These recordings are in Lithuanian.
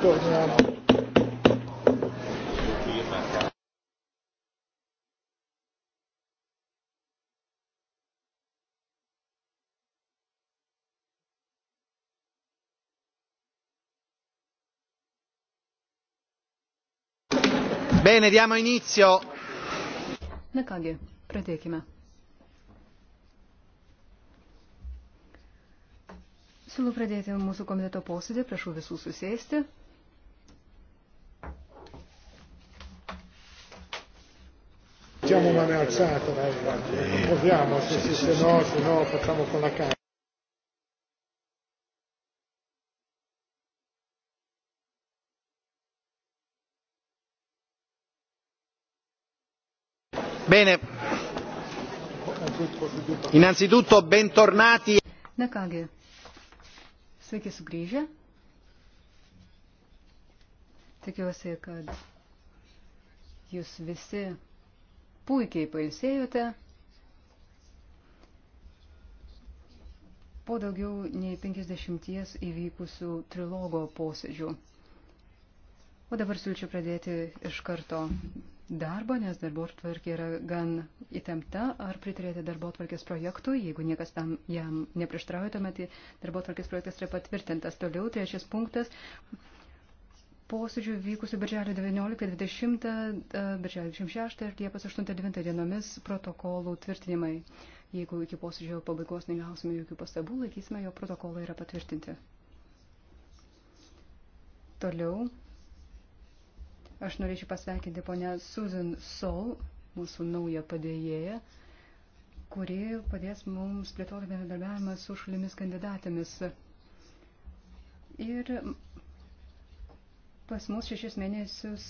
torniamo. Bene, diamo inizio. Na kągi, pradėkime. Siūlau pradėti mūsų komiteto posėdį, prašau visų susėsti. Diciamo una mano alzata, dai, proviamo, se, se, se no, se no facciamo con la carta. Bene, innanzitutto bentornati. Na kągi, sveiki sugrįžę. Tikiuosi, kad jūs visi puikiai pailsėjote. Po daugiau nei 50 įvykusių trilogo posėdžių. O dabar siūlyčiau pradėti iš karto darbą, nes darbo tvarkė yra gan įtempta. Ar pritarėte darbo tvarkės projektui? Jeigu niekas tam jam neprieštraujate, tai darbo tvarkės projektas yra patvirtintas. Toliau trečias punktas posėdžių vykusių birželio 19-20, e, birželio 26 ir liepos 8-9 dienomis protokolų tvirtinimai. Jeigu iki posėdžio pabaigos negausime jokių pastabų, laikysime jo protokolą yra patvirtinti. Toliau aš norėčiau pasveikinti ponę Susan Sol, mūsų naują padėjėją, kuri padės mums plėtoti bendradarbiavimą su šalimis kandidatėmis. Ir Pas mus šešis mėnesius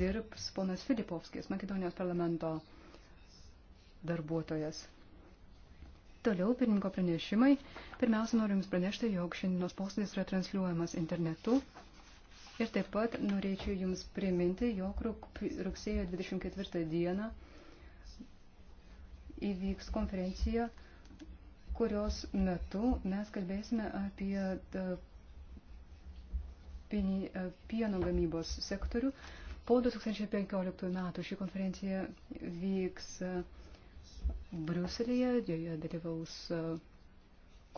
dirbs ponas Filipovskis, Makedonijos parlamento darbuotojas. Toliau pirmininko pranešimai. Pirmiausia, noriu Jums pranešti, jog šiandienos posėdis yra transliuojamas internetu. Ir taip pat norėčiau Jums priminti, jog rugsėjo 24 dieną įvyks konferencija, kurios metu mes kalbėsime apie e, E, pieno gamybos sektorių. Po 2015 metų ši konferencija vyks e, Briuselėje, joje dalyvaus e,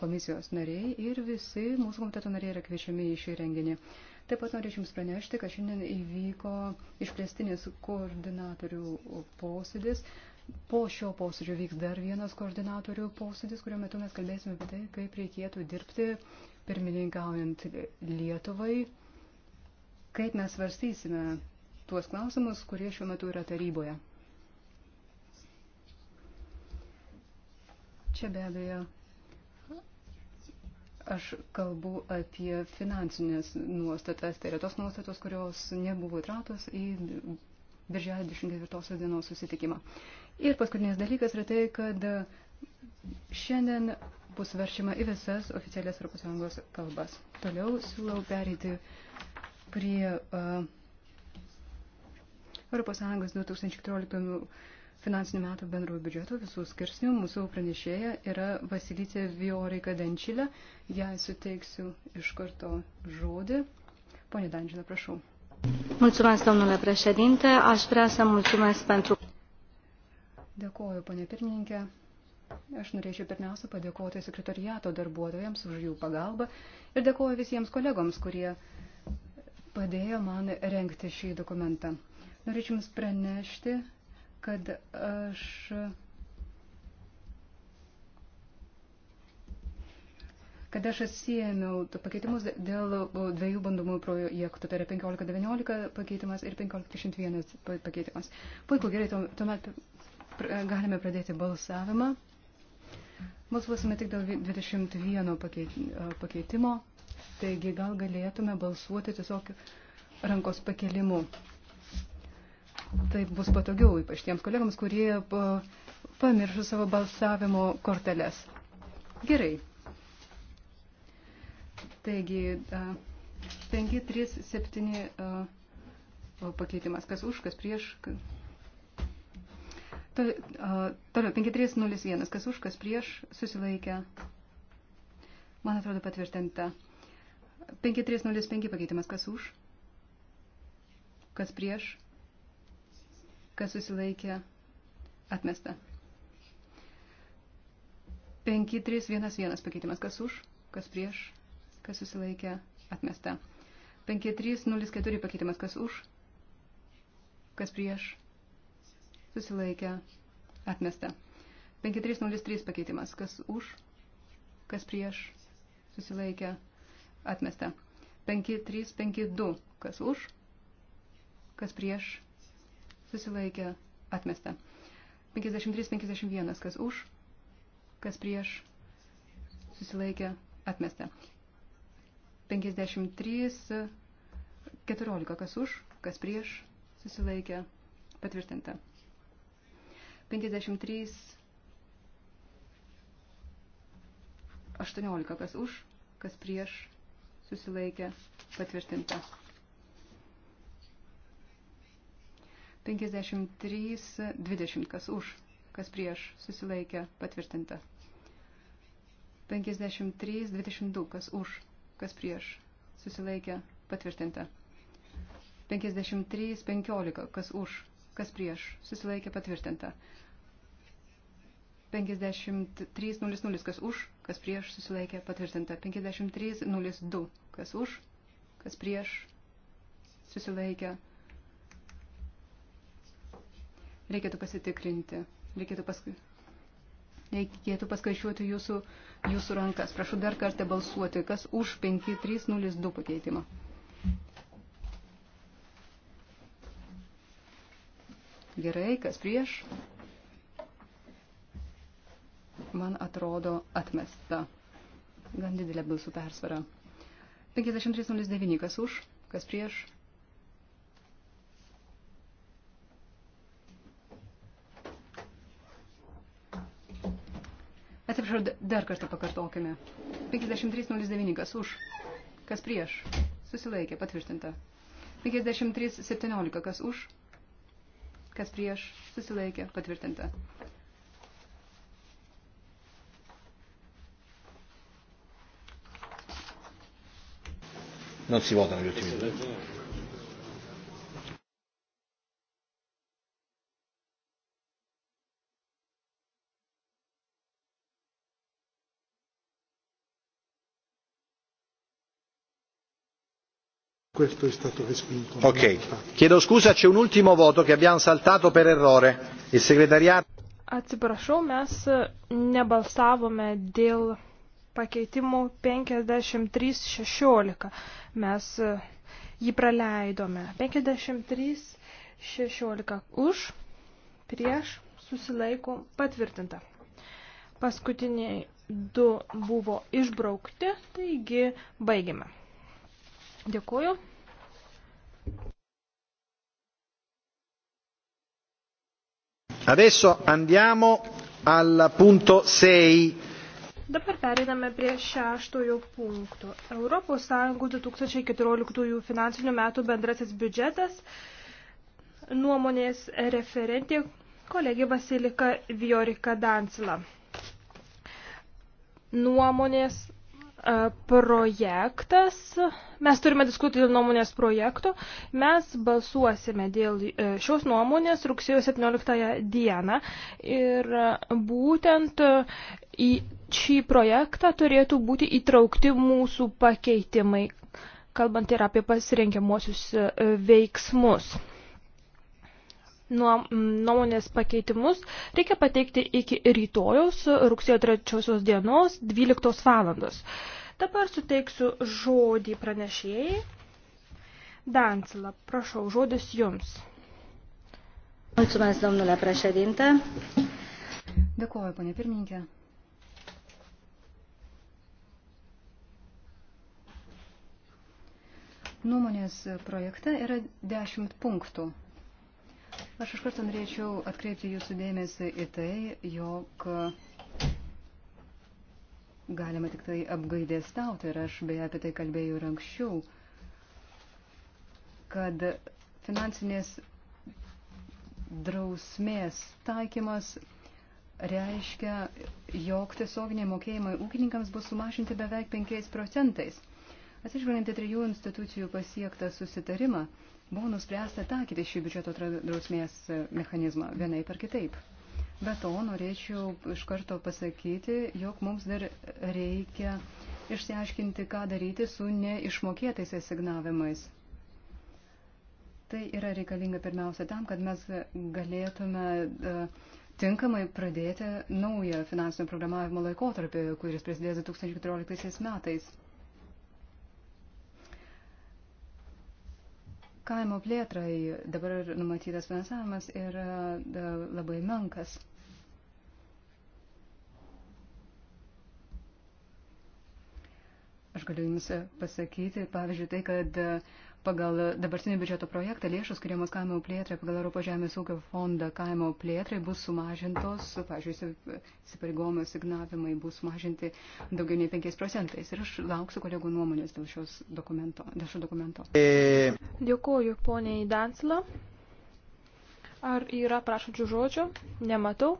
komisijos nariai ir visi mūsų komiteto nariai yra kviečiami į šį renginį. Taip pat norėčiau Jums pranešti, kad šiandien įvyko išplėstinis koordinatorių posėdis. Po šio posėdžio vyks dar vienas koordinatorių posėdis, kurio metu mes kalbėsime apie tai, kaip reikėtų dirbti pirmininkaujant Lietuvai kaip mes varstysime tuos klausimus, kurie šiuo metu yra taryboje. Čia be abejo aš kalbu apie finansinės nuostatas, tai yra tos nuostatos, kurios nebuvo įtratos į birželio 24 dienos susitikimą. Ir paskutinis dalykas yra tai, kad šiandien bus veršima į visas oficialias ES kalbas. Toliau siūlau pereiti prie ES 2014 finansinių metų bendrojo biudžeto visų skirsnių. Mūsų pranešėja yra Vasilytė Viorika Dančilė. Jai suteiksiu iš karto žodį. Pone Dančilė, prašau. Mulțumesc, domnule președinte. Aș vrea să mulțumesc pentru... Dėkuoju, ponė pirmininkė. Aš norėčiau pirmiausia padėkoti sekretariato darbuotojams už jų pagalbą ir dėkuoju visiems kolegoms, kurie uh, padėjo man renkti šį dokumentą. Norėčiau Jums pranešti, kad aš kad aš atsijėmiau pakeitimus dėl dviejų bandomųjų projektų, tai yra 15-19 pakeitimas ir 15-21 pakeitimas. Puiku, gerai, tuomet galime pradėti balsavimą. Balsuosime tik dėl 21 pakeitimo. Taigi gal galėtume balsuoti tiesiog rankos pakelimu. Taip bus patogiau, ypač tiems kolegams, kurie pamiršo savo balsavimo korteles. Gerai. Taigi, 5, 3, 7 pakeitimas. Kas už, kas prieš. Toliau, 5301. Kas už, kas prieš susilaikė. Man atrodo patvirtinta. 5305 pakeitimas, kas už, kas prieš, kas susilaikė, atmesta. 5311 pakeitimas, kas už, kas prieš, kas susilaikė, atmesta. 5304 pakeitimas, kas už, kas prieš, susilaikė, atmesta. 5303 pakeitimas, kas už, kas prieš, susilaikė, atmesta atmesta. 5, 3, 5, 2, kas už, kas prieš, susilaikė, atmesta. 53, 51, kas už, kas prieš, susilaikė, atmesta. 53, 14, kas už, kas prieš, susilaikė, patvirtinta. 53, 18, kas už, kas prieš, susilaikė patvirtinta. 53, 20, kas už, kas prieš, susilaikė, patvirtinta. 53, 22, kas už, kas prieš, susilaikė, patvirtinta. 53, 15, kas už, kas prieš, susilaikė, patvirtinta. 53, 00, kas už, kas prieš susilaikė patvirtinta. 5302, kas už, kas prieš susilaikė. Reikėtų pasitikrinti, reikėtų, pask... reikėtų paskaičiuoti jūsų, jūsų rankas. Prašau dar kartą balsuoti, kas už 5302 pakeitimą. Gerai, kas prieš? man atrodo atmesta. Gan didelė balsų persvara. 53.09. Kas už, kas prieš? Atsiprašau, dar kartą pakartokime. 53.09. Kas už, kas prieš? Susilaikė, patvirtinta. 53.17. Kas už, kas prieš? Susilaikė, patvirtinta. non si votano gli ultimi due. questo è stato respinto. Ok, chiedo scusa, c'è un ultimo voto che abbiamo saltato per errore. Il segretariato. Atsiprašau, mes nebalsavome dėl pakeitimų 53.16. Mes e, jį praleidome. 53.16 už, prieš, susilaiko patvirtinta. Paskutiniai du buvo išbraukti, taigi baigiame. Dėkuoju. Adesso andiamo al punto 6 Dabar pereiname prie šeštojo punkto. Europos Sąjungų 2014 finansinių metų bendrasis biudžetas nuomonės referentė kolegė Vasilika Viorika Dancila. Nuomonės E, projektas, mes turime diskutuoti dėl nuomonės projekto, mes balsuosime dėl e, šios nuomonės rugsėjo 17 dieną ir būtent į šį projektą turėtų būti įtraukti mūsų pakeitimai, kalbant ir apie pasirengiamuosius e, veiksmus nuomonės pakeitimus reikia pateikti iki rytojaus rugsėjo 3 dienos 12 valandos. Dabar suteiksiu žodį pranešėjai. Dancila, prašau, žodis jums. Mulțumesc, domnule președinte. Dėkuoju, ponė pirmininkė. Nuomonės projekte yra dešimt punktų. Aš iš karto norėčiau atkreipti jūsų dėmesį į tai, jog galima tik tai apgaidėstauti ir aš beje apie tai kalbėjau ir anksčiau, kad finansinės drausmės taikymas reiškia, jog tiesioginiai mokėjimai ūkininkams bus sumažinti beveik 5 procentais. Atsižvelgiant į trijų institucijų pasiektą susitarimą, buvo nuspręsta taikyti šį biudžeto drausmės mechanizmą vienaip ar kitaip. Be to, norėčiau iš karto pasakyti, jog mums dar reikia išsiaiškinti, ką daryti su neišmokėtais asignavimais. Tai yra reikalinga pirmiausia tam, kad mes galėtume e, tinkamai pradėti naują finansinio programavimo laikotarpį, kuris prasidės 2014 metais. kaimo plėtrai dabar numatytas finansavimas yra labai menkas. Aš galiu Jums pasakyti, pavyzdžiui, tai, kad uh, Pagal dabartinį biudžeto projektą lėšos skiriamos kaimo plėtrai pagal Europos žemės ūkio fondą kaimo plėtrai bus sumažintos, pažiūrėjau, įsipareigojimo signavimai bus sumažinti daugiau nei 5 procentais. Ir aš lauksiu kolegų nuomonės dėl, šios dokumento, dėl šio dokumento. E. Dėkuoju poniai Dansla. Ar yra prašančių žodžio? Nematau.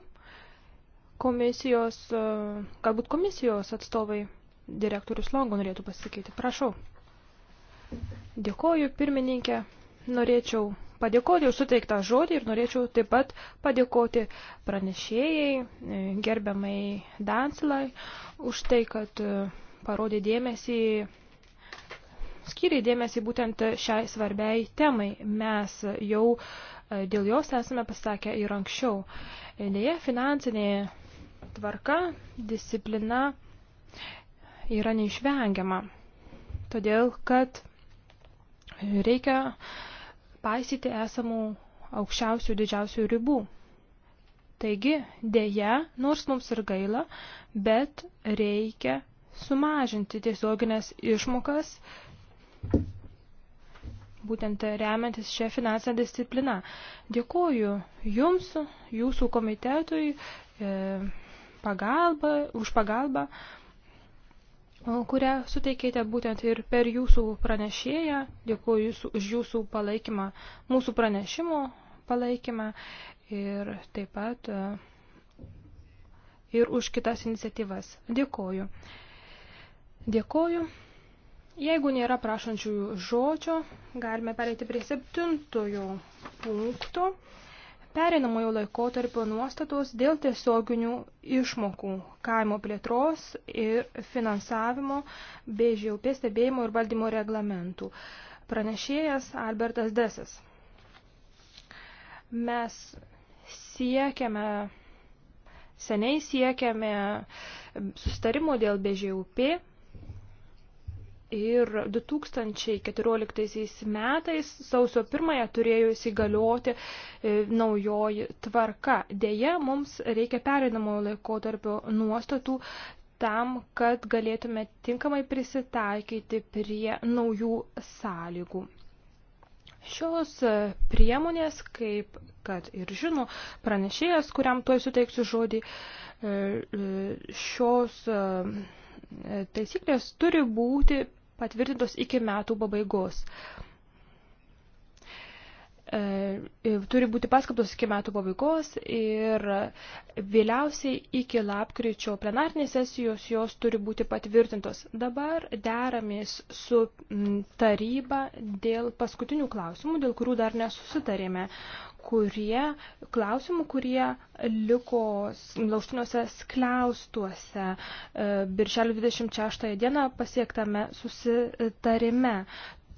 Komisijos, e, galbūt komisijos atstovai, direktorius Longo norėtų pasakyti. Prašau. Dėkoju, pirmininkė. Norėčiau padėkoti už suteiktą žodį ir norėčiau taip pat padėkoti pranešėjai, e, gerbiamai Dansilai, už tai, kad e, parodė dėmesį, skyriai dėmesį būtent šiai svarbiai temai. Mes jau e, dėl jos esame pasakę ir anksčiau. Dėja, finansinė tvarka, disciplina yra neišvengiama. Todėl, kad Reikia paisyti esamų aukščiausių didžiausių ribų. Taigi, dėja, nors mums ir gaila, bet reikia sumažinti tiesioginės išmokas, būtent remiantis šią finansinę discipliną. Dėkuoju Jums, Jūsų komitetui, e, pagalba, už pagalbą kurią suteikėte būtent ir per jūsų pranešėją. Dėkuoju jūsų, už jūsų palaikymą, mūsų pranešimo palaikymą ir taip pat e, ir už kitas iniciatyvas. Dėkuoju. Dėkuoju. Jeigu nėra prašančiųjų žodžio, galime pereiti prie septintojo punkto perinamojo laikotarpio nuostatos dėl tiesioginių išmokų kaimo plėtros ir finansavimo bei žiaupės stebėjimo ir valdymo reglamentų. Pranešėjas Albertas Desas. Mes siekiame, seniai siekiame sustarimo dėl BŽUP Ir 2014 metais sausio pirmąją turėjo įsigalioti e, naujoji tvarka. Deja, mums reikia pereinamojo laikotarpio nuostatų tam, kad galėtume tinkamai prisitaikyti prie naujų sąlygų. Šios e, priemonės, kaip kad ir žino pranešėjas, kuriam tuoj suteiksiu žodį, e, šios taisyklės turi būti patvirtintos iki metų pabaigos. E, turi būti paskaptos iki metų pabaigos ir vėliausiai iki lapkričio plenarnės sesijos jos turi būti patvirtintos. Dabar deramės su taryba dėl paskutinių klausimų, dėl kurių dar nesusitarėme, kurie klausimų, kurie liko lauštiniuose skliaustuose e, birželio 26 dieną pasiektame susitarime.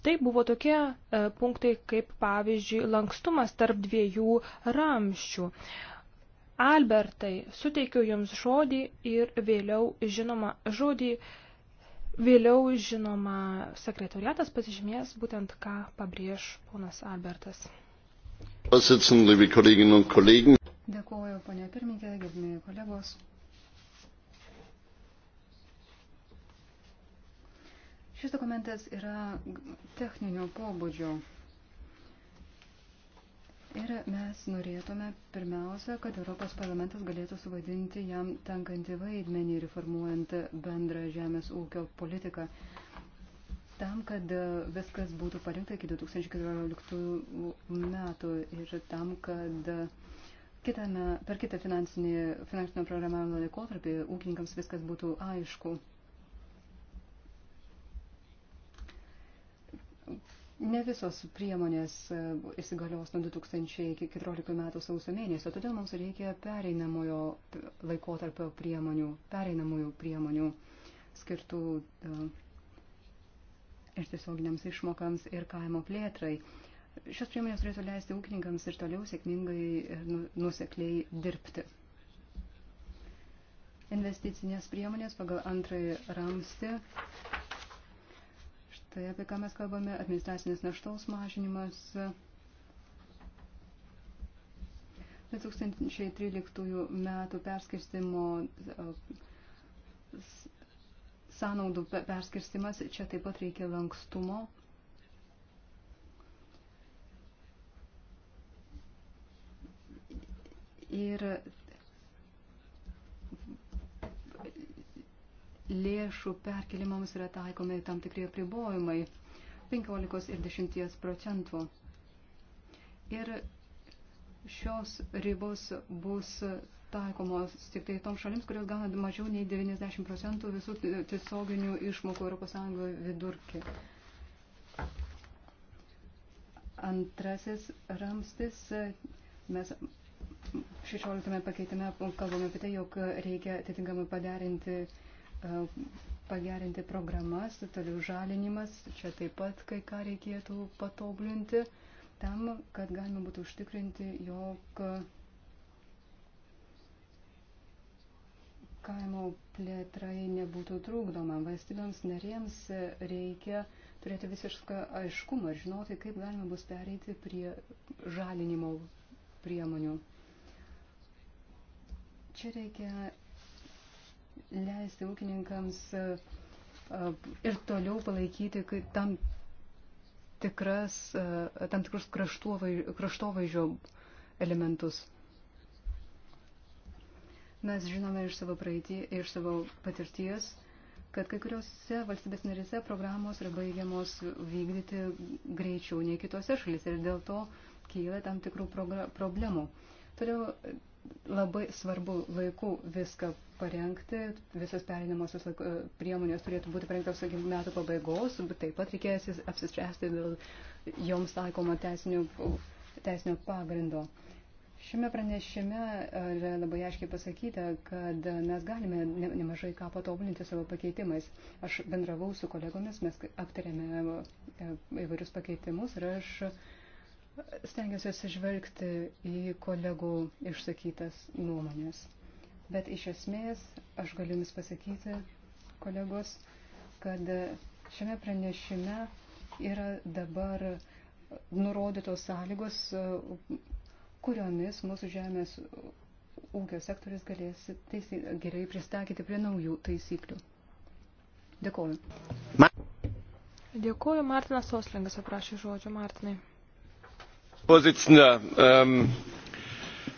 Tai buvo tokie e, punktai, kaip pavyzdžiui, lankstumas tarp dviejų ramščių. Albertai, suteikiu Jums žodį ir vėliau žinoma žodį, vėliau žinoma sekretoriatas pasižymės būtent, ką pabrėž ponas Albertas. Dėkuoju, ponia pirmininkė, gerbėjai kolegos. Šis dokumentas yra techninio pobūdžio. Ir mes norėtume pirmiausia, kad Europos parlamentas galėtų suvaidinti jam tenkantį vaidmenį reformuojant bendrą žemės ūkio politiką tam, kad viskas būtų parinkta iki 2014 metų ir tam, kad kitame, per kitą finansinį, finansinio programavimo laikotarpį ūkininkams viskas būtų aišku. Ne visos priemonės e, įsigalios nuo 2014 metų sausio mėnesio, todėl mums reikia pereinamojo laikotarpio priemonių, pereinamųjų priemonių skirtų e, ir tiesioginiams išmokams ir kaimo plėtrai. Šios priemonės turėtų leisti ūkininkams ir toliau sėkmingai ir e, nu, nusekliai dirbti. Investicinės priemonės pagal antrąjį ramstį Tai apie ką mes kalbame, administracinės naštaus mažinimas. 2013 metų perskirstimo sąnaudų perskirstimas, čia taip pat reikia lankstumo. Ir lėšų perkelimams yra taikomi tam tikrie pribojimai 15 ir 10 procentų. Ir šios ribos bus taikomos tik tai toms šalims, kurios gauna mažiau nei 90 procentų visų tiesioginių išmokų ES vidurkį. Antrasis ramstis, mes 16 pakeitime kalbame apie tai, jog reikia atitinkamai padarinti uh, pagerinti programas, toliau žalinimas, čia taip pat kai ką reikėtų patobulinti, tam, kad galima būtų užtikrinti, jog kaimo plėtrai nebūtų trūkdoma. Valstybėms narėms reikia turėti visišką aiškumą ir žinoti, kaip galima bus pereiti prie žalinimo priemonių. Čia reikia leisti ūkininkams ir toliau palaikyti tam, tikras, tam tikrus kraštovaizdžio elementus. Mes žinome iš savo praeitį, iš savo patirties, kad kai kuriuose valstybės narėse programos yra baigiamos vykdyti greičiau nei kitose šalyse ir dėl to kyla tam tikrų problemų. Toliau labai svarbu laiku viską parengti, visas perinamosios e, priemonės turėtų būti parengtos iki metų pabaigos, bet taip pat reikės apsispręsti dėl joms taikomo teisinio, teisinio pagrindo. Šiame pranešime e, yra labai aiškiai pasakyta, kad mes galime nemažai ką patobulinti savo pakeitimais. Aš bendravau su kolegomis, mes aptarėme e, įvairius pakeitimus ir aš uh, stengiuosi atsižvelgti į kolegų išsakytas nuomonės. Bet iš esmės aš galiu Jums pasakyti, kolegos, kad šiame pranešime yra dabar nurodytos sąlygos, kuriomis mūsų žemės ūkio sektorius galės teisy, gerai pristatyti prie naujų taisyklių. Dėkuoju. Dėkuoju, Martinas Oslingas aprašė žodžio, Martinai. Pozicina, um, ähm,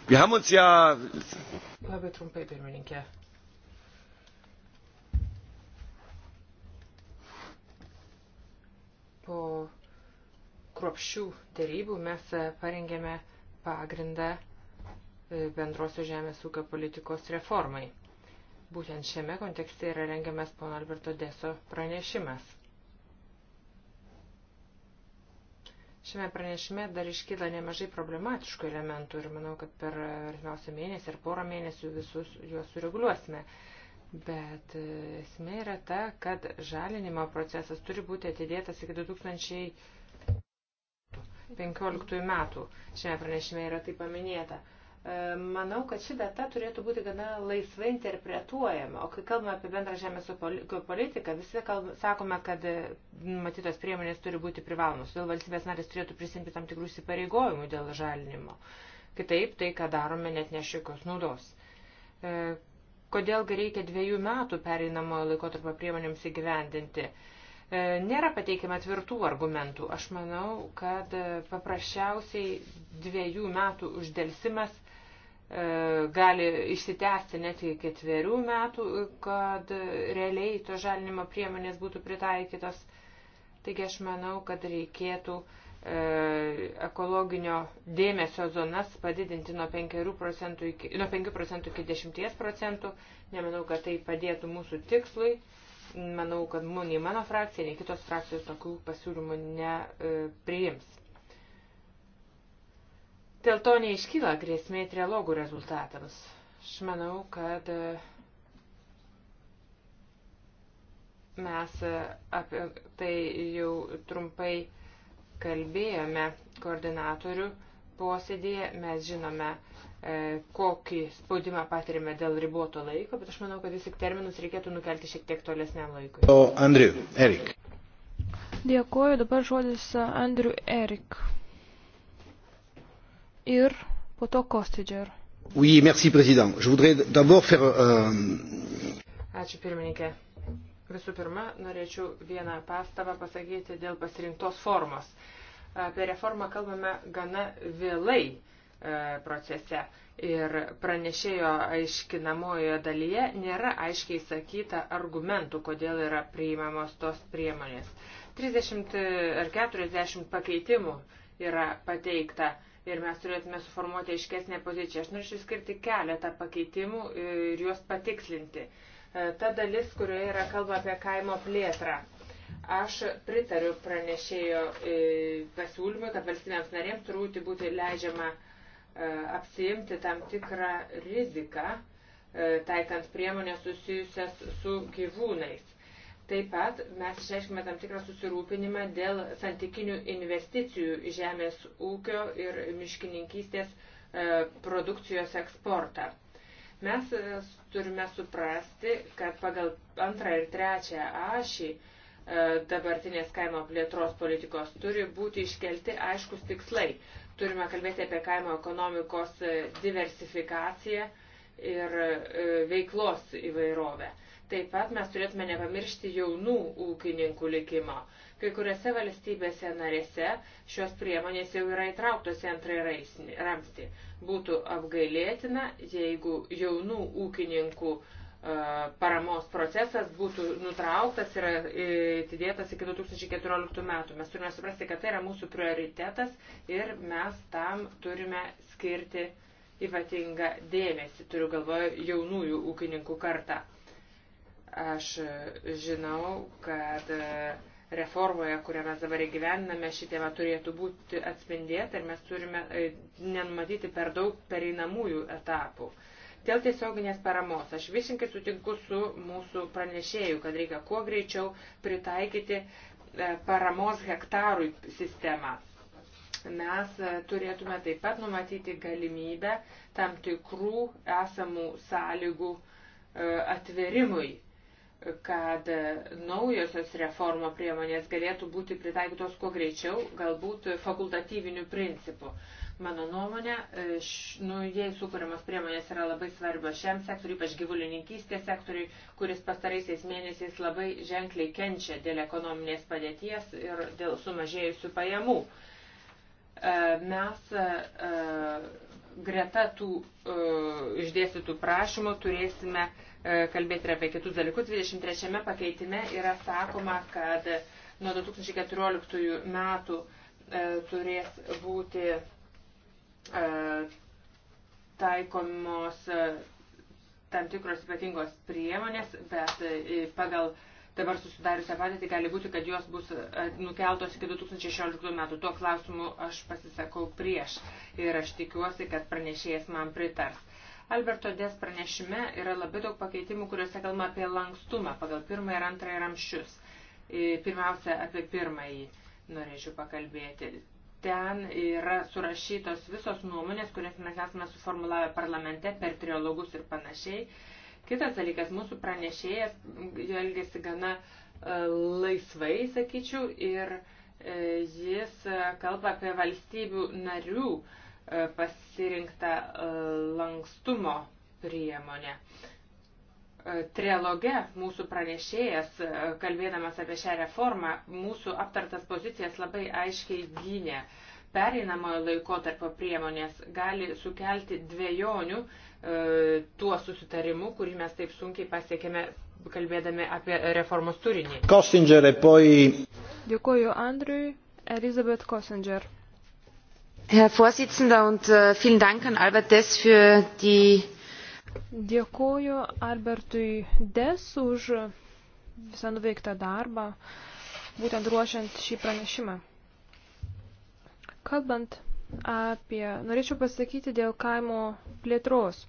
wir haben uns ja. Labai trumpai, pirmininkė. Po kruopščių dėrybų mes e, parengėme pagrindą e, bendrosios žemės ūkio politikos reformai. Būtent šiame kontekste yra rengiamas pono Alberto Deso pranešimas. Šiame pranešime dar iškyla nemažai problematiškų elementų ir manau, kad per artimiausią mėnesį ar porą mėnesių visus juos sureguliuosime. Bet e, esmė yra ta, kad žalinimo procesas turi būti atidėtas iki 2015 metų. Šiame pranešime yra tai paminėta. E, manau, kad ši data turėtų būti gana laisvai interpretuojama. O kai kalbame apie bendrą žemės ūkio politiką, visi kalb, sakome, kad e, matytos priemonės turi būti privalomos. Todėl valstybės narės turėtų prisimti tam tikrų įsipareigojimų dėl žalinimo. Kitaip tai, ką darome, net neš jokios naudos. E, kodėlgi reikia dviejų metų pereinamojo laikotarpio priemonėms įgyvendinti? nėra pateikiama tvirtų argumentų. Aš manau, kad paprasčiausiai dviejų metų uždelsimas E, gali išsitęsti net iki ketverių metų, e, kad realiai to žalinimo priemonės būtų pritaikytos. Taigi aš manau, kad reikėtų e, ekologinio dėmesio zonas padidinti nuo 5 procentų iki, nuo 5 procentų iki 10 procentų. Nemanau, kad tai padėtų mūsų tikslui. Manau, kad nei mano frakcija, nei kitos frakcijos tokių pasiūlymų nepriims. E, Dėl to neiškyla grėsmė trialogų rezultatams. Aš manau, kad e, mes e, apie tai jau trumpai kalbėjome koordinatorių posėdėje. Mes žinome, e, kokį spaudimą patirime dėl riboto laiko, bet aš manau, kad vis tik terminus reikėtų nukelti šiek tiek tolesniam laikui. O Andriu, Erik. Dėkuoju, dabar žodis Andriu Erik ir po to Kostidžer. Oui, merci, président. Je voudrais d'abord faire... Euh... Ačiū, pirmininkė. Visų pirma, norėčiau vieną pastabą pasakyti dėl pasirinktos formos. Apie reformą kalbame gana vėlai e, procese. Ir pranešėjo aiškinamojoje dalyje nėra aiškiai sakyta argumentų, kodėl yra priimamos tos priemonės. 30 ar 40 pakeitimų yra pateikta ir mes turėtume suformuoti aiškesnę poziciją. Aš norėčiau skirti keletą pakeitimų ir juos patikslinti. E, ta dalis, kurioje yra kalba apie kaimo plėtrą. Aš pritariu pranešėjo e, pasiūlymui, kad valstybėms narėms turbūt būti leidžiama e, apsiimti tam tikrą riziką, taikant priemonės susijusias su gyvūnais Taip pat mes išreiškime tam tikrą susirūpinimą dėl santykinių investicijų žemės ūkio ir miškininkystės e, produkcijos eksportą. Mes e, turime suprasti, kad pagal antrą ir trečią ašį e, dabartinės kaimo plėtros politikos turi būti iškelti aiškus tikslai. Turime kalbėti apie kaimo ekonomikos diversifikaciją ir veiklos įvairovę Taip pat mes turėtume nepamiršti jaunų ūkininkų likimo. Kai kuriuose valstybėse narėse šios priemonės jau yra įtrauktos į antrąjį ramstį. Būtų apgailėtina, jeigu jaunų ūkininkų e, paramos procesas būtų nutrauktas ir e, atidėtas iki 2014 metų. Mes turime suprasti, kad tai yra mūsų prioritetas ir mes tam turime skirti ypatingą dėmesį, turiu galvoje jaunųjų ūkininkų kartą. Aš žinau, kad e, reformoje, kurią mes dabar įgyvendiname, šitėma turėtų būti atspindėta ir mes turime e, nenumatyti per daug pereinamųjų etapų. Dėl tiesioginės paramos aš visinkai sutinku su mūsų pranešėju, kad reikia kuo greičiau pritaikyti e, paramos hektarui sistemą. Mes turėtume taip pat numatyti galimybę tam tikrų esamų sąlygų atverimui kad naujosios reformo priemonės galėtų būti pritaikytos kuo greičiau, galbūt fakultatyviniu principu. Mano nuomonė, e, nu, jei sukūrimas priemonės yra labai svarbios šiam sektoriui, ypač gyvulininkystės sektoriui, kuris pastaraisiais mėnesiais labai ženkliai kenčia dėl ekonominės padėties ir dėl sumažėjusių pajamų. E, mes e, greta tų išdėstytų prašymų turėsime uh, E, kalbėti ir apie kitus dalykus. 23 pakeitime yra sakoma, kad nuo 2014 metų e, turės būti e, taikomos tam tikros ypatingos priemonės, bet pagal dabar susidariusią padėtį gali būti, kad jos bus nukeltos iki 2016 metų. Tuo klausimu aš pasisakau prieš ir aš tikiuosi, kad pranešėjas man pritars. Alberto Des pranešime yra labai daug pakeitimų, kuriuose kalbama apie lankstumą pagal pirmąjį ir antrąjį ramščius. E, pirmiausia, apie pirmąjį norėčiau pakalbėti. Ten yra surašytos visos nuomonės, kurias mes esame suformulavę parlamente per triologus ir panašiai. Kitas dalykas, mūsų pranešėjas elgėsi gana e, laisvai, sakyčiau, ir e, jis kalba apie valstybių narių uh, E, pasirinktą e, lankstumo priemonę. E, Trialoge mūsų pranešėjas, kalbėdamas apie šią reformą, mūsų aptartas pozicijas labai aiškiai gynė. Pereinamojo laikotarpio priemonės gali sukelti dviejonių e, tuo susitarimu, kurį mes taip sunkiai pasiekėme, kalbėdami apie reformos turinį. Kostinger, poi... Dėkuoju Andriui, Elizabeth Kostinger. Herr Vorsitzender und äh, vielen Dank an Albert Dess für die. Dėkuoju Albertui Des už visą nuveiktą darbą, būtent ruošiant šį pranešimą. Kalbant apie, norėčiau pasakyti dėl kaimo plėtros.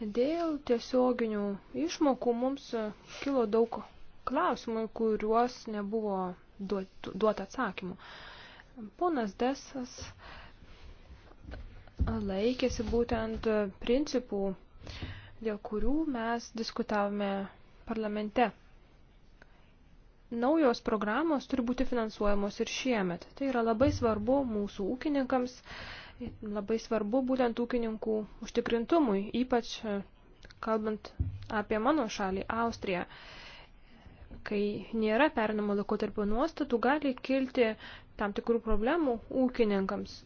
Dėl tiesioginių išmokų mums kilo daug klausimų, kuriuos nebuvo duota atsakymų. Ponas Desas uh, laikėsi būtent principų, dėl kurių mes diskutavome parlamente. Naujos programos turi būti finansuojamos ir šiemet. Tai yra labai svarbu mūsų ūkininkams, labai svarbu būtent ūkininkų užtikrintumui, ypač e, kalbant apie mano šalį, Austriją. Kai nėra perinamo laikotarpio nuostatų, gali kilti tam tikrų problemų ūkininkams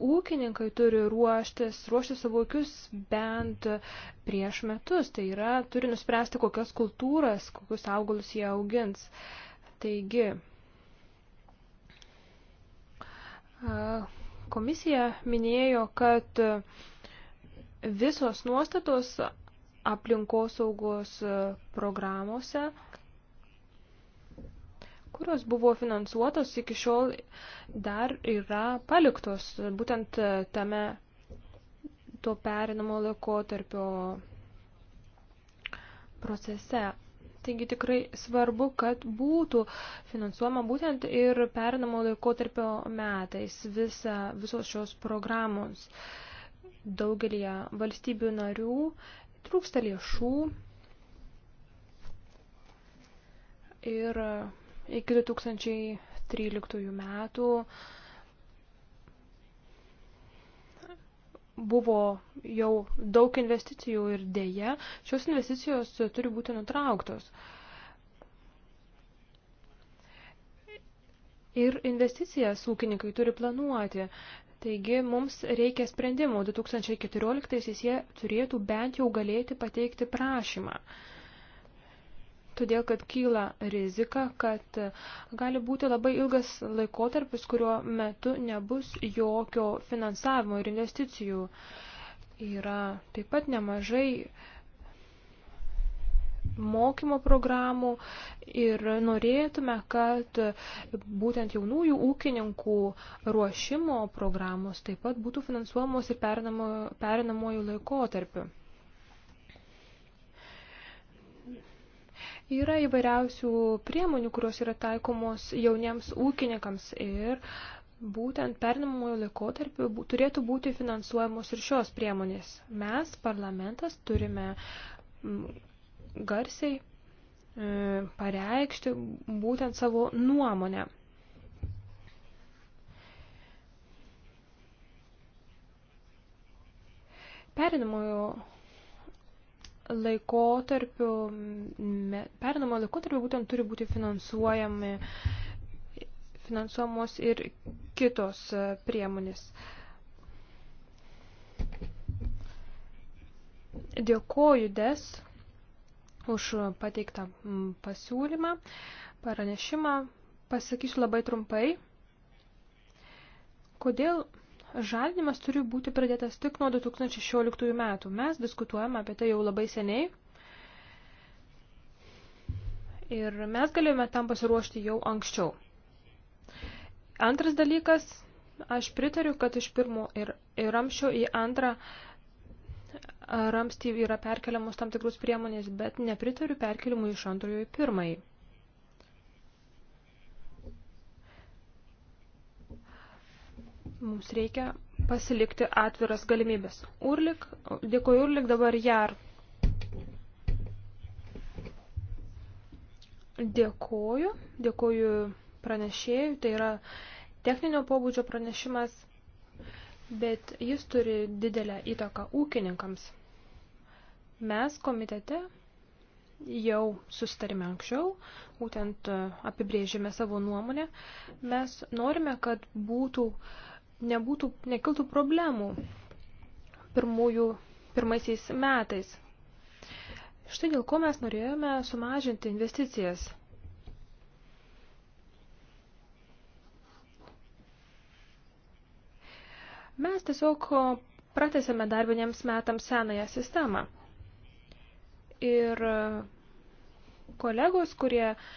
ūkininkai turi ruoštis, ruošti savo ūkius bent prieš metus. Tai yra, turi nuspręsti, kokias kultūras, kokius augalus jie augins. Taigi, komisija minėjo, kad visos nuostatos aplinkosaugos programuose kurios buvo finansuotos iki šiol dar yra paliktos būtent e, tame to perinamo laikotarpio procese. Taigi tikrai svarbu, kad būtų finansuojama būtent ir perinamo laikotarpio metais visa, visos šios programos. Daugelį valstybių narių trūksta lėšų ir iki 2013 metų buvo jau daug investicijų ir dėja, šios investicijos turi būti nutrauktos. Ir investicijas ūkininkai turi planuoti. Taigi mums reikia sprendimų. 2014 jie turėtų bent jau galėti pateikti prašymą. Uh, todėl kad kyla rizika, kad gali būti labai ilgas laikotarpis, kurio metu nebus jokio finansavimo ir investicijų. Yra taip pat nemažai mokymo programų ir norėtume, kad būtent jaunųjų ūkininkų ruošimo programos taip pat būtų finansuojamos ir perinamojų laikotarpiu. Yra įvairiausių priemonių, kurios yra taikomos jauniems ūkininkams ir būtent pernamojo laikotarpiu turėtų būti finansuojamos ir šios priemonės. Mes, parlamentas, turime garsiai e, pareikšti būtent savo nuomonę. Perinamojo laikotarpiu, perinamo laikotarpiu būtent turi būti finansuojami, finansuomos ir kitos e, priemonės. Dėkoju des už pateiktą pasiūlymą, paranešimą. Pasakysiu labai trumpai, kodėl žalinimas turi būti pradėtas tik nuo 2016 metų. Mes diskutuojame apie tai jau labai seniai. Ir mes galėjome tam pasiruošti jau anksčiau. Antras dalykas, aš pritariu, kad iš pirmo ir, ir ramščio į antrą ramstį yra perkeliamos tam tikrus priemonės, bet nepritariu perkelimui iš antrojo į pirmąjį. Mums reikia pasilikti atviras galimybės. Urlik, dėkuoju Urlik, dabar Jar. Dėkuoju, dėkuoju pranešėjui, tai yra techninio pobūdžio pranešimas, bet jis turi didelę įtaką ūkininkams. Mes komitete jau sustarime anksčiau, būtent apibrėžėme savo nuomonę, mes norime, kad būtų uh, nebūtų, nekiltų problemų pirmųjų, pirmaisiais metais. Štai dėl ko mes norėjome sumažinti investicijas. Mes tiesiog pratesėme darbinėms metams senąją sistemą. Ir kolegos, kurie uh,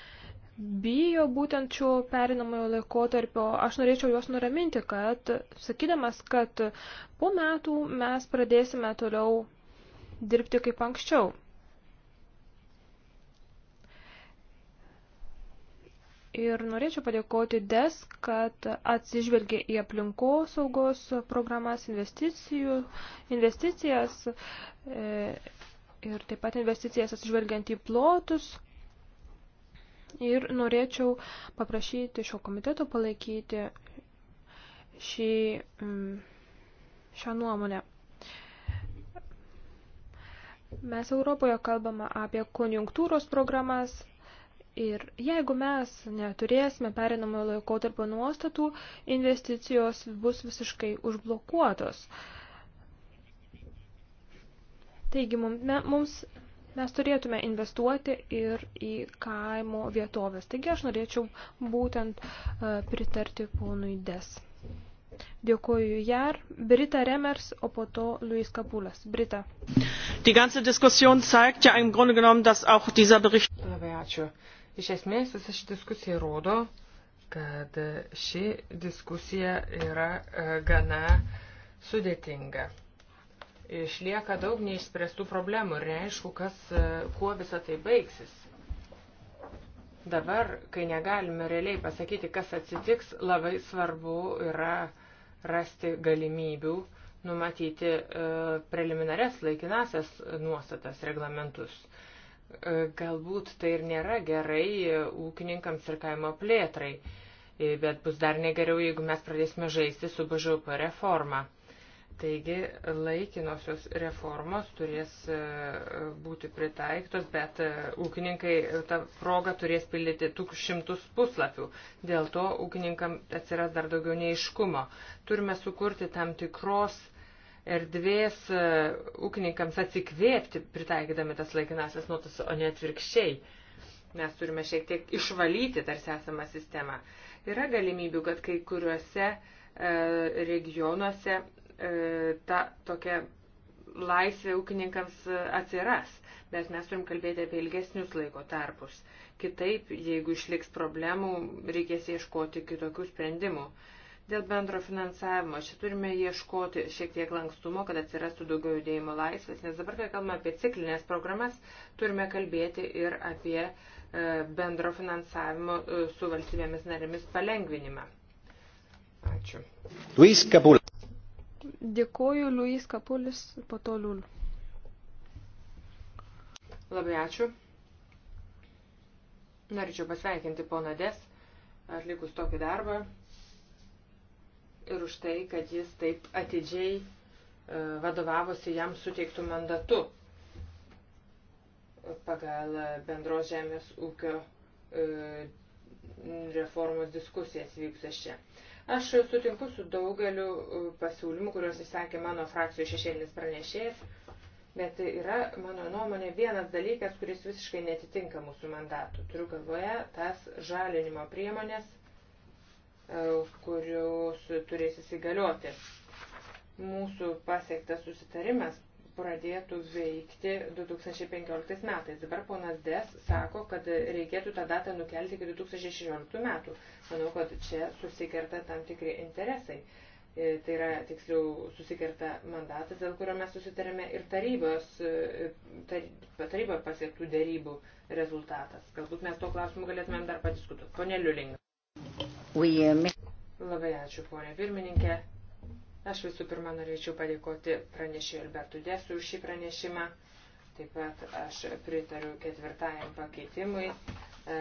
bijo būtent šio perinamojo laikotarpio, aš norėčiau juos nuraminti, kad sakydamas, kad po metų mes pradėsime toliau dirbti kaip anksčiau. Ir norėčiau padėkoti DES, kad atsižvelgė į aplinkosaugos programas, investicijų, investicijas e, ir taip pat investicijas atsižvelgiant į plotus. E, Ir norėčiau paprašyti šio komiteto palaikyti šį, mm, šią nuomonę. Mes Europoje kalbame apie konjunktūros programas ir jeigu mes neturėsime perinamojo laikotarpio nuostatų, investicijos bus visiškai užblokuotos. Taigi mums Mes turėtume investuoti ir į kaimo vietovės. Taigi aš norėčiau būtent e, pritarti ponui Des. Dėkuoju Jar, Brita Remers, o po to Luis Kapulas. Brita. Die ganze Diskussion zeigt ja im Grunde genommen, dass auch dieser Bericht. Labai ačiū. Iš esmės visa ši diskusija rodo, kad ši diskusija yra e, gana sudėtinga. Išlieka daug neišspręstų problemų ir neaišku, kas, e, kuo visą tai baigsis. Dabar, kai negalime realiai pasakyti, kas atsitiks, labai svarbu yra rasti galimybių numatyti e, preliminarias laikinasias nuostatas reglamentus. E, galbūt tai ir nėra gerai e, ūkininkams ir kaimo plėtrai, e, bet bus dar negeriau, jeigu mes pradėsime žaisti su BŽP reforma. E, Taigi laikinosios reformos turės e, būti pritaiktos, bet e, ūkininkai e, tą progą turės pildyti tuk šimtus puslapių. Dėl to ūkininkam atsiras dar daugiau neiškumo. Turime sukurti tam tikros erdvės ūkininkams atsikvėpti, pritaikydami tas laikinasias nuotas, o ne atvirkščiai. Mes turime šiek tiek išvalyti tarsi esamą sistemą. Yra galimybių, kad kai kuriuose regionuose E, ta tokia laisvė ūkininkams atsiras, bet mes turim kalbėti apie ilgesnius laiko tarpus. Kitaip, jeigu išliks problemų, reikės ieškoti kitokių sprendimų. Dėl bendro finansavimo čia turime ieškoti šiek tiek lankstumo, kad atsirastų daugiau judėjimo laisvės, nes dabar, kai kalbame apie ciklinės programas, turime kalbėti ir apie e, bendro finansavimo e, su valstybėmis narėmis palengvinimą. Ačiū. Luis Kapula. Dėkuoju, Luis Kapulis, po to Liul. Labai ačiū. Norėčiau pasveikinti poną Des, atlikus tokį darbą ir už tai, kad jis taip atidžiai e, vadovavosi jam suteiktų mandatu pagal bendros žemės ūkio e, reformos diskusijas vykusias čia. Aš sutinku su daugeliu e, pasiūlymų, kuriuos išsakė mano frakcijų šešėlinis pranešėjas, bet yra, mano nuomonė, vienas dalykas, kuris visiškai netitinka mūsų mandatų. Turiu galvoje tas žalinimo priemonės, e, kurios turės įsigalioti. Mūsų pasiektas susitarimas pradėtų veikti 2015 metais. Dabar ponas Des sako, kad reikėtų tą datą nukelti iki 2016 metų. Manau, kad čia susikerta tam tikri interesai. E, tai yra, tiksliau, susikerta mandatas, dėl kurio mes susitarėme ir tarybos, e, taryba pasiektų dėrybų rezultatas. Galbūt mes to klausimu galėtumėm dar padiskutuoti. Pone Liuling. Oui, euh, mais... Labai ačiū, ponė pirmininkė. Aš visų pirma norėčiau padėkoti pranešėjui Albertu Desui už šį pranešimą. Taip pat aš pritariu ketvirtajam pakeitimui. E,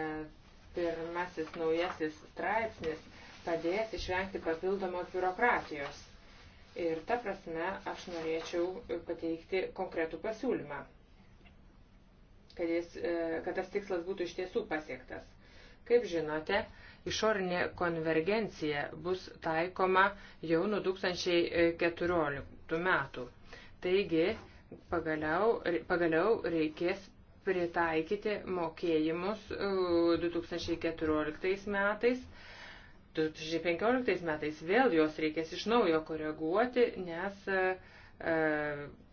pirmasis naujasis straipsnis padės išvengti papildomos biurokratijos. Ir ta prasme aš norėčiau pateikti konkretų pasiūlymą, kad, jis, e, kad tas tikslas būtų iš tiesų pasiektas. Kaip žinote, Išorinė konvergencija bus taikoma jau nuo 2014 metų. Taigi, pagaliau, pagaliau reikės pritaikyti mokėjimus 2014 e, metais. 2015 metais vėl jos reikės iš naujo koreguoti, nes uh, E,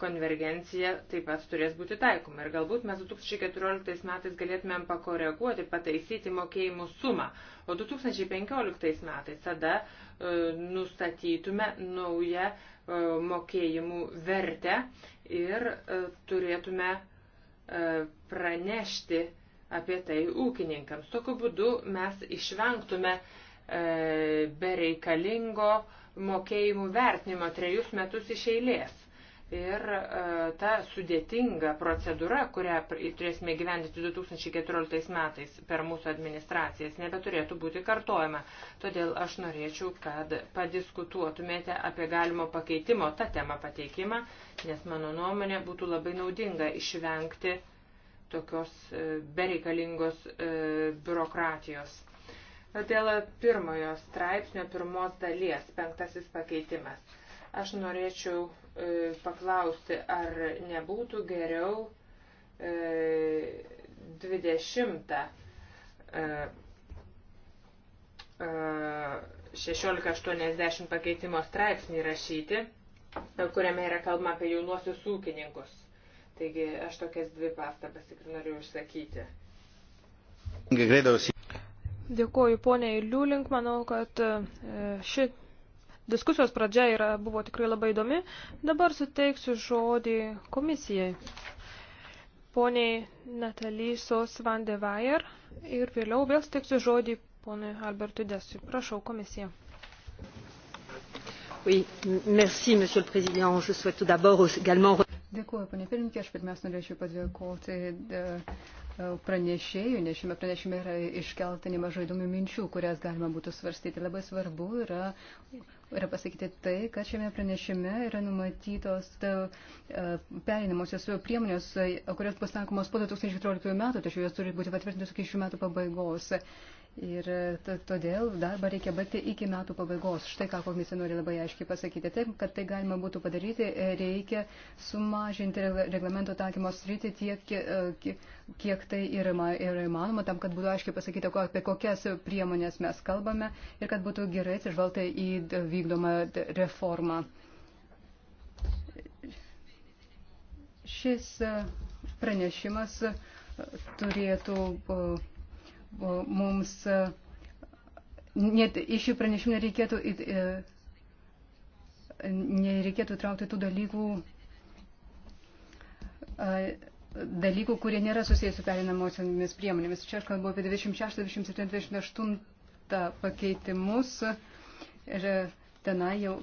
konvergencija taip pat turės būti taikoma. Ir galbūt mes 2014 metais galėtumėm pakoreguoti, pataisyti mokėjimų sumą, o 2015 metais tada e, nustatytume naują e, mokėjimų vertę ir turėtume pranešti apie tai ūkininkams. Tokiu būdu mes išvengtume bereikalingo mokėjimų vertinimo trejus metus iš eilės. Ir e, ta sudėtinga procedūra, kurią turėsime gyventi 2014 metais per mūsų administracijas, nebeturėtų būti kartojama. Todėl aš norėčiau, kad padiskutuotumėte apie galimo pakeitimo tą temą pateikimą, nes mano nuomonė būtų labai naudinga išvengti tokios e, bereikalingos e, biurokratijos. Dėl pirmojo straipsnio pirmos dalies, penktasis pakeitimas. Aš norėčiau e, paklausti, ar nebūtų geriau e, 20. E, e, 1680 pakeitimo straipsnį rašyti, e, kuriame yra kalbama apie jaunuosius ūkininkus. Taigi aš tokias dvi pastabas tik norėjau išsakyti. Credo Dėkuoju poniai Liulink, manau, kad e, ši diskusijos pradžia yra, buvo tikrai labai įdomi. Dabar suteiksiu žodį komisijai. Poniai Natalysos van de Weyer ir vėliau vėl suteiksiu žodį ponui Albertui Desui. Prašau, komisija. Oui, merci, monsieur le président. Je souhaite tout d'abord également... Dėkuoju, ponė pirmininkė, aš pirmiausia norėčiau padėkoti e, pranešėjų, nes šiame pranešime yra iškelta nemažai įdomių minčių, kurias galima būtų svarstyti. Labai svarbu yra, yra pasakyti tai, kad šiame pranešime yra numatytos e, perinamosios priemonės, kurios bus tankomos po 2014 metų, tačiau jos turi būti patvirtintos iki šių metų pabaigos. Ir e, todėl darbą reikia baigti iki metų pabaigos. Štai ką komisija nori labai aiškiai pasakyti. Taip, kad tai galima būtų padaryti, e, reikia sumažinti reglamento taikymo sritį tiek, e, kiek tai yra, yra įmanoma, tam, kad būtų aiškiai pasakyti, apie kokias priemonės mes kalbame ir kad būtų gerai atsižvelgti į vykdomą reformą. Šis pranešimas turėtų. Uh, mums e, net iš šių pranešimų nereikėtų, e, nereikėtų traukti tų dalykų, dalykų, kurie nėra susijęs su perinamosiomis priemonėmis. Čia aš kalbu apie 26, 27, 28 pakeitimus ir tenai jau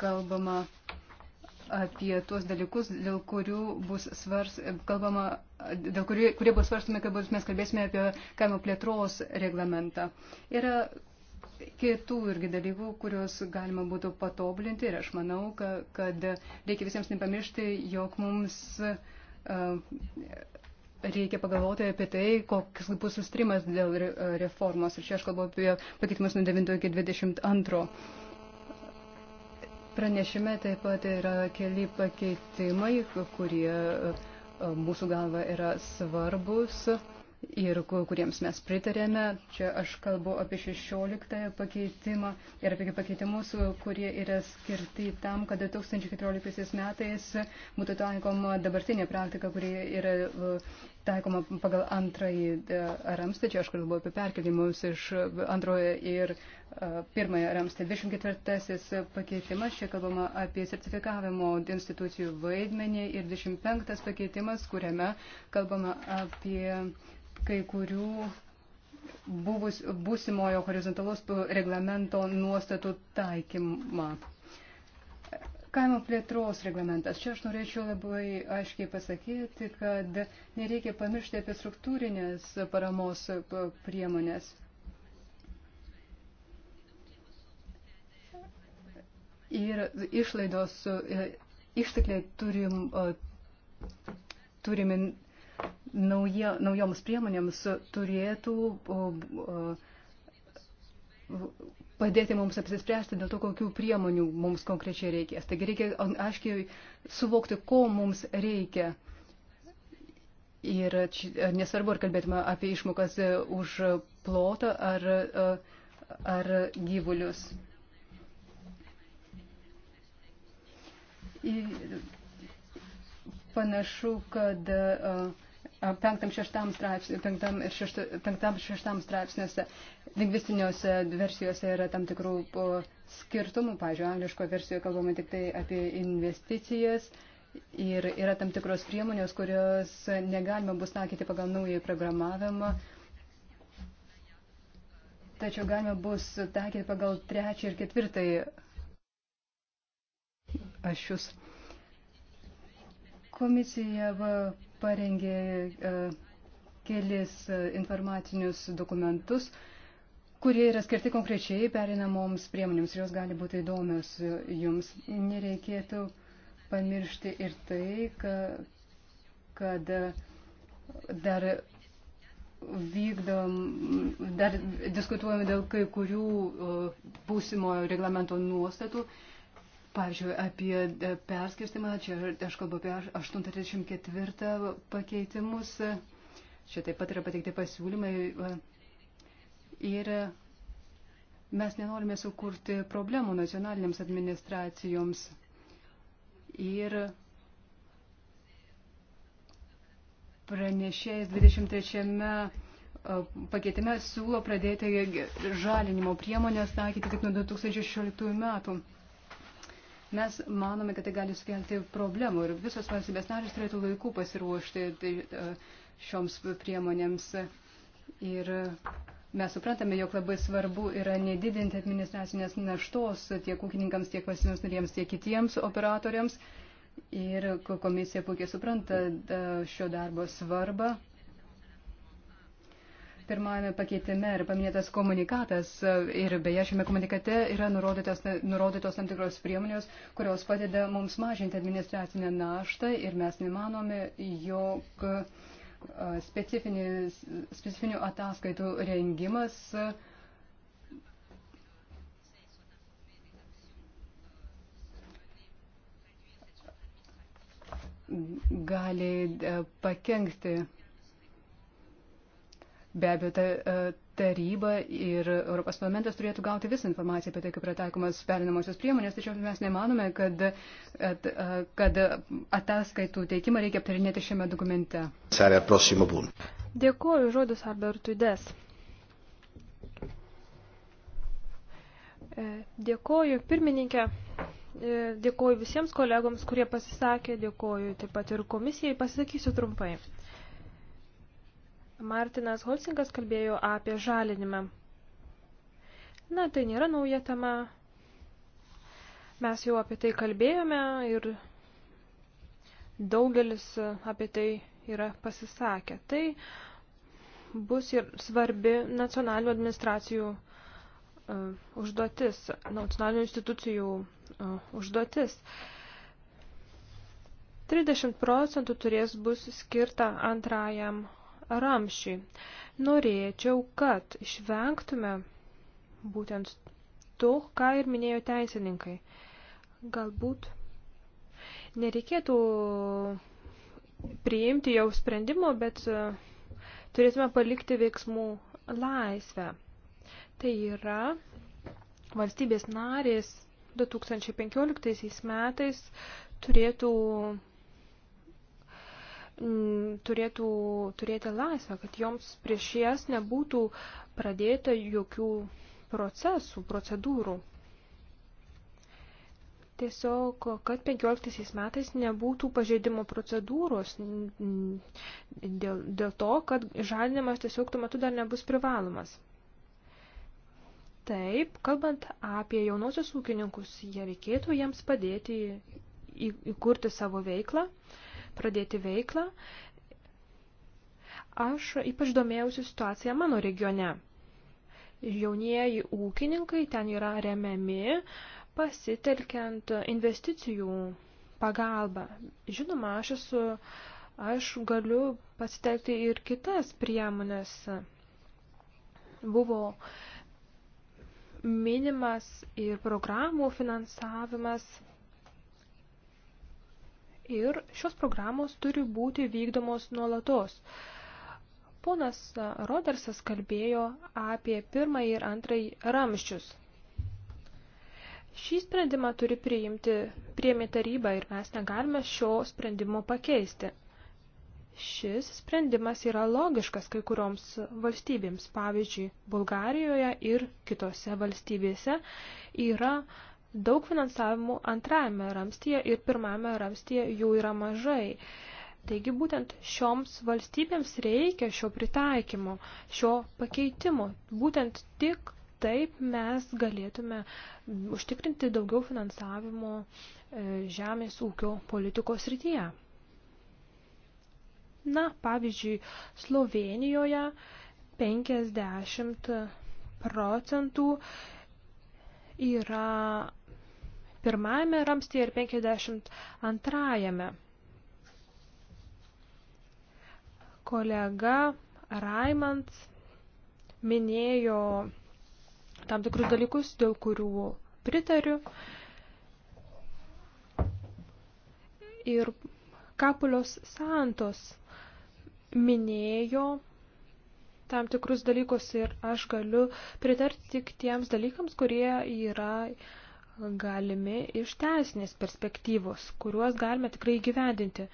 kalbama apie tuos dalykus, dėl kurių bus svars, kalbama, dėl kurių, kurie bus svarstumi, kai bus, mes kalbėsime apie kaimo plėtros reglamentą. Yra kitų irgi dalykų, kuriuos galima būtų patobulinti ir aš manau, kad, kad reikia visiems nepamiršti, jog mums uh, reikia pagalvoti apie tai, koks bus sustrimas dėl reformos. Ir čia aš kalbu apie pakeitimus nuo 9 iki 22. Pranešime taip pat yra keli pakeitimai, kurie e, mūsų galva yra svarbus ir kuriems mes pritarėme. Čia aš kalbu apie 16 pakeitimą ir apie pakeitimus, kurie yra skirti tam, kad 2014 metais būtų taikoma dabartinė praktika, kuri yra e, taikoma pagal antrąjį e, ramstį, čia aš kalbu apie perkelimus iš antrojo ir e, pirmąją ramstį. 24 pakeitimas, čia kalbama apie sertifikavimo institucijų vaidmenį ir 25 pakeitimas, kuriame kalbama apie kai kurių buvus, būsimojo horizontalaus reglamento nuostatų taikymą. Kaimo plėtros reglamentas. Čia aš norėčiau labai aiškiai pasakyti, kad nereikia pamiršti apie struktūrinės paramos priemonės. Ir išlaidos, ištekliai turim, turimi nauja, naujoms priemonėms turėtų padėti mums apsispręsti dėl to, kokių priemonių mums konkrečiai reikės. Taigi reikia aiškiai suvokti, ko mums reikia. Ir nesvarbu, ar kalbėtume apie išmokas e, už plotą ar, e, ar gyvulius. Ir panašu, kad uh, 5-6 straipsniuose, lingvistiniuose versijose yra tam tikrų skirtumų. Pavyzdžiui, angliško versijoje kalbama tik tai apie investicijas. Ir yra tam tikros priemonės, kurios negalima bus taikyti pagal naują programavimą. Tačiau galima bus taikyti pagal trečią ir ketvirtąjį ašius. Komisija va, parengė e, kelis e, informacinius dokumentus, kurie yra skirti konkrečiai perinamoms priemonėms ir jos gali būti įdomios e, jums. Nereikėtų pamiršti ir tai, kad dar vykdom, dar diskutuojame dėl kai kurių būsimojo reglamento nuostatų Pavyzdžiui, apie e, perskirstimą, čia aš kalbu apie 834 pakeitimus, čia taip pat yra pateikti pasiūlymai ir mes nenorime sukurti problemų nacionalinėms administracijoms ir pranešėjas 23 e, pakeitime siūlo pradėti žalinimo priemonės taikyti tik nuo 2016 metų. Mes manome, kad tai gali sukelti problemų ir visos valstybės narės turėtų laiku pasiruošti tai, e, šioms priemonėms. Ir mes suprantame, jog labai svarbu yra nedidinti administracinės naštos tiek ūkininkams, tiek valstybėms narėms, tiek kitiems operatoriams. Ir komisija puikiai supranta šio darbo svarbą pirmajame pakeitime yra paminėtas komunikatas e, ir beje šiame komunikate yra nurodytos, nurodytos tam tikros priemonės, kurios padeda mums mažinti administracinę naštą ir mes nemanome, jog e, specifinių ataskaitų rengimas e, gali pakengti Be abejo, ta, e, taryba ir Europos parlamentas turėtų gauti visą informaciją apie tai, kaip yra taikomas perinamosios priemonės, tačiau mes nemanome, kad, at, e, kad ataskaitų teikimą reikia aptarinėti šiame dokumente. Dėkuoju, žodis Albertui Des. E, dėkuoju, pirmininkė. Dėkuoju visiems kolegoms, kurie pasisakė, dėkuoju taip pat ir komisijai. Pasakysiu trumpai. Martinas Holsingas kalbėjo apie žalinimą. Na, tai nėra nauja tema. Mes jau apie tai kalbėjome ir daugelis apie tai yra pasisakę. Tai bus ir svarbi nacionalinių administracijų e, užduotis, nacionalinių institucijų e, užduotis. 30 procentų turės bus skirta antrajam ramšiui. Norėčiau, kad išvengtume būtent to, ką ir minėjo teisininkai. Galbūt nereikėtų priimti jau sprendimo, bet e, turėtume palikti veiksmų laisvę. Tai yra valstybės narės 2015 metais turėtų Mm, turėtų turėti laisvę, kad joms prieš jas nebūtų pradėta jokių procesų, procedūrų. Tiesiog, kad 15 metais nebūtų pažeidimo procedūros dėl, dėl to, kad žalinimas tiesiog tuo metu dar nebus privalomas. Taip, kalbant apie jaunosios ūkininkus, jie reikėtų jiems padėti įkurti savo veiklą. Uh, pradėti veiklą, aš ypač domėjausi situaciją mano regione. Jaunieji ūkininkai ten yra remiami pasitelkiant investicijų pagalbą. Žinoma, aš esu, aš galiu pasitelkti ir kitas priemonės. Buvo minimas ir programų finansavimas ir šios programos turi būti vykdomos nuolatos. Ponas Rodersas kalbėjo apie pirmąjį ir antrąjį ramščius. Šį sprendimą turi priimti, priėmė taryba ir mes negalime šio sprendimo pakeisti. Šis sprendimas yra logiškas kai kurioms valstybėms, pavyzdžiui, Bulgarijoje ir kitose valstybėse yra uh, daug finansavimų antrajame ramstyje ir pirmame ramstyje jų yra mažai. Taigi būtent šioms valstybėms reikia šio pritaikymo, šio pakeitimo. Būtent tik taip mes galėtume užtikrinti daugiau finansavimo e, žemės ūkio politikos rytyje. Na, pavyzdžiui, Slovenijoje 50 procentų yra pirmajame ramstyje ir 52-ame. Kolega Raimant minėjo tam tikrus dalykus, dėl kurių pritariu. Ir Kapulios Santos minėjo tam tikrus dalykus ir aš galiu pritarti tik tiems dalykams, kurie yra uh, galimi iš teisinės perspektyvos, kuriuos galime tikrai gyvendinti.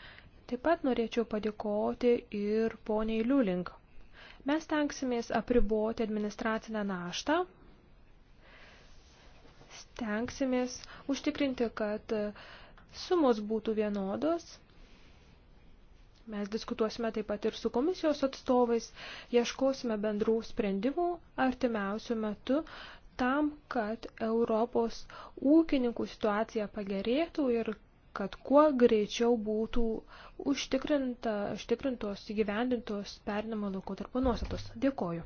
Taip pat norėčiau padėkoti ir poniai Liulink. Mes tenksimės apriboti administracinę naštą, stengsimės užtikrinti, kad sumos būtų vienodos. Mes diskutuosime taip pat ir su komisijos atstovais, ieškosime bendrų sprendimų artimiausių metų tam, kad Europos ūkininkų situacija pagerėtų ir kad kuo greičiau būtų užtikrintos įgyvendintos perinamo lauko tarpo nuostatos. Dėkoju.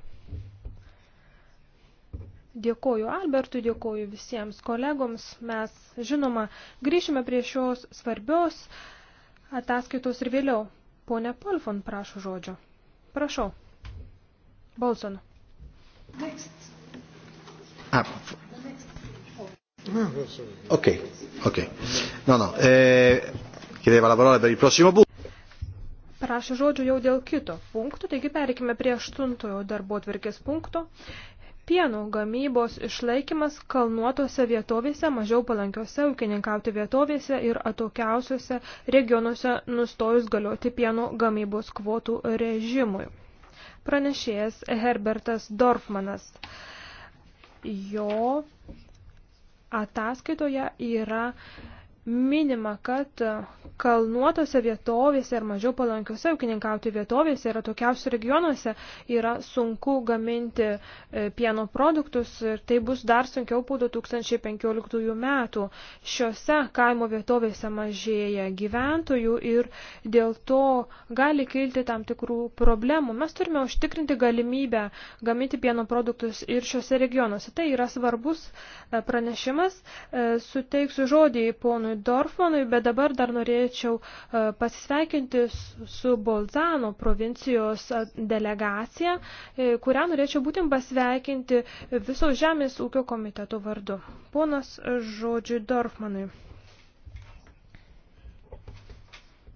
Dėkoju Albertui, dėkoju visiems kolegoms. Mes, žinoma, grįšime prie šios svarbios ataskaitos ir vėliau. Pone Polfon prašo žodžio. Prašau. Bolson. Next. Ah. Ok, ok. No, no. E, chiedeva la parola per il prossimo punto. Prašė žodžių jau dėl kito punkto, taigi perikime prie aštuntojo darbo tvarkės punkto. Pieno gamybos išlaikymas kalnuotose vietovėse, mažiau palankiose ūkininkauti vietovėse ir atokiausiose regionuose nustojus galioti pieno gamybos kvotų režimui. Pranešėjas Herbertas Dorfmanas. Uh, jo ataskaitoje yra minima, kad kalnuotose vietovėse ir mažiau palankiose ūkininkauti vietovėse ir atokiausių regionuose yra sunku gaminti e, pieno produktus ir tai bus dar sunkiau po 2015 metų. Šiuose kaimo vietovėse mažėja gyventojų ir dėl to gali kilti tam tikrų problemų. Mes turime užtikrinti galimybę gaminti pieno produktus ir šiuose regionuose. Tai yra svarbus e, pranešimas. E, suteiksiu žodį ponui ponui Dorfmanui, bet dabar dar norėčiau e, pasisveikinti su Bolzano provincijos e, delegacija, e, kurią norėčiau būtent pasveikinti viso Žemės ūkio komiteto vardu. Ponas žodžiui Dorfmanui.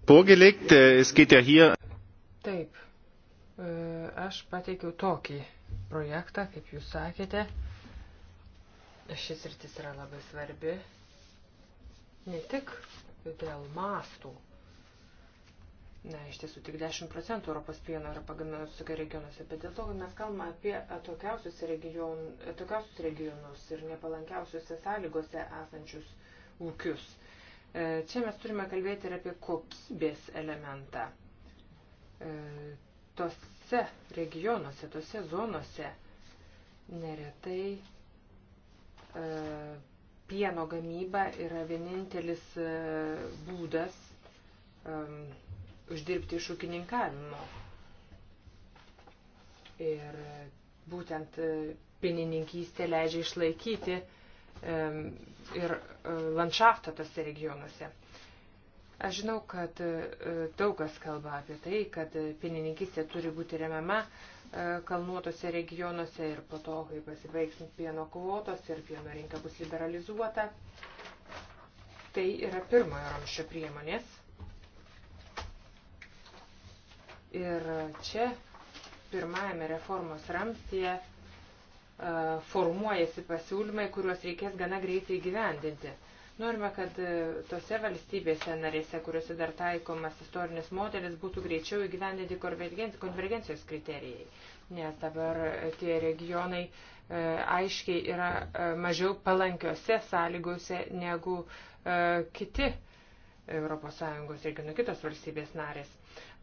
Vorgelegt, äh, es geht ja hier. Taip, äh, aš pateikiau tokį projektą, kaip jūs sakėte. Šis rytis yra labai svarbi Ne tik dėl mastų. Na, iš tiesų, tik 10 procentų Europos pieno yra pagaminamas tokia regionuose, bet dėl to, kad mes kalbame apie atokiausius, region, atokiausius regionus ir nepalankiausiuose sąlygose esančius ūkius. E, čia mes turime kalbėti ir apie kokybės elementą. E, tose regionuose, tose zonose neretai e, pieno gamyba yra vienintelis e, būdas um, uždirbti iš ūkininkavimo. Ir būtent e, pienininkystė leidžia išlaikyti um, ir e, landšaftą tose regionuose. Aš žinau, kad daug kas kalba apie tai, kad pienininkystė turi būti remiama uh, E, kalnuotose regionuose ir po to, kai pasibaigs pieno kvotos ir pieno rinka bus liberalizuota. Tai yra pirmojo ramščio priemonės. Ir čia pirmajame reformos ramstyje e, formuojasi pasiūlymai, kuriuos reikės gana greitai įgyvendinti. Norime, kad e, tose valstybėse narėse, kuriuose dar taikomas istorinis modelis, būtų greičiau įgyvendinti konvergencijos kriterijai, nes dabar e, tie regionai e, aiškiai yra mažiau palankiose sąlygose negu kiti ES regionų kitos valstybės narės.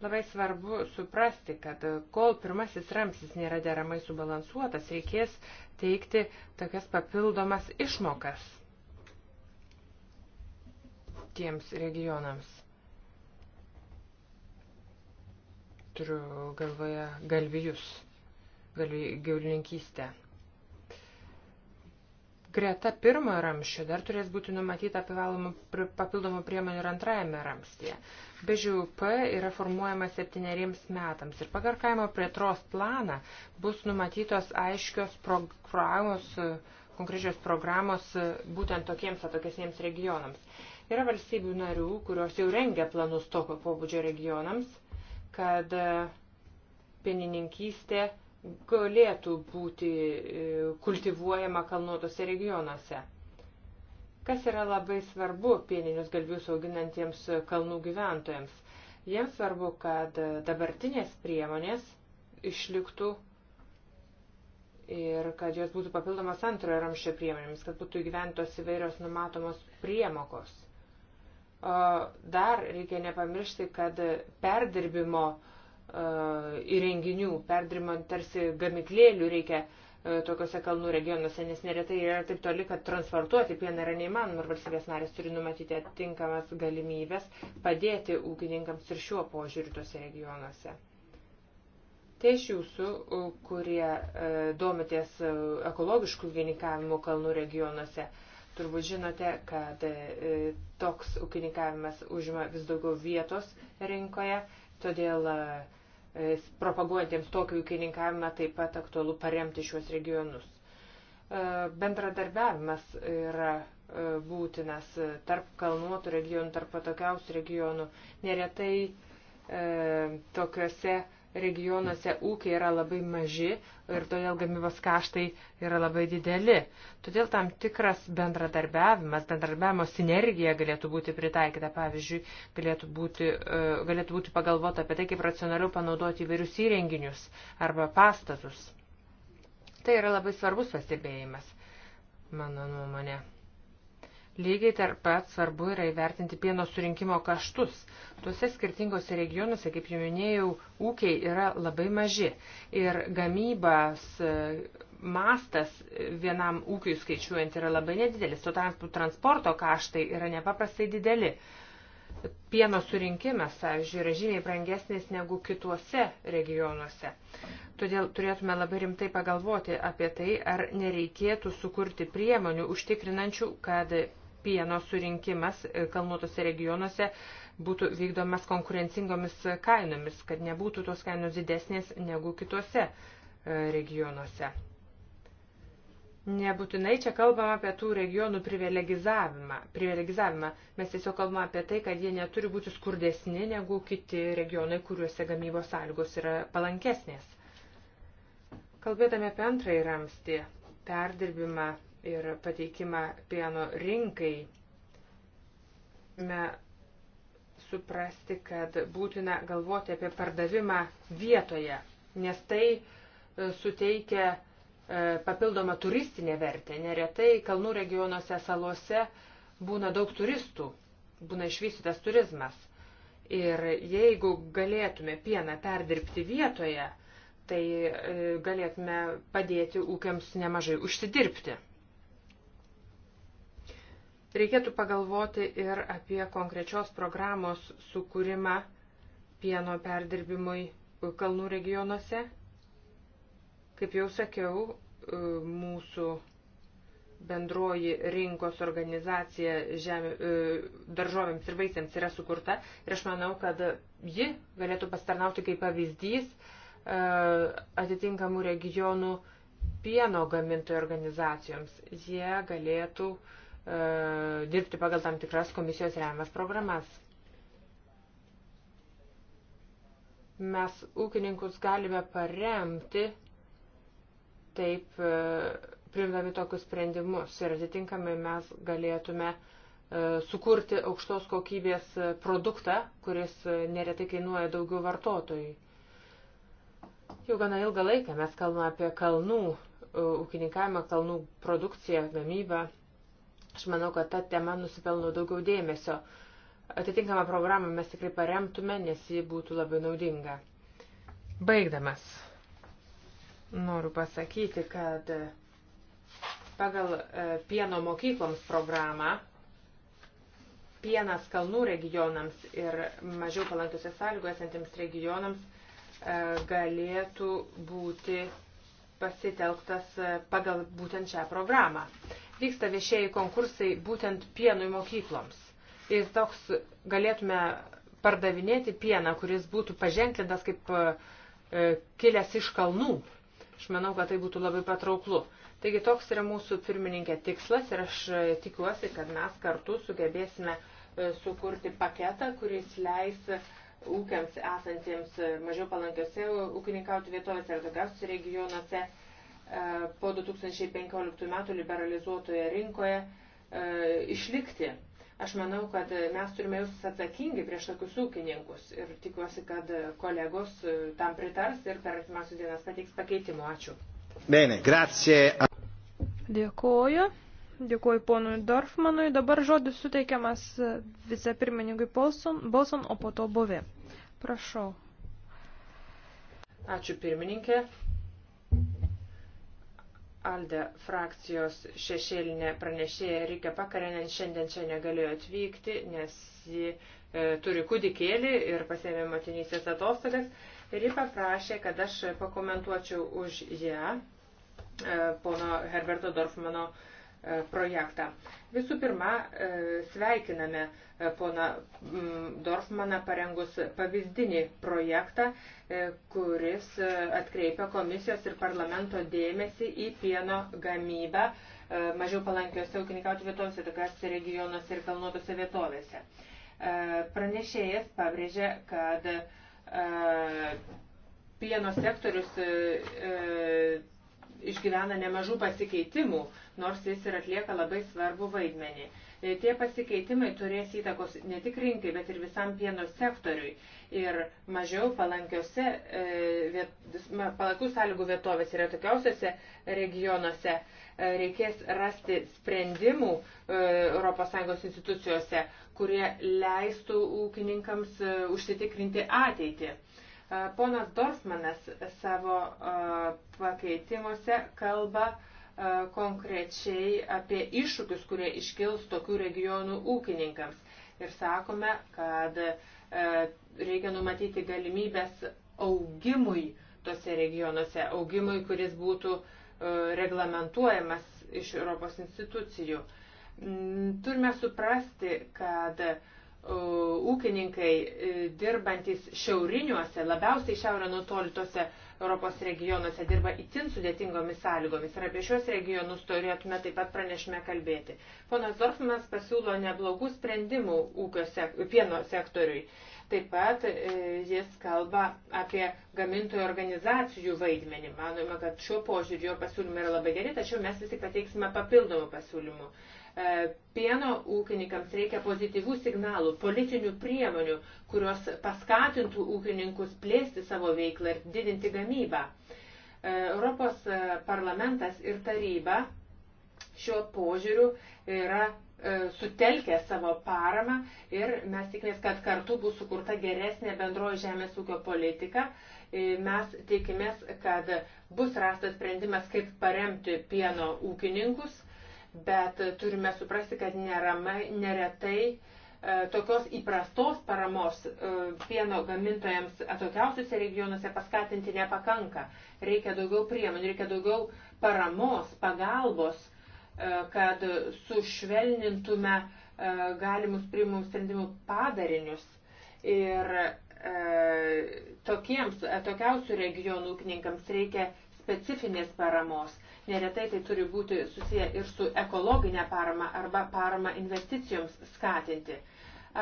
Labai svarbu suprasti, kad kol pirmasis ramsis nėra deramai subalansuotas, reikės teikti tokias papildomas išmokas tiems regionams. Turiu galvoje galvijus, gyvulininkystę. Greta pirmojo ramščio dar turės būti numatyta papildomų priemonių ir antrajame ramstyje. Be ŽUP yra formuojama septyneriems metams ir pagal kaimo plėtros planą bus numatytos aiškios programos, konkrečios programos būtent tokiems atokesniems regionams. Yra valstybių narių, kurios jau rengia planus tokio pobūdžio regionams, kad e, pienininkystė galėtų būti e, kultivuojama kalnuotose regionuose. Kas yra labai svarbu pieninius galvius auginantiems kalnų gyventojams? Jiems svarbu, kad dabartinės priemonės išliktų ir kad jos būtų papildomas antrojo ramščio priemonėmis, kad būtų įgyventos įvairios numatomos priemokos. Dar reikia nepamiršti, kad perdirbimo įrenginių, perdirbimo tarsi gamiklėlių reikia tokiuose kalnų regionuose, nes neretai yra taip toli, kad transportuoti pieną yra neįmanoma ir valstybės narės turi numatyti atitinkamas galimybės padėti ūkininkams ir šiuo požiūriu tuose regionuose. Tai iš jūsų, kurie e, domitės e, ekologiškų ūkininkavimų kalnų regionuose, Turbūt žinote, kad e, toks ūkininkavimas užima vis daugiau vietos rinkoje, todėl e, propaguojantiems tokį ūkininkavimą taip pat aktualu paremti šiuos regionus. E, bendradarbiavimas yra būtinas tarp kalnuotų regionų, tarp patokiausių regionų. Neretai tokiuose regionuose ūkiai yra labai maži ir todėl gamybos kaštai yra labai dideli. Todėl tam tikras bendradarbiavimas, bendradarbiavimo sinergija galėtų būti pritaikyta. Pavyzdžiui, galėtų būti, e, galėtų būti pagalvota apie tai, kaip racionaliau panaudoti įvairius įrenginius arba pastatus. Tai yra labai svarbus pastebėjimas, mano nuomonė. Lygiai tarp pat svarbu yra įvertinti pieno surinkimo kaštus. Tuose skirtingose regionuose, kaip jau minėjau, ūkiai yra labai maži ir gamybas e, mastas vienam ūkiui skaičiuojant yra labai nedidelis, tuo tarpu transporto kaštai yra nepaprastai dideli. Pieno surinkimas, pavyzdžiui, yra žymiai brangesnis negu kituose regionuose. Todėl turėtume labai rimtai pagalvoti apie tai, ar nereikėtų sukurti priemonių užtikrinančių, kad pieno surinkimas e, kalnuotose regionuose būtų vykdomas konkurencingomis kainomis, kad nebūtų tos kainos didesnės negu kitose e, regionuose. Nebūtinai čia kalbam apie tų regionų privilegizavimą. privilegizavimą. Mes tiesiog kalbam apie tai, kad jie neturi būti skurdesni negu kiti regionai, kuriuose gamybos sąlygos yra palankesnės. Kalbėdami apie antrąjį ramstį, perdirbimą ir pateikimą pieno rinkai. Me suprasti, kad būtina galvoti apie pardavimą vietoje, nes tai e, suteikia e, papildomą turistinę vertę. Neretai kalnų regionuose salose būna daug turistų, būna išvystytas turizmas. Ir jeigu galėtume pieną perdirbti vietoje, tai e, galėtume padėti ūkiams nemažai užsidirbti. Reikėtų pagalvoti ir apie konkrečios programos sukūrimą pieno perdirbimui e, kalnų regionuose. Kaip jau sakiau, e, mūsų bendroji rinkos organizacija žemė, e, daržovėms ir vaisiams yra sukurta ir aš manau, kad ji galėtų pastarnauti kaip pavyzdys atitinkamų regionų pieno gamintojų organizacijoms. Jie galėtų uh, E, dirbti pagal tam tikras komisijos remias programas. Mes ūkininkus galime paremti taip e, priimdami tokius sprendimus ir atitinkamai mes galėtume e, sukurti aukštos kokybės produktą, kuris neretai kainuoja daugiau vartotojui. Jau gana ilgą laiką mes kalbame apie kalnų ūkininkavimą, kalnų produkciją, gamybą Aš manau, kad ta tema nusipelno daugiau dėmesio. Atitinkamą programą mes tikrai paremtume, nes ji būtų labai naudinga. Baigdamas, noriu pasakyti, kad e, pagal e, pieno mokykloms programą pienas kalnų regionams ir mažiau palankiuose sąlygoje esantiems regionams e, galėtų būti pasitelktas pagal būtent šią programą vyksta viešieji konkursai būtent pienui mokykloms. Ir toks galėtume pardavinėti pieną, kuris būtų paženklintas kaip e, e, kilęs iš kalnų. Aš manau, kad tai būtų labai patrauklu. Taigi toks yra mūsų pirmininkė tikslas ir aš e, tikiuosi, kad mes kartu sugebėsime sukurti paketą, kuris leis ūkiams esantiems mažiau palankiose ūkininkauti vietovėse ar daugiausiai regionuose E, po 2015 metų liberalizuotoje rinkoje e, išlikti. Aš manau, kad mes turime jūs atsakingi prieš tokius ūkininkus ir tikiuosi, kad kolegos e, tam pritars ir per artimiausias dienas pateiks pakeitimų. Ačiū. Bene, grazie. Dėkuoju. Dėkuoju ponui Dorfmanui. Dabar žodis suteikiamas vicepirmininkui Bolson, Bolson, o po to buvė. Prašau. Ačiū pirmininkė. Alde frakcijos šešėlinė pranešėja Rika Pakarenen šiandien čia negalėjo atvykti, nes ji e, turi kūdikėlį ir pasėmė motinysės atostogas. Ir ji paprašė, kad aš pakomentuočiau už ją e, pono Herberto Dorfmano e, E, projektą. Visų pirma, e, sveikiname e, pona mm, Dorfmaną parengus pavyzdinį projektą, kuris atkreipia komisijos ir parlamento dėmesį į pieno gamybą mažiau palankiose ūkininkauti vietovėse, tokiuose regionuose ir kalnuotose vietovėse. Pranešėjas pabrėžė, kad pieno sektorius išgyvena nemažų pasikeitimų nors jis ir atlieka labai svarbų vaidmenį. E, tie pasikeitimai turės įtakos ne tik rinkai, bet ir visam pieno sektoriui. Ir mažiau palankiose, e, palankių sąlygų vietovės yra tokiausiose regionuose e, reikės rasti sprendimų ES institucijose, kurie leistų ūkininkams užsitikrinti ateitį. Ponas Dorfmanas savo pakeitimuose kalba E, konkrečiai apie iššūkius, kurie iškils tokių regionų ūkininkams. Ir sakome, kad e, reikia numatyti galimybės augimui tose regionuose, augimui, kuris būtų e, reglamentuojamas iš Europos institucijų. Mm, turime suprasti, kad ūkininkai dirbantis šiauriniuose, labiausiai šiaurę nutoltose Europos regionuose dirba itin sudėtingomis sąlygomis ir apie šios regionus turėtume taip pat pranešime kalbėti. Ponas Dorfmanas pasiūlo neblogų sprendimų ūkio sek pieno sektoriui. Taip pat e, jis kalba apie gamintojų organizacijų vaidmenį. Manome, kad šiuo požiūriu jo pasiūlymai yra labai geri, tačiau mes vis tik pateiksime papildomų pasiūlymų. E, pieno ūkininkams reikia pozityvių signalų, politinių priemonių, kurios paskatintų ūkininkus plėsti savo veiklą ir didinti gamybą. E, Europos e, parlamentas ir taryba šiuo požiūriu yra sutelkę savo paramą ir mes tikimės, kad kartu bus sukurta geresnė bendroji žemės ūkio politika. Mes tikimės, kad bus rastas sprendimas, kaip paremti pieno ūkininkus bet turime suprasti, kad neramai, neretai e, tokios įprastos paramos e, pieno gamintojams atokiausiuose regionuose paskatinti nepakanka. Reikia daugiau priemonių, reikia daugiau paramos, pagalbos, e, kad sušvelnintume galimus priimamų sprendimų padarinius. Ir tokiems atokiausių regionų ūkininkams reikia specifinės paramos. Neretai tai turi būti susiję ir su ekologinė parama arba parama investicijoms skatinti.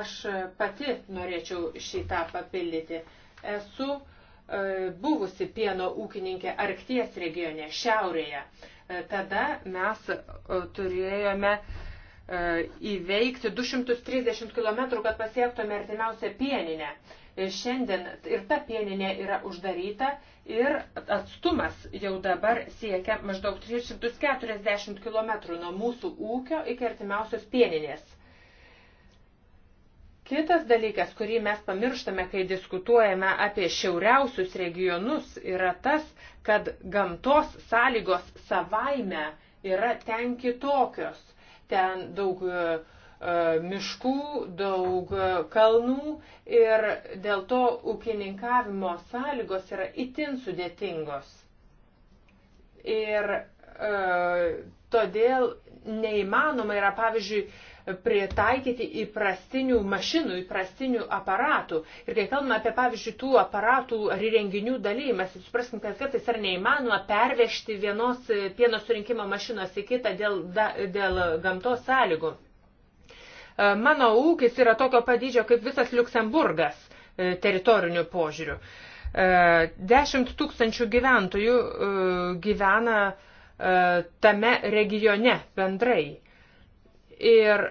Aš pati norėčiau šitą papildyti. Esu e, buvusi pieno ūkininkė Arkties regione, šiaurėje. E, tada mes e, turėjome e, įveikti 230 km, kad pasiektume artimiausią pieninę. E, Šiandien ir ta pieninė yra uždaryta ir atstumas jau dabar siekia maždaug 340 km nuo mūsų ūkio iki artimiausios pieninės. Kitas dalykas, kurį mes pamirštame, kai diskutuojame apie šiauriausius regionus, yra tas, kad gamtos sąlygos savaime yra ten kitokios. Ten daug uh, E, miškų, daug e, kalnų ir dėl to ūkininkavimo sąlygos yra itin sudėtingos. Ir e, todėl neįmanoma yra, pavyzdžiui, pritaikyti įprastinių mašinų, įprastinių aparatų. Ir kai kalbame apie, pavyzdžiui, tų aparatų ar įrenginių dalymas, tai supraskim, kad kartais yra neįmanoma pervežti vienos pieno surinkimo mašinos į kitą dėl, da, dėl gamtos sąlygų. E, mano ūkis yra tokio padydžio kaip visas Luksemburgas e, teritoriniu požiūriu. 10 e, tūkstančių gyventojų gyvena tame regione bendrai. Ir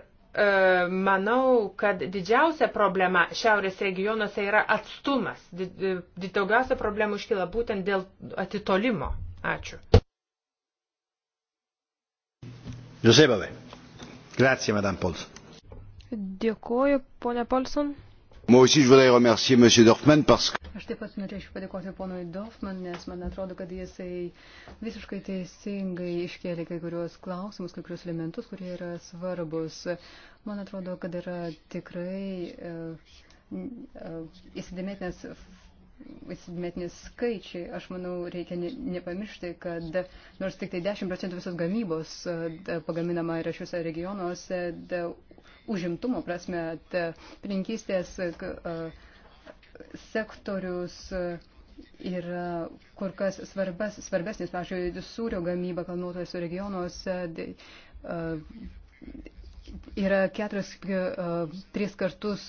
manau, kad didžiausia problema šiaurės regionuose yra atstumas. Daugiausia problemų iškyla būtent dėl atitolimo. Ačiū. Giuseppe, grazie, Madame Pols. Dėkuoju, ponia Polson. Aš taip pat norėčiau padėkoti ponui Dorfman, nes man atrodo, kad jisai visiškai teisingai iškėlė kai kurios klausimus, kai kurios elementus, kurie yra svarbus. Man atrodo, kad yra tikrai uh, e, uh, e, įsidėmėtinės įsidmetinis skaičiai, aš manau, reikia nepamiršti, kad nors tik tai 10 procentų visos gamybos e, pagaminama yra šiuose regionuose, užimtumo prasme, pirinkystės sektorius yra kur kas svarbes, svarbesnis, pavyzdžiui, sūrio gamyba kalnuotose regionuose yra keturis, tris kartus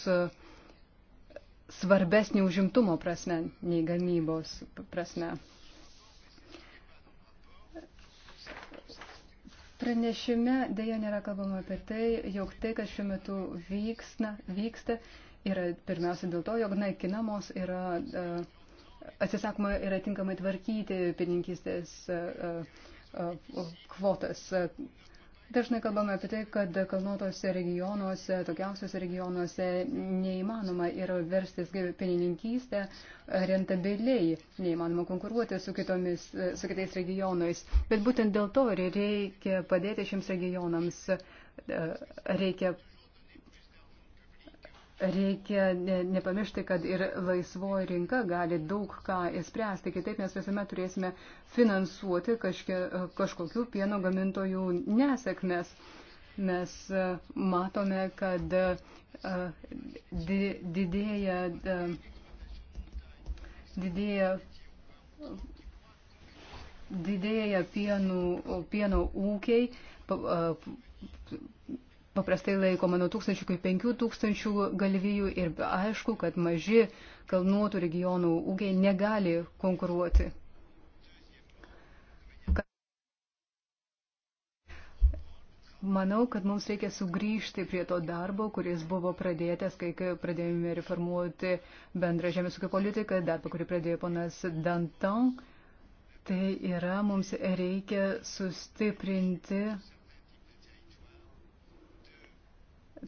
svarbesnį užimtumo prasme nei gamybos prasme. Pranešime dėja nėra kalbama apie tai, jog tai, kas šiuo metu vyksna, vyksta, yra pirmiausia dėl to, jog naikinamos yra, e, atsisakoma yra tinkamai tvarkyti pininkistės e, e, kvotas. Dažnai kalbame apie tai, kad kalnuotose regionuose, tokiausiuose regionuose neįmanoma yra verstis pienininkystę rentabiliai, neįmanoma konkuruoti su, kitomis, su kitais regionais. Bet būtent dėl to reikia padėti šiems regionams, reikia Reikia ne, nepamiršti, kad ir laisvoji rinka gali daug ką įspręsti, kitaip mes visuomet turėsime finansuoti kažkia, kažkokių pieno gamintojų nesėkmės. Mes e, matome, kad e, di, didėja, e, didėja, didėja pienų, pieno ūkiai, paprastai laikoma nuo 1000 iki 5000 galvijų ir aišku, kad maži kalnuotų regionų ūkiai negali konkuruoti. Manau, kad mums reikia sugrįžti prie to darbo, kuris buvo pradėtas, kai pradėjome reformuoti bendrą žemės ūkio politiką, darbą, kurį pradėjo ponas Danton. Tai yra, mums reikia sustiprinti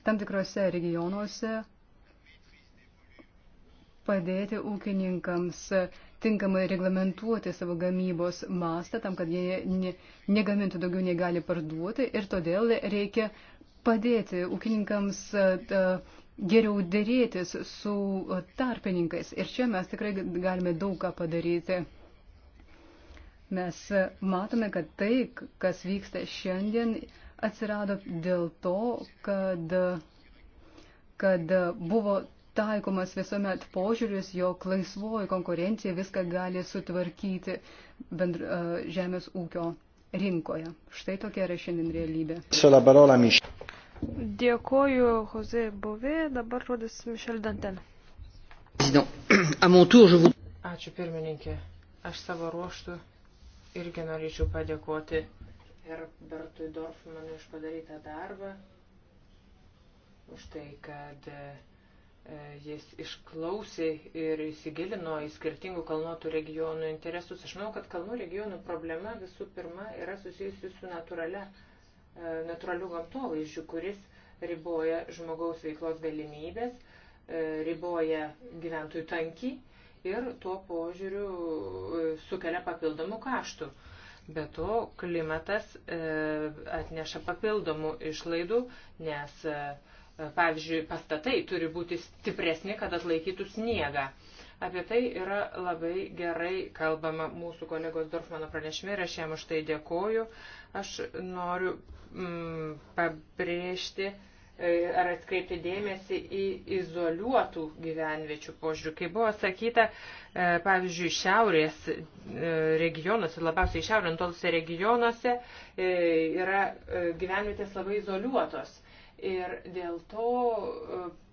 tam tikrose regionuose padėti ūkininkams tinkamai reglamentuoti savo gamybos mastą, tam, kad jie ne, negamintų daugiau nei gali parduoti ir todėl reikia padėti ūkininkams geriau dėrėtis su tarpininkais. Ir čia mes tikrai galime daug ką padaryti. Mes matome, kad tai, kas vyksta šiandien, atsirado dėl to, kad, kad buvo taikomas visuomet požiūris, jog laisvoji konkurencija viską gali sutvarkyti bendr, žemės ūkio rinkoje. Štai tokia yra šiandien realybė. Dėkoju, Jose Bovė, dabar rodys Mišel Danten. Ačiū pirmininkė. Aš savo ruoštų irgi norėčiau padėkoti Herbertui Dorfmanui už padarytą darbą, už tai, kad e, jis išklausė ir įsigilino į skirtingų kalnuotų regionų interesus. Aš manau, kad kalnų regionų problema visų pirma yra susijusi su natūralia, e, natūraliu gamtovaizdžiu, kuris riboja žmogaus veiklos galimybės, e, riboja gyventojų tankį ir tuo požiūriu sukelia papildomų kaštų. Be to, klimatas e, atneša papildomų išlaidų, nes, e, pavyzdžiui, pastatai turi būti stipresni, kad atlaikytų sniegą. Apie tai yra labai gerai kalbama mūsų kolegos Dorfmano pranešime ir aš jam už tai dėkoju. Aš noriu mm, pabrėžti, E, ar atkreipti dėmesį į izoliuotų gyvenviečių požiūrių. Kai buvo sakyta, e, pavyzdžiui, šiaurės e, regionuose, labiausiai šiaurintolose regionuose yra gyvenvietės labai izoliuotos. Ir dėl to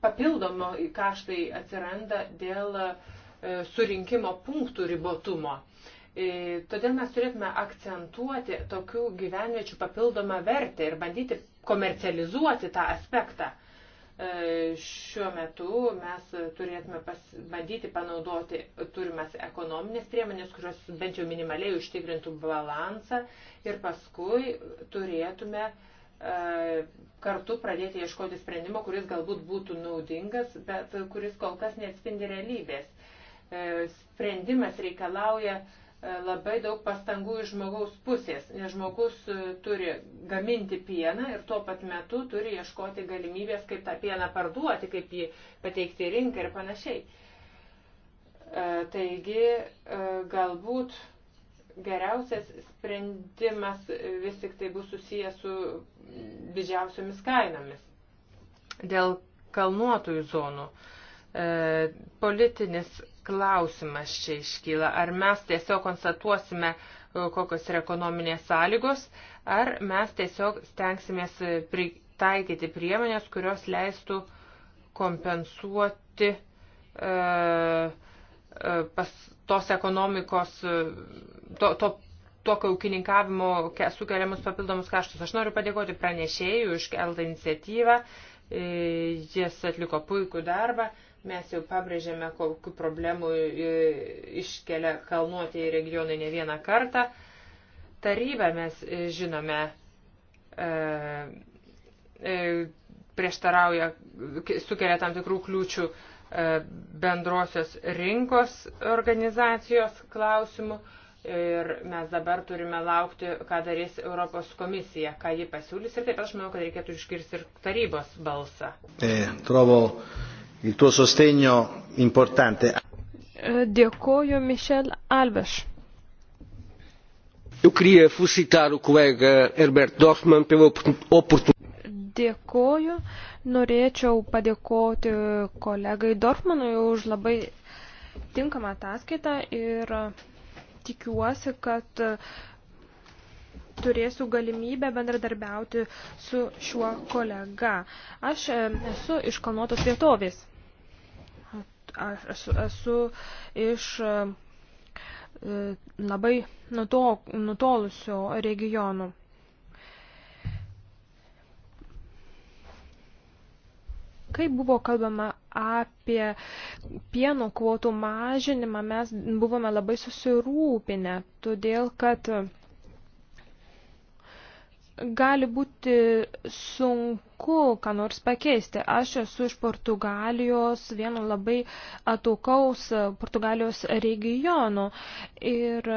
papildomo kaštai atsiranda dėl surinkimo punktų ribotumo. E, todėl mes turėtume akcentuoti tokių gyvenviečių papildomą vertę ir bandyti komercializuoti tą aspektą. E, šiuo metu mes turėtume pas, bandyti panaudoti turimas ekonominės priemonės, kurios bent jau minimaliai užtikrintų balansą ir paskui turėtume uh, kartu pradėti ieškoti sprendimo, kuris galbūt būtų naudingas, bet kuris kol kas neatspindi realybės. Sprendimas reikalauja uh, E, labai daug pastangų iš žmogaus pusės, nes žmogus e, turi gaminti pieną ir tuo pat metu turi ieškoti galimybės, kaip tą pieną parduoti, kaip jį pateikti į rinką ir panašiai. E, taigi, galbūt geriausias sprendimas vis tik tai bus susijęs su didžiausiomis kainomis. Dėl kalnuotųjų zonų politinis klausimas čia iškyla. Ar mes tiesiog konstatuosime, e, kokios yra ekonominės sąlygos, ar mes tiesiog stengsimės pritaikyti priemonės, kurios leistų kompensuoti e, e pas, tos ekonomikos, e, to, to, tokio ūkininkavimo sukeliamus papildomus kaštus. Aš noriu padėkoti pranešėjų už keltą iniciatyvą E, Jis atliko puikų darbą. Mes jau pabrėžėme, kokiu problemu e, iškelia kalnuotieji regionai ne vieną kartą. Tarybą mes e, žinome prieštarauja, sukelia tam tikrų kliūčių bendrosios rinkos organizacijos klausimų ir mes dabar turime laukti, ką darys Europos komisija, ką ji pasiūlys ir taip aš manau, kad reikėtų iškirsti ir tarybos balsą. E, trovo il tuo sostegno importante. E, dėkoju, Michel Alves. Eu queria felicitar o colega Herbert Dorfman pela oportunidade. Dėkoju. Norėčiau padėkoti kolegai Dorfmanui už labai tinkamą ataskaitą ir tikiuosi, kad e, turėsiu galimybę bendradarbiauti su šiuo kolega. Aš e, esu iš kalnuotos vietovės. Aš esu, esu iš e, labai nutolusio regionų. kai buvo kalbama apie pieno kvotų mažinimą, mes buvome labai susirūpinę, todėl kad gali būti sunku, ką nors pakeisti. Aš esu iš Portugalijos, vieno labai ataukaus Portugalijos regiono. Ir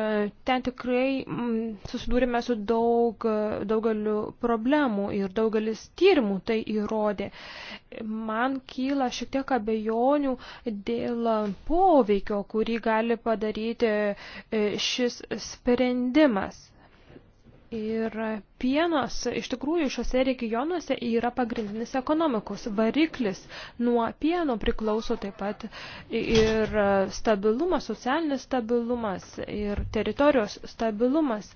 ten tikrai m, mm, susidūrėme su daug, daugeliu problemų ir daugelis tyrimų tai įrodė. Man kyla šiek tiek abejonių dėl poveikio, kurį gali padaryti e, šis sprendimas ir pienas iš tikrųjų šiuose regionuose yra pagrindinis ekonomikos variklis. Nuo pieno priklauso taip pat ir stabilumas, socialinis stabilumas ir teritorijos stabilumas.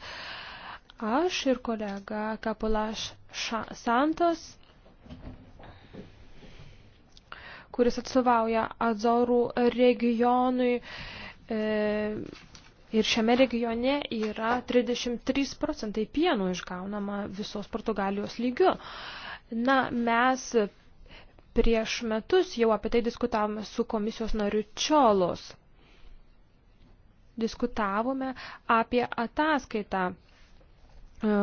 Aš ir kolega Kapulaš Santos, kuris atstovauja Azorų regionui, e, Ir šiame regione yra 33 procentai pieno išgaunama visos Portugalijos lygiu. Na, mes prieš metus jau apie tai diskutavome su komisijos nariu Čiolos. Diskutavome apie ataskaitą, e,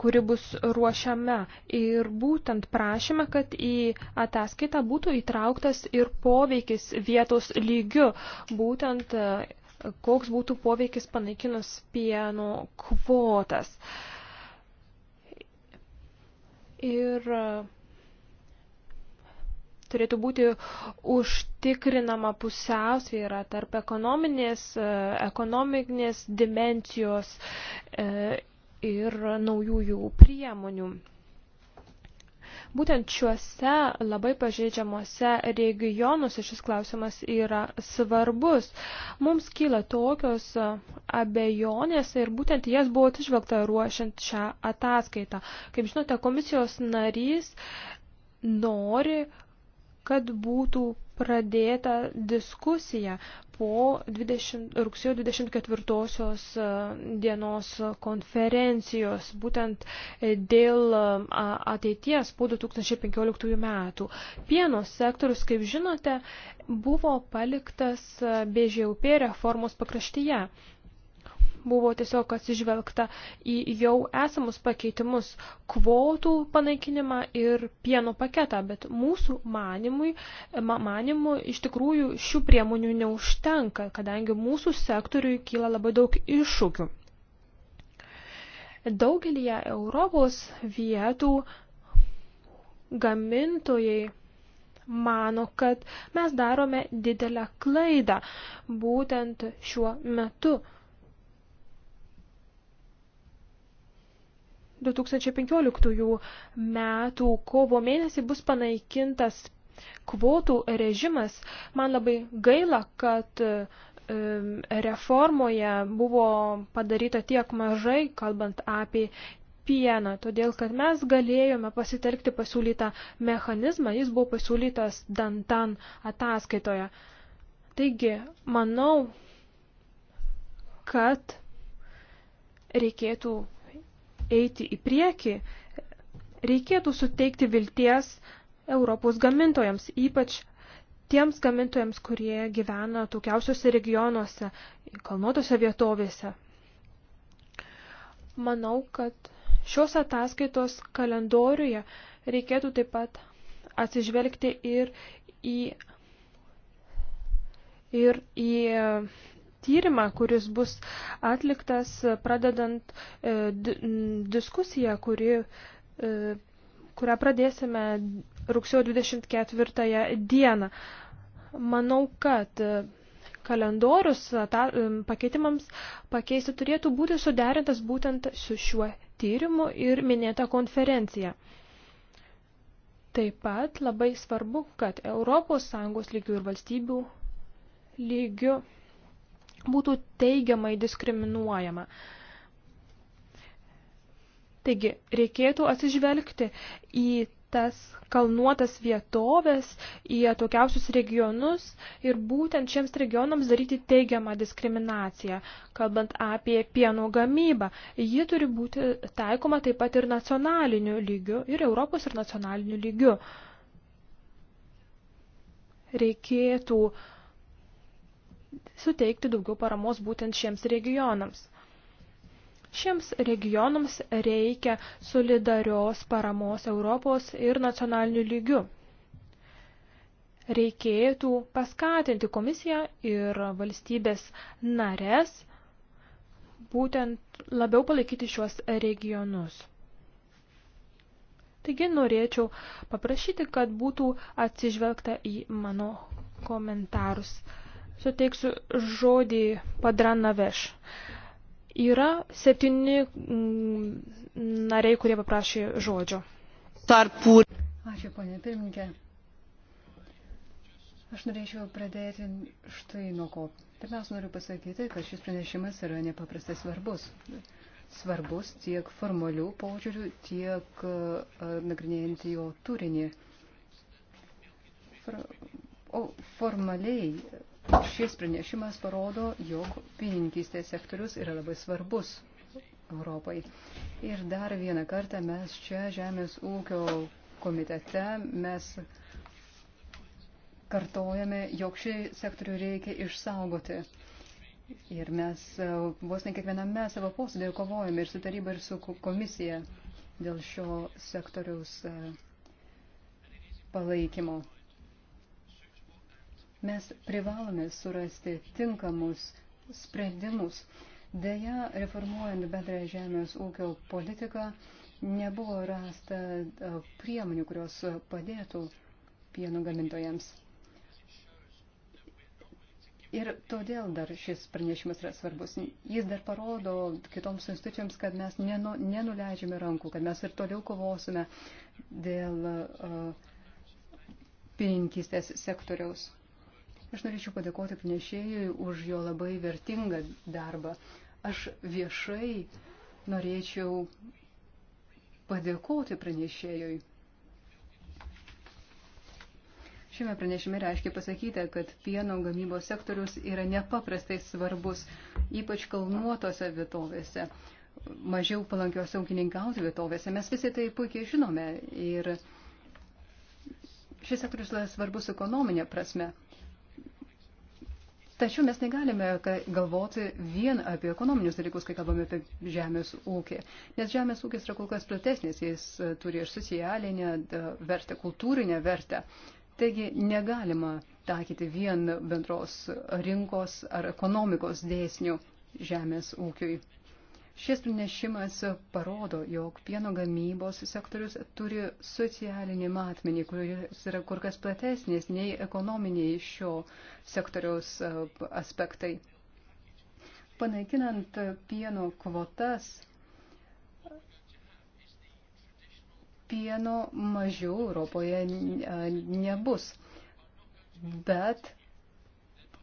kuri bus ruošiama. Ir būtent prašymą, kad į ataskaitą būtų įtrauktas ir poveikis vietos lygiu. Būtent e, koks būtų poveikis panaikinus pieno kvotas. Ir e, turėtų būti užtikrinama pusiausvyrą tarp ekonominės, e, ekonominės dimencijos e, ir naujųjų priemonių. Būtent šiuose labai pažeidžiamuose regionuose šis klausimas yra svarbus. Mums kyla tokios abejonės ir būtent jas buvo atsižvelgta ruošiant šią ataskaitą. Kaip žinote, komisijos narys nori kad būtų pradėta diskusija po 20, rugsėjo 24 e, dienos konferencijos, būtent e, dėl e, ateities po 2015 metų. Pieno sektorius, kaip žinote, buvo paliktas BŽUP reformos pakraštyje buvo tiesiog atsižvelgta į jau esamus pakeitimus kvotų panaikinimą ir pieno paketą, bet mūsų manimui, manimu iš tikrųjų šių priemonių neužtenka, kadangi mūsų sektoriui kyla labai daug iššūkių. Daugelį Europos vietų gamintojai mano, kad mes darome didelę klaidą būtent šiuo metu 2015 metų kovo mėnesį bus panaikintas kvotų režimas. Man labai gaila, kad reformoje buvo padaryta tiek mažai, kalbant apie pieną, todėl kad mes galėjome pasitelkti pasiūlytą mechanizmą, jis buvo pasiūlytas Dantan ataskaitoje. Taigi, manau, kad reikėtų eiti į priekį, reikėtų suteikti vilties Europos gamintojams, ypač tiems gamintojams, kurie gyvena tokiausiuose regionuose, kalnuotose vietovėse. Manau, kad šios ataskaitos kalendoriuje reikėtų taip pat atsižvelgti ir į, ir į tyrimą, kuris bus atliktas pradedant e, diskusiją, kuri, e, kurią pradėsime rugsėjo 24 dieną. Manau, kad e, kalendorius ta, pakeitimams pakeisti turėtų būti suderintas būtent su šiuo tyrimu ir minėta konferencija. Taip pat labai svarbu, kad ES lygių ir valstybių lygių būtų teigiamai diskriminuojama. Taigi, reikėtų atsižvelgti į tas kalnuotas vietovės, į atokiausius regionus ir būtent šiems regionams daryti teigiamą diskriminaciją. Kalbant apie pieno gamybą, ji turi būti taikoma taip pat ir nacionaliniu lygiu, ir Europos ir nacionaliniu lygiu. Reikėtų uh, suteikti daugiau paramos būtent šiems regionams. Šiems regionams reikia solidarios paramos Europos ir nacionalinių lygių. Reikėtų paskatinti komisiją ir valstybės nares būtent labiau palaikyti šiuos regionus. Taigi norėčiau paprašyti, kad būtų atsižvelgta į mano komentarus suteiksiu žodį Padranaveš. Yra septyni mm, nariai, kurie paprašė žodžio. Tarpų. Ačiū, ponė pirmininkė. Aš norėčiau pradėti štai nuo ko. Pirmiausia, noriu pasakyti, kad šis pranešimas yra nepaprastai svarbus. Svarbus tiek formalių požiūrių, tiek uh, nagrinėjant jo turinį. For, o formaliai Šis pranešimas parodo, jog pieninkystės sektorius yra labai svarbus Europai. Ir dar vieną kartą mes čia Žemės ūkio komitete mes kartojame, jog šį sektorių reikia išsaugoti. Ir mes e, vos ne kiekviename savo posėdėje kovojame ir su taryba, ir su komisija dėl šio sektoriaus e, palaikymo. Mes privalome surasti tinkamus sprendimus. Deja, reformuojant bendrąją žemės ūkio politiką, nebuvo rasta priemonių, kurios padėtų pieno gamintojams. Ir todėl dar šis pranešimas yra svarbus. Jis dar parodo kitoms institucijoms, kad mes nenu, nenuleidžiame rankų, kad mes ir toliau kovosime dėl uh, pininkistės sektoriaus. Aš norėčiau padėkoti pranešėjui už jo labai vertingą darbą. Aš viešai norėčiau padėkoti pranešėjui. Šiame pranešime reiškia pasakyta, kad pieno gamybos sektorius yra nepaprastai svarbus, ypač kalnuotose vietovėse, mažiau palankiose ūkininkauti vietovėse. Mes visi tai puikiai žinome ir šis sektorius yra svarbus ekonominė prasme. Tačiau mes negalime galvoti vien apie ekonominius dalykus, kai kalbame apie žemės ūkį. Nes žemės ūkis yra kol kas platesnis, jis e, turi ir socialinę vertę, kultūrinę vertę. Taigi negalima taikyti vien bendros rinkos ar ekonomikos dėsnių žemės ūkiui. Šis pranešimas parodo, jog pieno gamybos sektorius turi socialinį matmenį, kuris yra kur kas platesnis nei ekonominiai šio sektoriaus e, aspektai. Panaikinant pieno kvotas, pieno mažiau Europoje e, nebus. Bet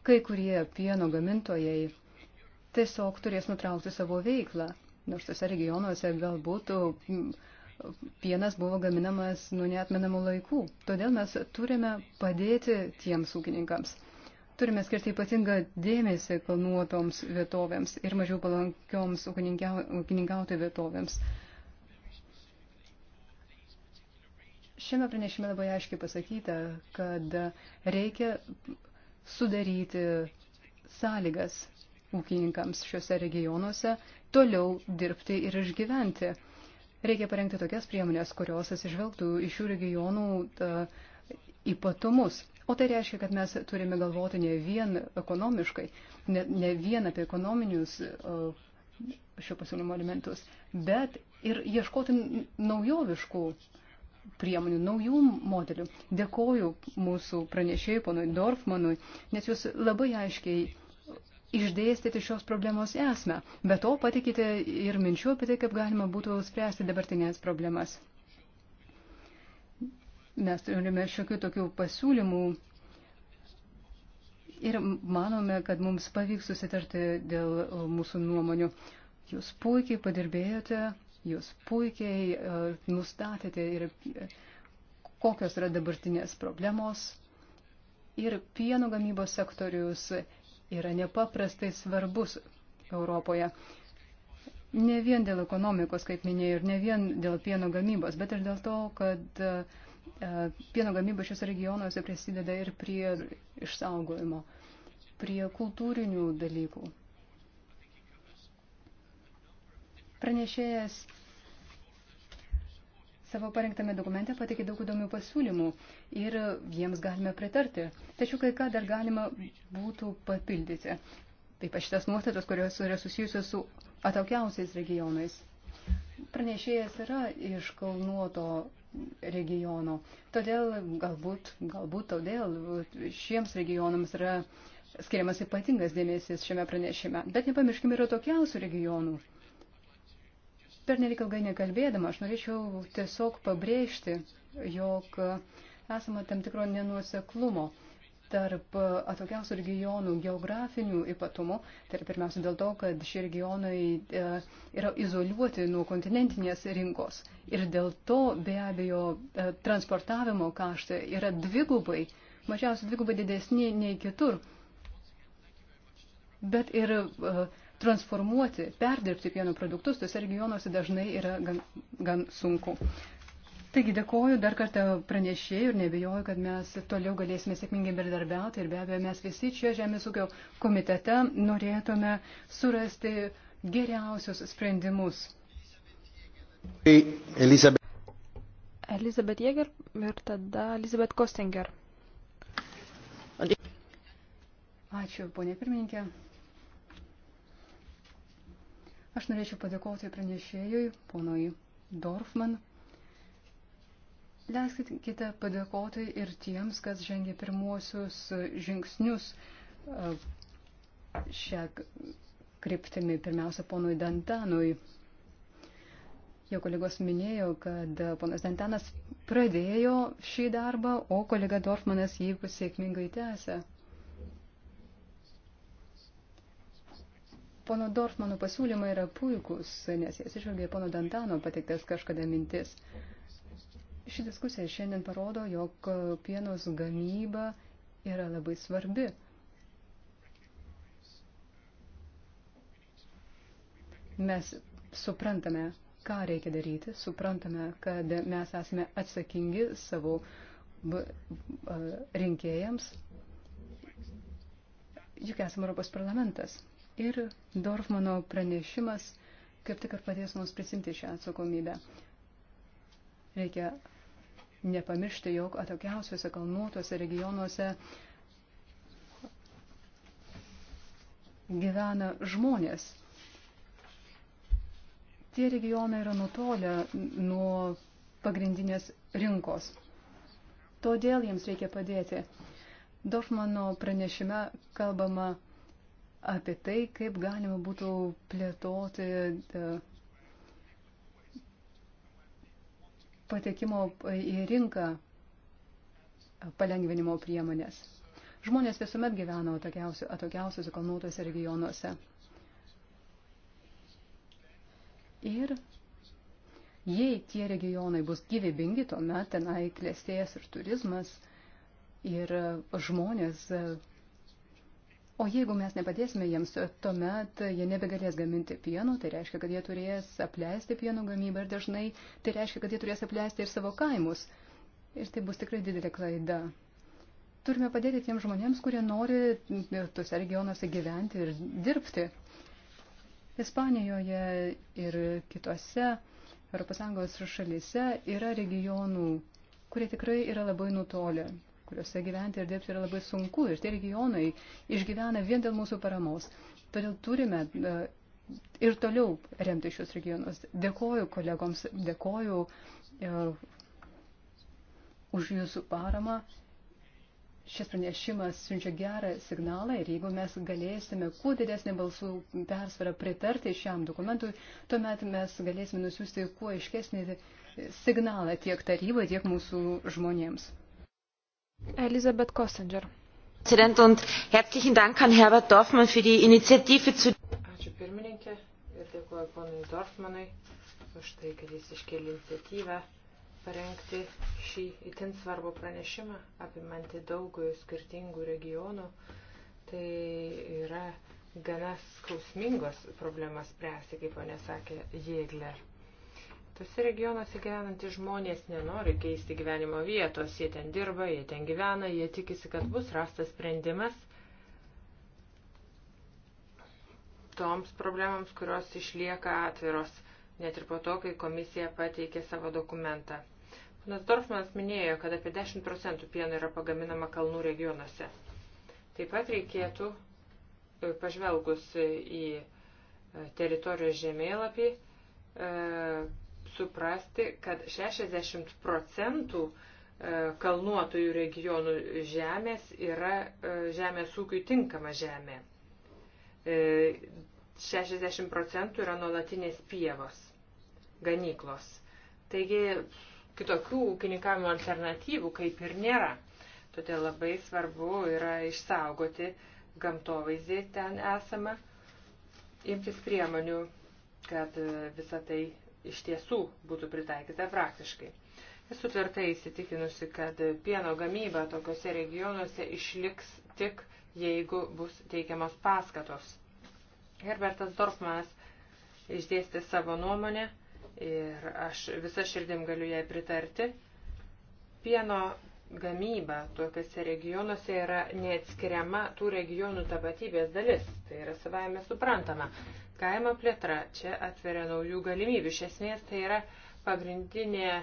kai kurie pieno gamintojai tiesiog turės nutraukti savo veiklą. Nors tose regionuose galbūt pienas buvo gaminamas nuo neatmenamų laikų. Todėl mes turime padėti tiems ūkininkams. Turime skirti ypatingą dėmesį kalnuotoms vietovėms ir mažiau palankioms ūkininkauti vietovėms. Šiame pranešime labai aiškiai pasakyta, kad reikia sudaryti sąlygas ūkininkams šiuose regionuose toliau dirbti ir išgyventi. Reikia parengti tokias priemonės, kurios atsižvelgtų iš šių regionų uh, ypatumus. O tai reiškia, kad mes turime galvoti ne vien ekonomiškai, ne, ne vien apie ekonominius uh, šio pasiūlymo elementus, bet ir ieškoti naujoviškų priemonių, naujų modelių. Dėkoju mūsų pranešėjai, ponui Dorfmanui, nes jūs labai aiškiai išdėstyti šios problemos esmę. Be to patikite ir minčių apie tai, kaip galima būtų spręsti dabartinės problemas. Mes turime šiokių tokių pasiūlymų ir manome, kad mums pavyks susitarti dėl mūsų nuomonių. Jūs puikiai padirbėjote, jūs puikiai uh, nustatėte ir uh, kokios yra dabartinės problemos. Ir pieno gamybos sektorius yra nepaprastai svarbus Europoje. Ne vien dėl ekonomikos, kaip minėjau, ir ne vien dėl pieno gamybos, bet ir dėl to, kad e, pieno gamyba šiuose regionuose prisideda ir prie išsaugojimo, prie kultūrinių dalykų. Pranešėjas savo parengtame dokumente pateikė daug įdomių pasiūlymų ir jiems galime pritarti. Tačiau kai ką dar galima būtų papildyti. Taip pat šitas nuostatas, kurios yra susijusios su ataukiausiais regionais. Pranešėjas yra iš Kalnuoto regiono. Todėl galbūt, galbūt todėl šiems regionams yra skiriamas ypatingas dėmesys šiame pranešime. Bet nepamirškime yra tokiausių regionų per nelik ilgai nekalbėdama, aš norėčiau tiesiog pabrėžti, jog esama tam tikro nenuoseklumo tarp atokiausių regionų geografinių ypatumų. Tai yra pirmiausia dėl to, kad šie regionai e, yra izoliuoti nuo kontinentinės rinkos. Ir dėl to be abejo e, transportavimo kaštai yra dvigubai, mažiausiai dvigubai didesni nei kitur. Bet ir uh, transformuoti, perdirbti pieno produktus tose regionuose dažnai yra gan, gan sunku. Taigi dėkoju dar kartą pranešėjai ir nebejoju, kad mes toliau galėsime sėkmingai bendradarbiauti ir be abejo mes visi čia Žemės ūkio komitete norėtume surasti geriausius sprendimus. Tai Elizabeth. Elizabeth Jäger ir tada Elizabeth Kostinger. Ačiū, ponė pirmininkė. Aš norėčiau padėkoti pranešėjui, ponui Dorfman. Leiskite padėkoti ir tiems, kas žengė pirmuosius žingsnius e, šią kryptimį, pirmiausia, ponui Dantanui. Jo kolegos minėjo, kad ponas Dantanas pradėjo šį darbą, o kolega Dorfmanas jį sėkmingai tęsė. Pono Dorfmano pasiūlymai yra puikus, nes jis išvelgia pono Dantano pateiktas kažkada mintis. Ši diskusija šiandien parodo, jog pienos gamyba yra labai svarbi. Mes suprantame, ką reikia daryti, suprantame, kad mes esame atsakingi savo rinkėjams. Juk esame Europos parlamentas. Ir Dorfmano pranešimas kaip tik ir padės mums prisimti šią atsakomybę. Reikia nepamiršti, jog atokiausiuose kalnuotuose regionuose gyvena žmonės. Tie regionai yra nutolę nuo pagrindinės rinkos. Todėl jiems reikia padėti. Dorfmano pranešime kalbama apie tai, kaip galima būtų plėtoti e, patekimo į rinką palengvinimo priemonės. Žmonės visuomet gyveno atokiausiuose kalnuotose regionuose. Ir jei tie regionai bus gyvybingi, tuomet tenai klėstės ir turizmas, ir žmonės O jeigu mes nepadėsime jiems, tuomet jie nebegalės gaminti pieno, tai reiškia, kad jie turės apleisti pieno gamybą ir dažnai tai reiškia, kad jie turės apleisti ir savo kaimus. Ir tai bus tikrai didelė klaida. Turime padėti tiems žmonėms, kurie nori tuose regionuose gyventi ir dirbti. Ispanijoje ir kitose ES šalyse yra regionų, kurie tikrai yra labai nutolę kuriuose gyventi ir dirbti yra labai sunku ir tie regionai išgyvena vien dėl mūsų paramos. Todėl turime e, ir toliau remti šios regionus. Dėkoju kolegoms, dėkoju e, už jūsų paramą. Šis pranešimas siunčia gerą signalą ir jeigu mes galėsime kuo didesnį balsų persvarą pritarti šiam dokumentui, tuomet mes galėsime nusiųsti kuo iškesnį signalą tiek tarybai, tiek mūsų žmonėms. Elisabeth Kossinger. Präsident und herzlichen Dank an Herbert Dorfmann für die Initiative zu. Ačiū pirmininkė ir dėkuoju ponui Dorfmanui už tai, kad jis iškėlė iniciatyvą parengti šį itin svarbų pranešimą, apimanti daug skirtingų regionų. Tai yra gana skausmingos problemas spręsti, kaip ponė sakė Jėgler. Tose regionuose gyvenantys žmonės nenori keisti gyvenimo vietos, jie ten dirba, jie ten gyvena, jie tikisi, kad bus rastas sprendimas toms problemams, kurios išlieka atviros, net ir po to, kai komisija pateikė savo dokumentą. Panas Dorfmanas minėjo, kad apie 10 procentų pieno yra pagaminama kalnų regionuose. Taip pat reikėtų, e, pažvelgus į e, teritorijos žemėlapį, e, suprasti, kad 60 procentų e, kalnuotojų regionų žemės yra e, žemės ūkiui tinkama žemė. 60 e, procentų yra nuolatinės pievos, ganyklos. Taigi kitokių ūkininkavimo alternatyvų kaip ir nėra. Todėl labai svarbu yra išsaugoti gamtovaizdį ten esamą, imtis priemonių, kad visa tai iš tiesų būtų pritaikyta praktiškai. Esu tvirtai įsitikinusi, kad pieno gamyba tokiuose regionuose išliks tik, jeigu bus teikiamos paskatos. Herbertas Dorfmanas išdėstė savo nuomonę ir aš visą širdim galiu jai pritarti. Pieno gamyba tokiuose regionuose yra neatskiriama tų regionų tapatybės dalis. Tai yra savaime suprantama. Kaimo plėtra čia atveria naujų galimybių. Iš esmės tai yra pagrindinė e,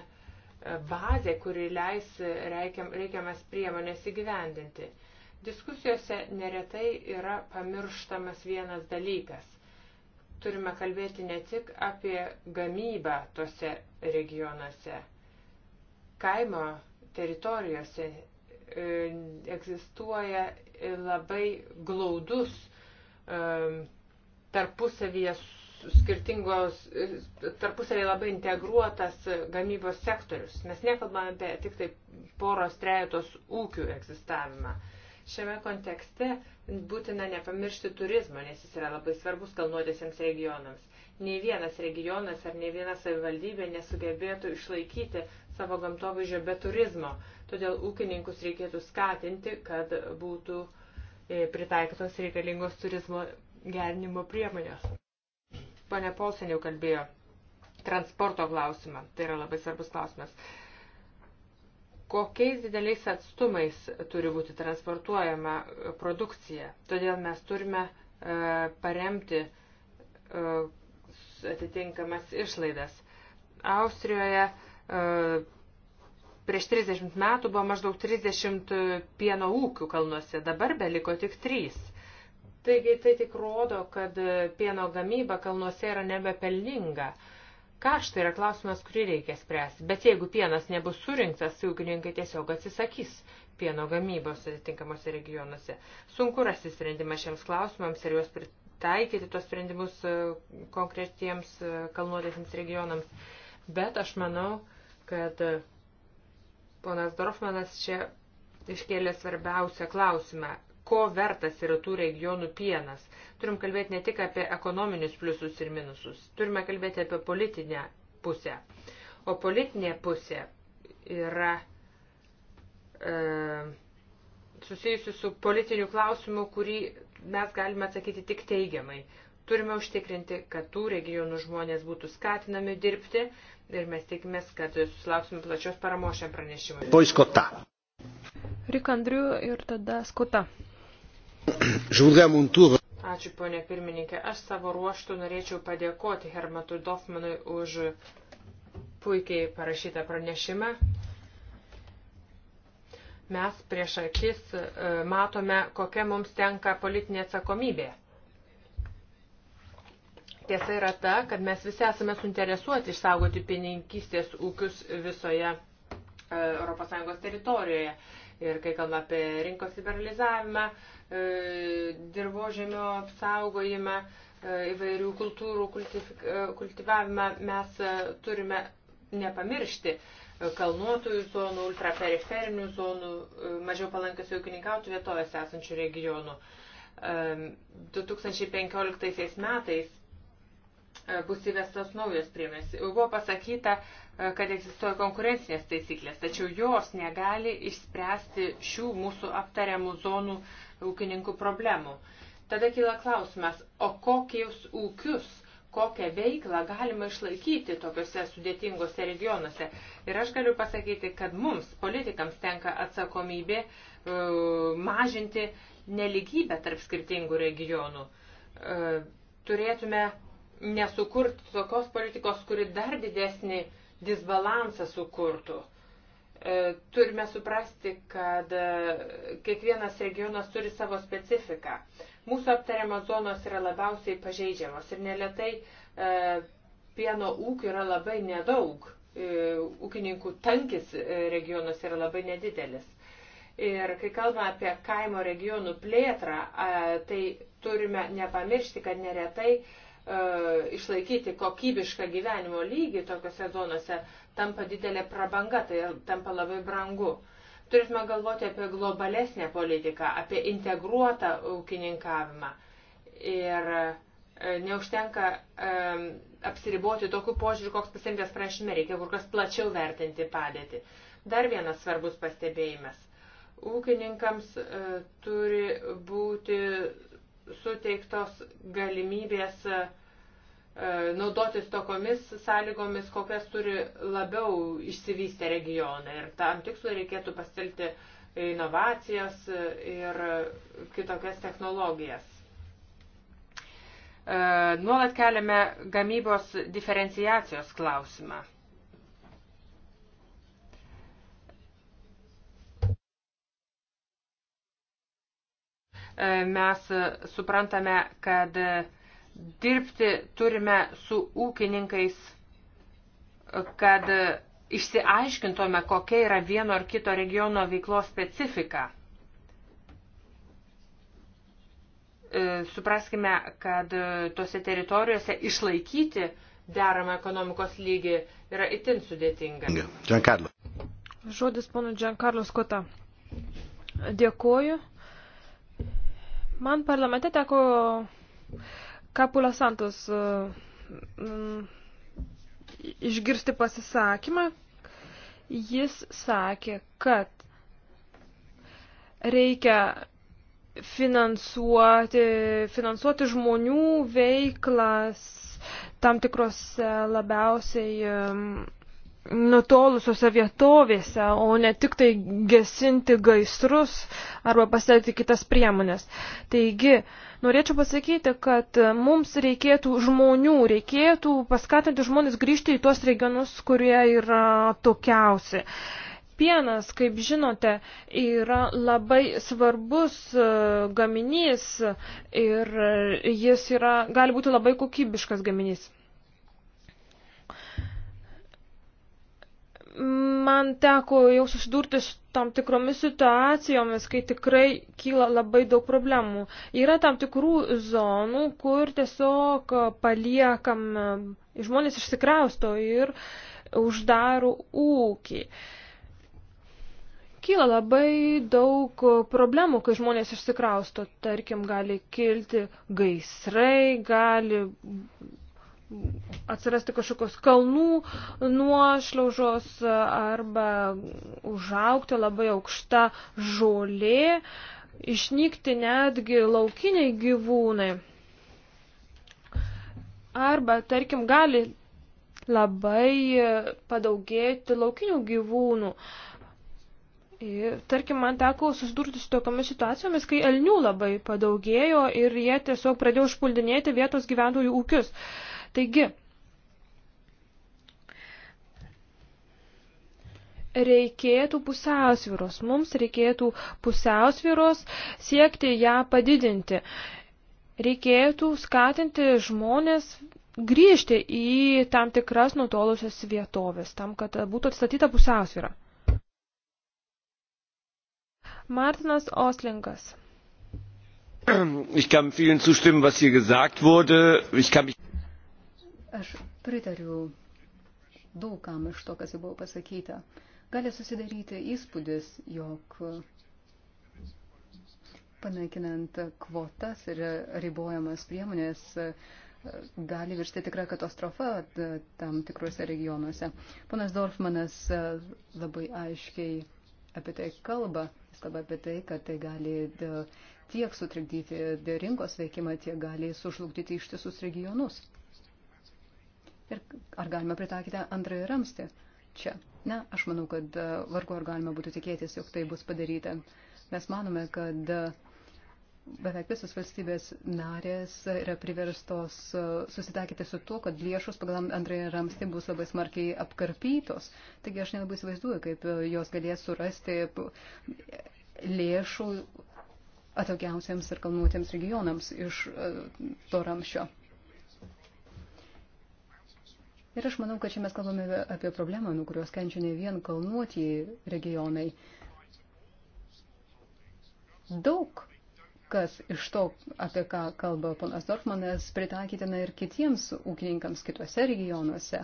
bazė, kuri leis reikiam, reikiamas priemonės įgyvendinti. Diskusijose neretai yra pamirštamas vienas dalykas. Turime kalbėti ne tik apie gamybą tose regionuose. Kaimo teritorijose e, egzistuoja labai glaudus um, tarpusavyje skirtingos, e, tarpusavyje labai integruotas gamybos sektorius. Mes nekalbame apie tik tai poros trejetos ūkių egzistavimą. Šiame kontekste būtina nepamiršti turizmo, nes jis yra labai svarbus kalnuotėsiams regionams. Nei vienas regionas ar nei viena savivaldybė nesugebėtų išlaikyti savo gamtovaizdžio be turizmo. Todėl ūkininkus reikėtų skatinti, kad būtų e, pritaikytos reikalingos turizmo gerinimo priemonės. Pane Polsen jau kalbėjo transporto klausimą. Tai yra labai svarbus klausimas. Kokiais dideliais atstumais turi būti transportuojama produkcija? Todėl mes turime e, paremti e, atitinkamas išlaidas. Austrijoje e, prieš 30 metų buvo maždaug 30 pieno ūkių kalnuose, dabar beliko tik 3. Taigi tai tik rodo, kad e, pieno gamyba kalnuose yra nebepelninga. Kaštai yra klausimas, kurį reikia spręsti, bet jeigu pienas nebus surinktas, tai ūkininkai tiesiog atsisakys pieno gamybos atitinkamuose regionuose. Sunku rasti sprendimą šiems klausimams ir juos pritaikyti tos sprendimus e, konkretiems e, kalnuotėsiams regionams, bet aš manau, kad ponas Dorfmanas čia iškėlė svarbiausią klausimą ko vertas yra tų regionų pienas. Turim kalbėti ne tik apie ekonominius pliusus ir minusus, turime kalbėti apie politinę pusę. O politinė pusė yra e, susijusi su politiniu klausimu, kurį mes galime atsakyti tik teigiamai. Turime užtikrinti, kad tų regionų žmonės būtų skatinami dirbti ir mes tikimės, kad susilauksime plačios paramos šiam pranešimui. Rikandriu ir tada Skuta. Ačiū, ponė pirmininkė. Aš savo ruoštų norėčiau padėkoti Hermatui Dofmanui už puikiai parašytą pranešimą. Mes prieš akis e, matome, kokia mums tenka politinė atsakomybė. Tiesa yra ta, kad mes visi esame suinteresuoti išsaugoti pininkystės ūkius visoje ES teritorijoje. Ir kai kalbame apie rinkos liberalizavimą, E, dirbožėmio apsaugojimą, e, įvairių kultūrų e, kultivavimą mes turime nepamiršti kalnuotųjų zonų, ultraperiferinių zonų, mažiau palankios ūkininkautų vietovės esančių regionų. 2015 metais bus įvestos naujos priemės. Jau buvo pasakyta, kad egzistuoja konkurencinės taisyklės, tačiau jos negali išspręsti šių mūsų aptariamų zonų ūkininkų problemų. Tada kyla klausimas, o kokius ūkius, kokią veiklą galima išlaikyti tokiuose sudėtingose regionuose. Ir aš galiu pasakyti, kad mums, politikams, tenka atsakomybė e, mažinti neligybę tarp skirtingų regionų. E, turėtume nesukurti tokios politikos, kuri dar didesnį uh, disbalansą sukurtų. E, turime suprasti, kad e, kiekvienas regionas turi savo specifiką. Mūsų aptariamos zonos yra labiausiai pažeidžiamos ir neletai e, pieno ūkių yra labai nedaug. Ūkininkų tankis regionas yra labai nedidelis. Ir kai kalbame apie kaimo regionų plėtrą, tai turime nepamiršti, kad neretai uh, E, išlaikyti kokybišką gyvenimo lygį tokiuose zonuose tampa didelė prabanga, tai tampa labai brangu. Turėtume galvoti apie globalesnę politiką, apie integruotą ūkininkavimą. Ir e, neužtenka e, apsiriboti tokiu požiūriu, koks pasirinktas prašymė, reikia kur kas plačiau vertinti padėtį. Dar vienas svarbus pastebėjimas. Ūkininkams turi būti suteiktos galimybės uh, E, naudotis tokomis sąlygomis, kokias turi labiau išsivystę regionai. Ir tam tikslui reikėtų pastelti inovacijas ir kitokias technologijas. E, nuolat keliame gamybos diferenciacijos klausimą. E, mes suprantame, kad dirbti turime su ūkininkais, kad išsiaiškintume, kokia yra vieno ar kito regiono veiklos specifika. E, supraskime, kad tose teritorijose išlaikyti deramą ekonomikos lygį yra itin sudėtinga. Giancarlo. Žodis ponu Giancarlo Skota. Dėkuoju. Man parlamente teko Kapula Santos e, mm, išgirsti pasisakymą. Jis sakė, kad reikia finansuoti, finansuoti žmonių veiklas tam tikrose labiausiai e, nutolusiuose vietovėse, o ne tik tai gesinti gaisrus arba pasitelkti kitas priemonės. Taigi, norėčiau pasakyti, kad mums reikėtų žmonių, reikėtų paskatinti žmonės grįžti į tuos regionus, kurie yra tokiausi. Pienas, kaip žinote, yra labai svarbus e, gaminys ir jis yra, gali būti labai kokybiškas gaminys. man teko jau susidurti su tam tikromis situacijomis, kai tikrai kyla labai daug problemų. Yra tam tikrų zonų, kur tiesiog paliekam, žmonės išsikrausto ir uždaro ūkį. Kyla labai daug problemų, kai žmonės išsikrausto. Tarkim, gali kilti gaisrai, gali atsirasti kažkokios kalnų nuošliaužos arba užaukti labai aukšta žolė, išnykti netgi laukiniai gyvūnai. Arba, tarkim, gali labai padaugėti laukinių gyvūnų. Ir, tarkim, man teko susidurti su tokiamis situacijomis, kai elnių labai padaugėjo ir jie tiesiog pradėjo užpuldinėti vietos gyventojų ūkius. Uh, Taigi, reikėtų pusiausviros, mums reikėtų pusiausviros siekti ją padidinti. Reikėtų skatinti žmonės grįžti į tam tikras nutolusias vietovės, tam, kad būtų atstatyta pusiausvyra. Martinas Oslingas. Ich kann vielen zustimmen, was hier gesagt wurde. Ich kann mich Aš pritariu daugam iš to, kas jau buvo pasakyta. Gali susidaryti įspūdis, jog panaikinant kvotas ir ribojamas priemonės e, gali virsti tikrą katastrofą tam tikrose regionuose. Ponas Dorfmanas e, labai aiškiai apie tai kalba. Jis kalba apie tai, kad tai gali tiek sutrikdyti rinkos veikimą, tiek gali sužlugdyti ištisus regionus. Ir ar galima pritaikyti antrąjį ramstį čia? Na, aš manau, kad e, vargu ar galima būtų tikėtis, jog tai bus padaryta. Mes manome, kad e, beveik visos valstybės narės yra priverstos e, susitakyti su tuo, kad lėšos pagal antrąją ramstį bus labai smarkiai apkarpytos. Taigi aš nelabai įsivaizduoju, kaip jos galės surasti lėšų atokiausiams ir kalnuotiems regionams iš to ramščio. Ir aš manau, kad čia mes kalbame apie problemą, nuo kurios kenčia ne vien kalnuotieji regionai. Daug kas iš to, apie ką kalba ponas Dorfmanas, pritaikytina ir kitiems ūkininkams kitose regionuose.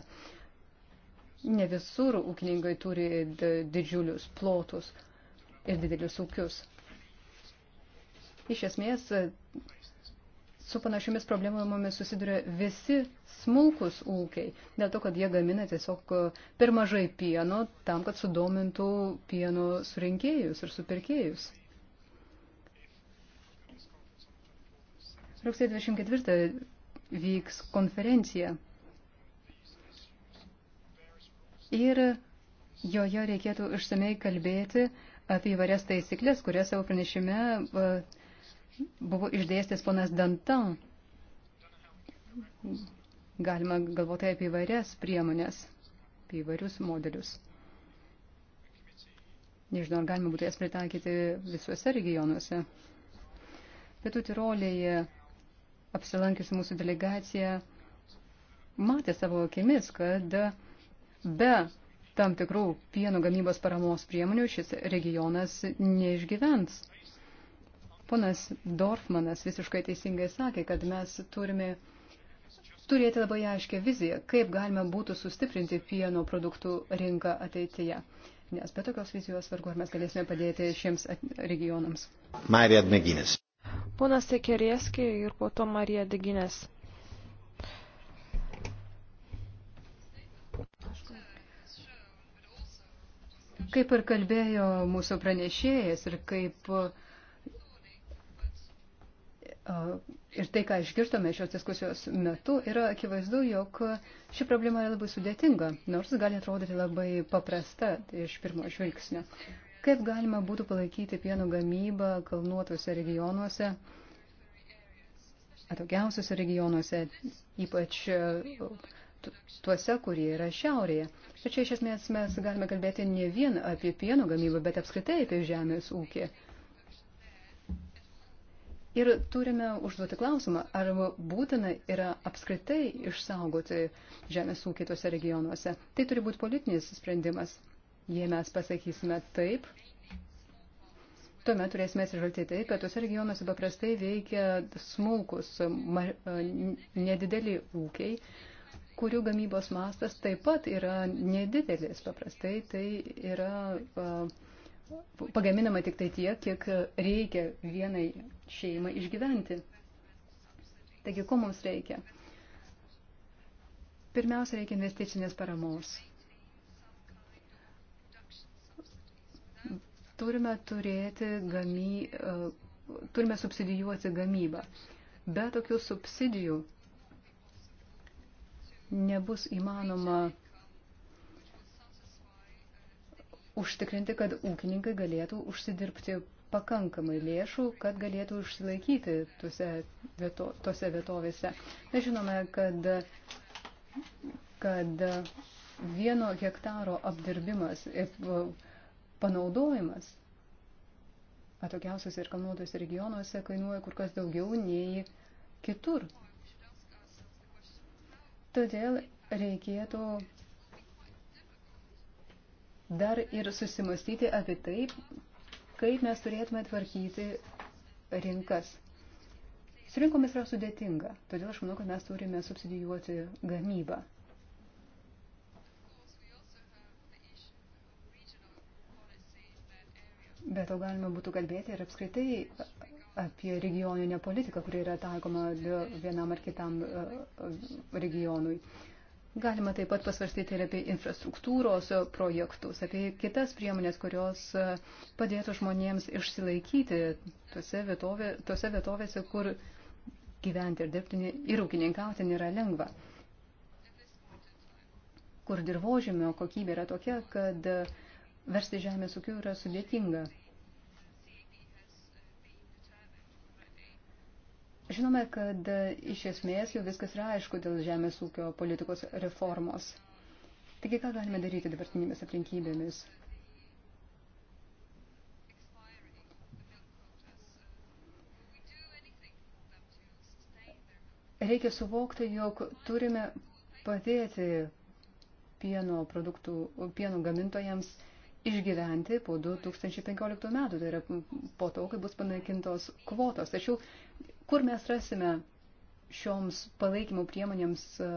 Ne visur ūkininkai turi didžiulius plotus ir didelius ūkius. Iš esmės, su panašiomis problemomis susiduria visi smulkus ūkiai, dėl to, kad jie gamina tiesiog e, per mažai pieno tam, kad sudomintų pieno surinkėjus ir supirkėjus. Rugsėjo 24 vyks konferencija ir joje reikėtų išsamei kalbėti apie įvarias taisyklės, kurias savo pranešime uh, buvo išdėstęs ponas Dantan. Galima galvoti apie įvairias priemonės, apie įvairius modelius. Nežinau, ar galima būtų jas pritaikyti visuose regionuose. Pietų Tirolėje apsilankiusi mūsų delegacija matė savo akimis, kad be tam tikrų pieno gamybos paramos priemonių šis regionas neišgyvens. Ponas Dorfmanas visiškai teisingai sakė, kad mes turime turėti labai aiškę viziją, kaip galima būtų sustiprinti pieno produktų rinką ateityje. Nes be tokios vizijos vargu ar mes galėsime padėti šiems regionams. Marija Dmeginės. Ponas Tekerieski ir po to Marija Deginės. Kaip ir kalbėjo mūsų pranešėjas ir kaip uh, Ir tai, ką išgirstome šios diskusijos metu, yra akivaizdu, jog ši problema yra labai sudėtinga, nors gali atrodyti labai paprasta iš pirmo žvilgsnio. Kaip galima būtų palaikyti pieno gamybą kalnuotose regionuose, atokiausiose regionuose, ypač e, tuose, kurie yra šiaurėje. Tačiau iš esmės mes galime kalbėti ne vien apie pieno gamybą, bet apskritai apie žemės ūkį. Ir turime užduoti klausimą, ar būtina yra apskritai išsaugoti žemės ūkį tose regionuose. Tai turi būti politinis sprendimas. Jei mes pasakysime taip, tuomet turėsime atsižvelgti tai, kad tose regionuose paprastai veikia smulkus, mar, nedideli ūkiai, kurių gamybos mastas taip pat yra nedidelis. Paprastai tai yra. Uh, pagaminama tik tai tiek, kiek reikia vienai šeimai išgyventi. Taigi, ko mums reikia? Pirmiausia, reikia investicinės paramos. Turime turėti gamy, e, turime subsidijuoti gamybą. Be tokių subsidijų nebus įmanoma užtikrinti, kad ūkininkai galėtų užsidirbti pakankamai lėšų, kad galėtų išsilaikyti tose, vieto, tose vietovėse. Mes žinome, kad, kad vieno hektaro apdirbimas ir panaudojimas atokiausiuose ir kalnuotose regionuose kainuoja kur kas daugiau nei kitur. Todėl reikėtų dar ir susimastyti apie tai, kaip mes turėtume tvarkyti rinkas. Su rinkomis yra sudėtinga, todėl aš manau, kad mes turime subsidijuoti gamybą. Bet to galima būtų kalbėti ir apskritai apie regioninę politiką, kuri yra taikoma vienam ar kitam e, regionui. Galima taip pat pasvarstyti ir apie infrastruktūros projektus, apie kitas priemonės, kurios padėtų žmonėms išsilaikyti tose, vietovė, tose vietovėse, kur gyventi ir dirbti ir ūkininkauti nėra lengva. Kur dirbožėmio kokybė yra tokia, kad versti žemės ūkiu yra sudėtinga. Žinome, kad iš esmės jau viskas yra aišku dėl žemės ūkio politikos reformos. Taigi, ką galime daryti dabartinėmis aplinkybėmis? Reikia suvokti, jog turime padėti pieno, produktų, pieno gamintojams išgyventi po 2015 metų, tai yra po to, kai bus panaikintos kvotos. Tačiau Kur mes rasime šioms palaikymo priemonėms e,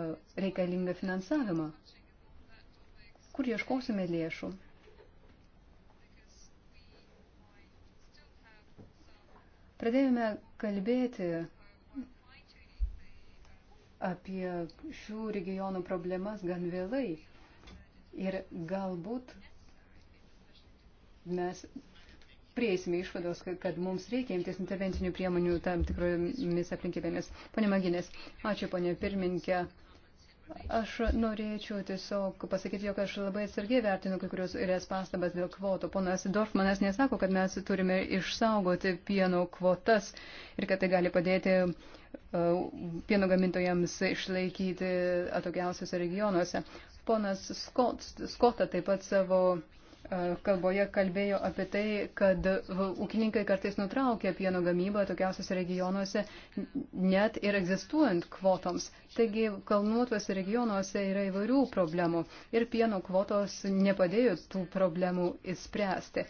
reikalingą finansavimą? Kur ieškosime lėšų? Pradėjome kalbėti apie šių regionų problemas gan vėlai. Ir galbūt mes prieisime išvados, kad mums reikia imtis intervencinių priemonių tam tikromis aplinkybėmis. Pone Maginės, ačiū, ponė pirmininkė. Aš norėčiau tiesiog pasakyti, jog aš labai atsargiai vertinu kai kurios irės pastabas dėl kvotų. Ponas Dorfmanas nesako, kad mes turime išsaugoti pieno kvotas ir kad tai gali padėti e, pieno gamintojams išlaikyti atokiausiuose regionuose. Ponas Scott, Scotta taip pat savo kalboje kalbėjo apie tai, kad ūkininkai kartais nutraukia pieno gamybą tokiausiose regionuose, net ir egzistuojant kvotoms. Taigi kalnuotuose regionuose yra įvairių problemų ir pieno kvotos nepadėjo tų problemų įspręsti.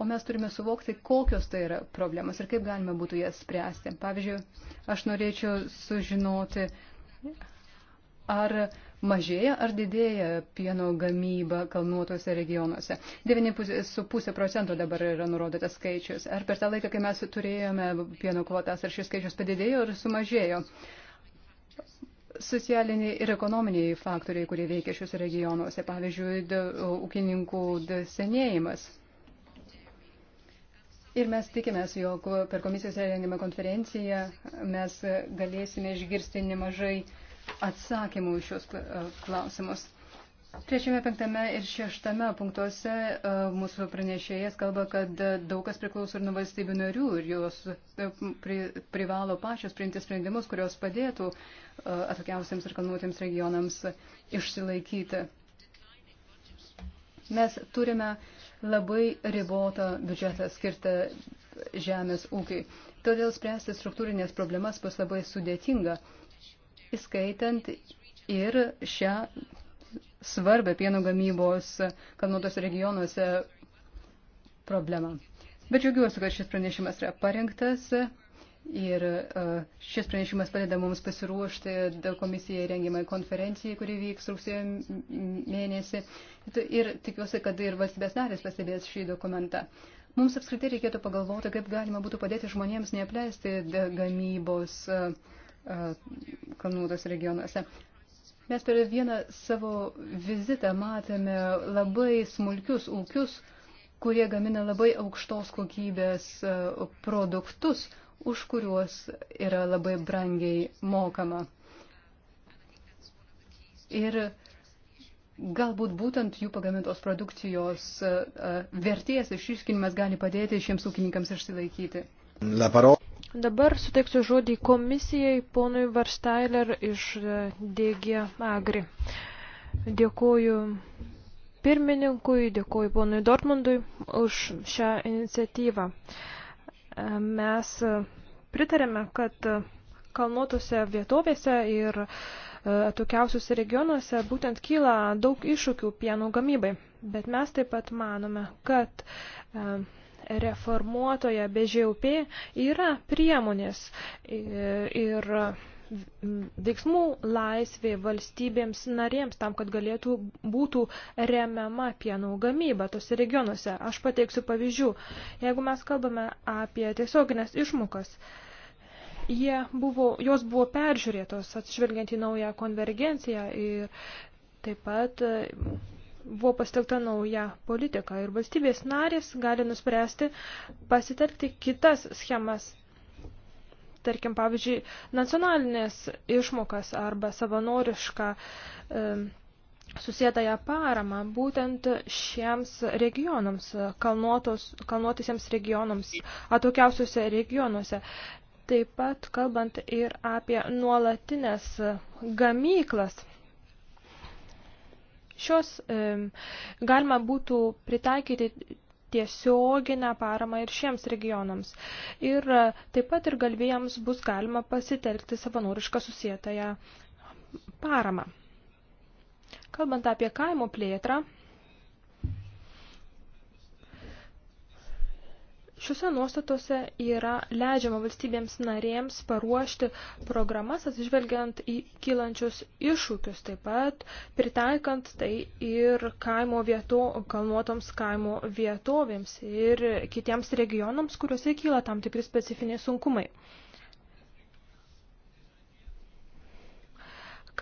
O mes turime suvokti, kokios tai yra problemas ir kaip galime būtų jas spręsti. Pavyzdžiui, aš norėčiau sužinoti, ar uh, mažėja ar didėja pieno gamyba kalnuotose regionuose. 9,5 procento dabar yra nurodytas skaičius. Ar per tą laiką, kai mes turėjome pieno kvotas, ar šis skaičius padidėjo ar sumažėjo? Socialiniai ir ekonominiai faktoriai, kurie veikia šiuose regionuose, pavyzdžiui, ūkininkų senėjimas. Ir mes tikimės, jog per komisijos rengimą konferenciją mes galėsime išgirsti nemažai uh, atsakymų iš šios e, klausimus. Trečiame, penktame ir šeštame punktuose e, mūsų pranešėjas kalba, kad e, daug kas priklauso ir nuo valstybių narių ir jos pri, privalo pačios priimti sprendimus, kurios padėtų atokiausiams ir kalnuotiems regionams išsilaikyti. Mes turime labai ribotą biudžetą skirtą žemės ūkiai. Todėl spręsti struktūrinės problemas bus labai sudėtinga įskaitant ir šią svarbę pieno gamybos kalnuotos regionuose problemą. Bet džiaugiuosi, kad šis pranešimas yra parengtas ir e, šis pranešimas padeda mums pasiruošti komisijai rengiamai konferencijai, kuri vyks rugsėjo mėnesį. Ir tikiuosi, kad ir valstybės narės pastebės šį dokumentą. Mums apskritai reikėtų pagalvoti, kaip galima būtų padėti žmonėms neapleisti gamybos uh, Kalnūdos regionuose. Mes per vieną savo vizitą matėme labai smulkius ūkius, kurie gamina labai aukštos kokybės produktus, už kuriuos yra labai brangiai mokama. Ir galbūt būtent jų pagamintos produkcijos vertės išiškinimas gali padėti šiems ūkininkams išsilaikyti. La paro... Dabar suteiksiu žodį komisijai ponui Varstailer iš e, DG Agri. Dėkuoju pirmininkui, dėkuoju ponui Dortmundui už šią iniciatyvą. E, mes e, pritarėme, kad kalnuotose vietovėse ir atokiausiuose regionuose būtent kyla daug iššūkių pienų gamybai. Bet mes taip pat manome, kad reformuotoje BŽUP yra priemonės ir veiksmų laisvė valstybėms narėms tam, kad galėtų būtų remiama pienų gamyba tose regionuose. Aš pateiksiu pavyzdžių. Jeigu mes kalbame apie tiesioginės išmokas, jie buvo, jos buvo peržiūrėtos atsižvelgiant į naują konvergenciją ir taip pat buvo pastelta nauja politika ir valstybės narės gali nuspręsti pasitelkti kitas schemas. Tarkim, pavyzdžiui, nacionalinės išmokas arba savanorišką e, susėtąją paramą būtent šiems regionams, kalnuotos, kalnuotisiems regionams, atokiausiuose regionuose. Taip pat kalbant ir apie nuolatinės gamyklas – Šios galima būtų pritaikyti tiesioginę paramą ir šiems regionams. Ir e, taip pat ir galvijams bus galima pasitelkti savanorišką susietąją paramą. Kalbant apie kaimo plėtrą, Šiuose nuostatose yra leidžiama valstybėms narėms paruošti programas atsižvelgiant į kylančius iššūkius, taip pat pritaikant tai ir kaimo vieto, kalnuotoms kaimo vietovėms ir kitiems regionams, kuriuose kyla tam tikri specifiniai sunkumai.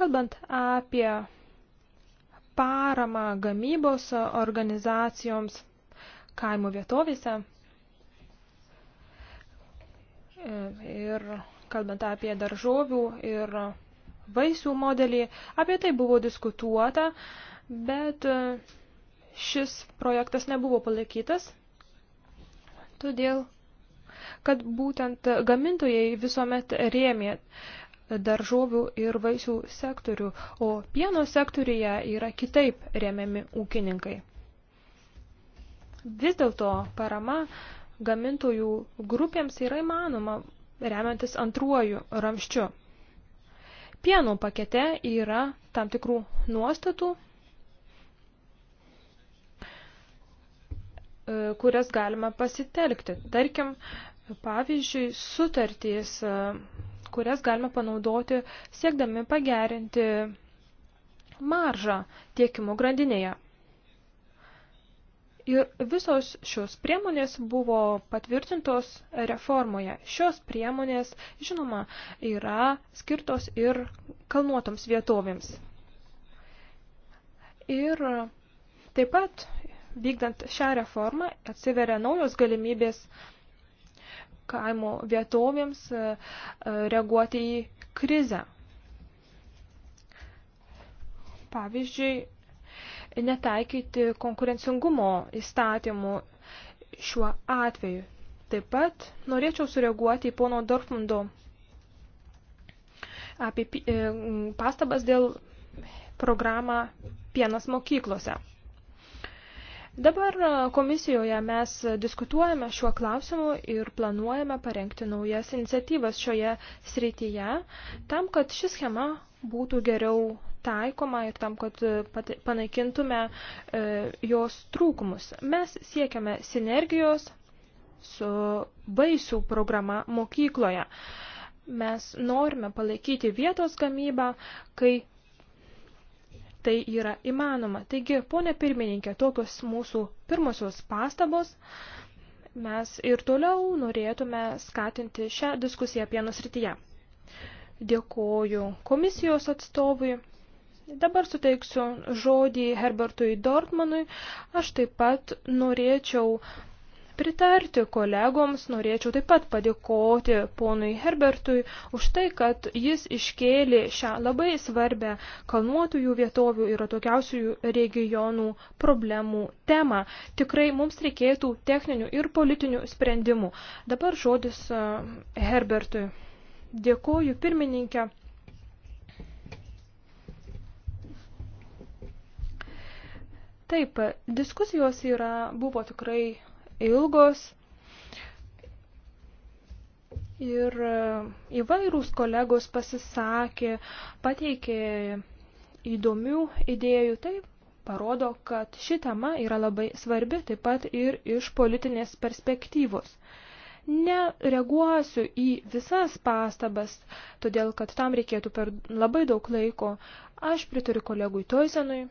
Kalbant apie paramą gamybos organizacijoms kaimo vietovėse, ir kalbant apie daržovių ir vaisių modelį, apie tai buvo diskutuota, bet e, šis projektas nebuvo palaikytas, todėl, kad būtent gamintojai visuomet rėmė daržovių ir vaisių sektorių, o pieno sektoriuje yra kitaip remiami ūkininkai. Vis dėlto parama uh, gamintojų grupėms yra įmanoma remiantis antruoju ramščiu. Pieno pakete yra tam tikrų nuostatų, e, kurias galima pasitelkti. Tarkim, pavyzdžiui, sutartys, e, kurias galima panaudoti siekdami pagerinti maržą tiekimo grandinėje. Ir visos šios priemonės buvo patvirtintos reformoje. Šios priemonės, žinoma, yra skirtos ir kalnuotoms vietovėms. Ir taip pat, vykdant šią reformą, atsiveria naujos galimybės kaimo vietovėms e, e, reaguoti į krizę. Pavyzdžiui, netaikyti konkurencingumo įstatymų šiuo atveju. Taip pat norėčiau sureaguoti į pono Dorfmundo apie e, pastabas dėl programą Pienas mokyklose. Dabar komisijoje mes diskutuojame šiuo klausimu ir planuojame parengti naujas iniciatyvas šioje srityje, tam, kad ši schema būtų geriau taikoma ir tam, kad e, panaikintume e, jos trūkumus. Mes siekiame sinergijos su baisių programa mokykloje. Mes norime palaikyti vietos gamybą, kai tai yra įmanoma. Taigi, ponė pirmininkė, tokios mūsų pirmosios pastabos mes ir toliau norėtume skatinti šią diskusiją pieno srityje. Dėkoju komisijos atstovui. Dabar suteiksiu žodį Herbertui Dortmanui. Aš taip pat norėčiau pritarti kolegoms, norėčiau taip pat padėkoti ponui Herbertui už tai, kad jis iškėlė šią labai svarbę kalnuotųjų vietovių ir atokiausiųjų regionų problemų temą. Tikrai mums reikėtų techninių ir politinių sprendimų. Dabar žodis e, Herbertui. Dėkoju pirmininkė. Taip, diskusijos yra, buvo tikrai ilgos ir e, įvairūs kolegos pasisakė, pateikė įdomių idėjų. Tai parodo, kad ši tema yra labai svarbi taip pat ir iš politinės perspektyvos. Nereaguosiu į visas pastabas, todėl kad tam reikėtų per labai daug laiko. Aš pritariu kolegui Toisenui,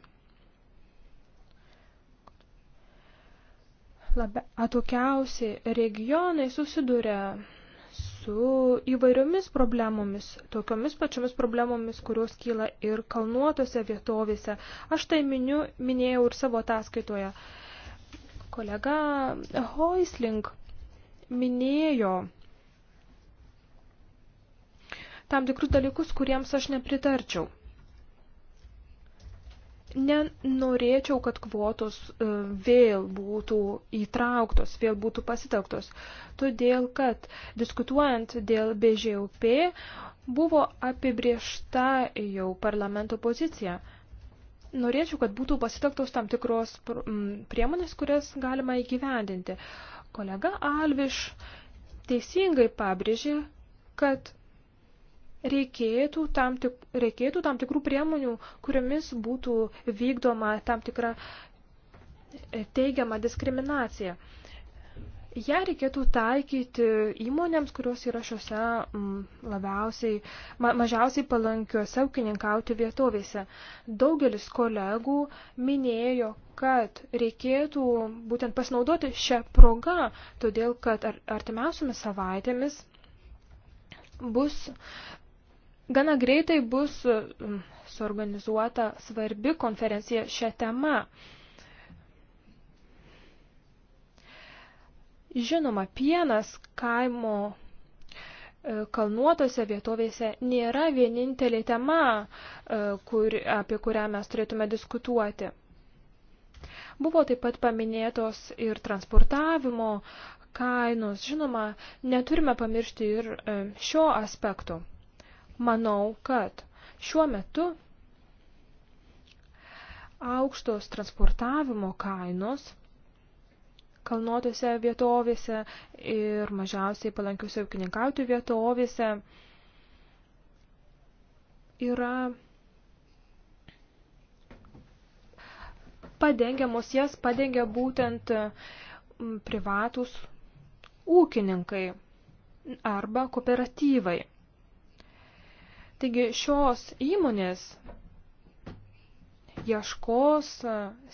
labia, atokiausi regionai susiduria su įvairiomis problemomis, tokiomis pačiomis problemomis, kurios kyla ir kalnuotose vietovėse. Aš tai miniu, minėjau ir savo ataskaitoje. Kolega Hoisling minėjo tam tikrus dalykus, kuriems aš nepritarčiau. Nenorėčiau, kad kvotos e, vėl būtų įtrauktos, vėl būtų pasitelktos, todėl kad diskutuojant dėl BŽUP buvo apibriešta jau parlamento pozicija. Norėčiau, kad būtų pasitelktos tam tikros priemonės, kurias galima įgyvendinti. Kolega Alviš teisingai pabrėžė, kad reikėtų tam, tik, reikėtų tam tikrų priemonių, kuriomis būtų vykdoma tam tikra e, teigiama diskriminacija. Ja reikėtų taikyti įmonėms, kurios yra šiuose labiausiai, ma, mažiausiai palankiuose ūkininkauti vietovėse. Daugelis kolegų minėjo, kad reikėtų būtent pasinaudoti šią progą, todėl kad ar, artimiausiomis savaitėmis bus Gana greitai bus um, suorganizuota svarbi konferencija šią temą. Žinoma, pienas kaimo e, kalnuotose vietovėse nėra vienintelė tema, e, kur, apie kurią mes turėtume diskutuoti. Buvo taip pat paminėtos ir transportavimo kainos. Žinoma, neturime pamiršti ir e, šio aspekto. Manau, kad šiuo metu aukštos transportavimo kainos kalnuotose vietovėse ir mažiausiai palankiuose ūkininkauti vietovėse yra padengiamos, jas padengia būtent privatus ūkininkai arba kooperatyvai. Taigi šios įmonės ieškos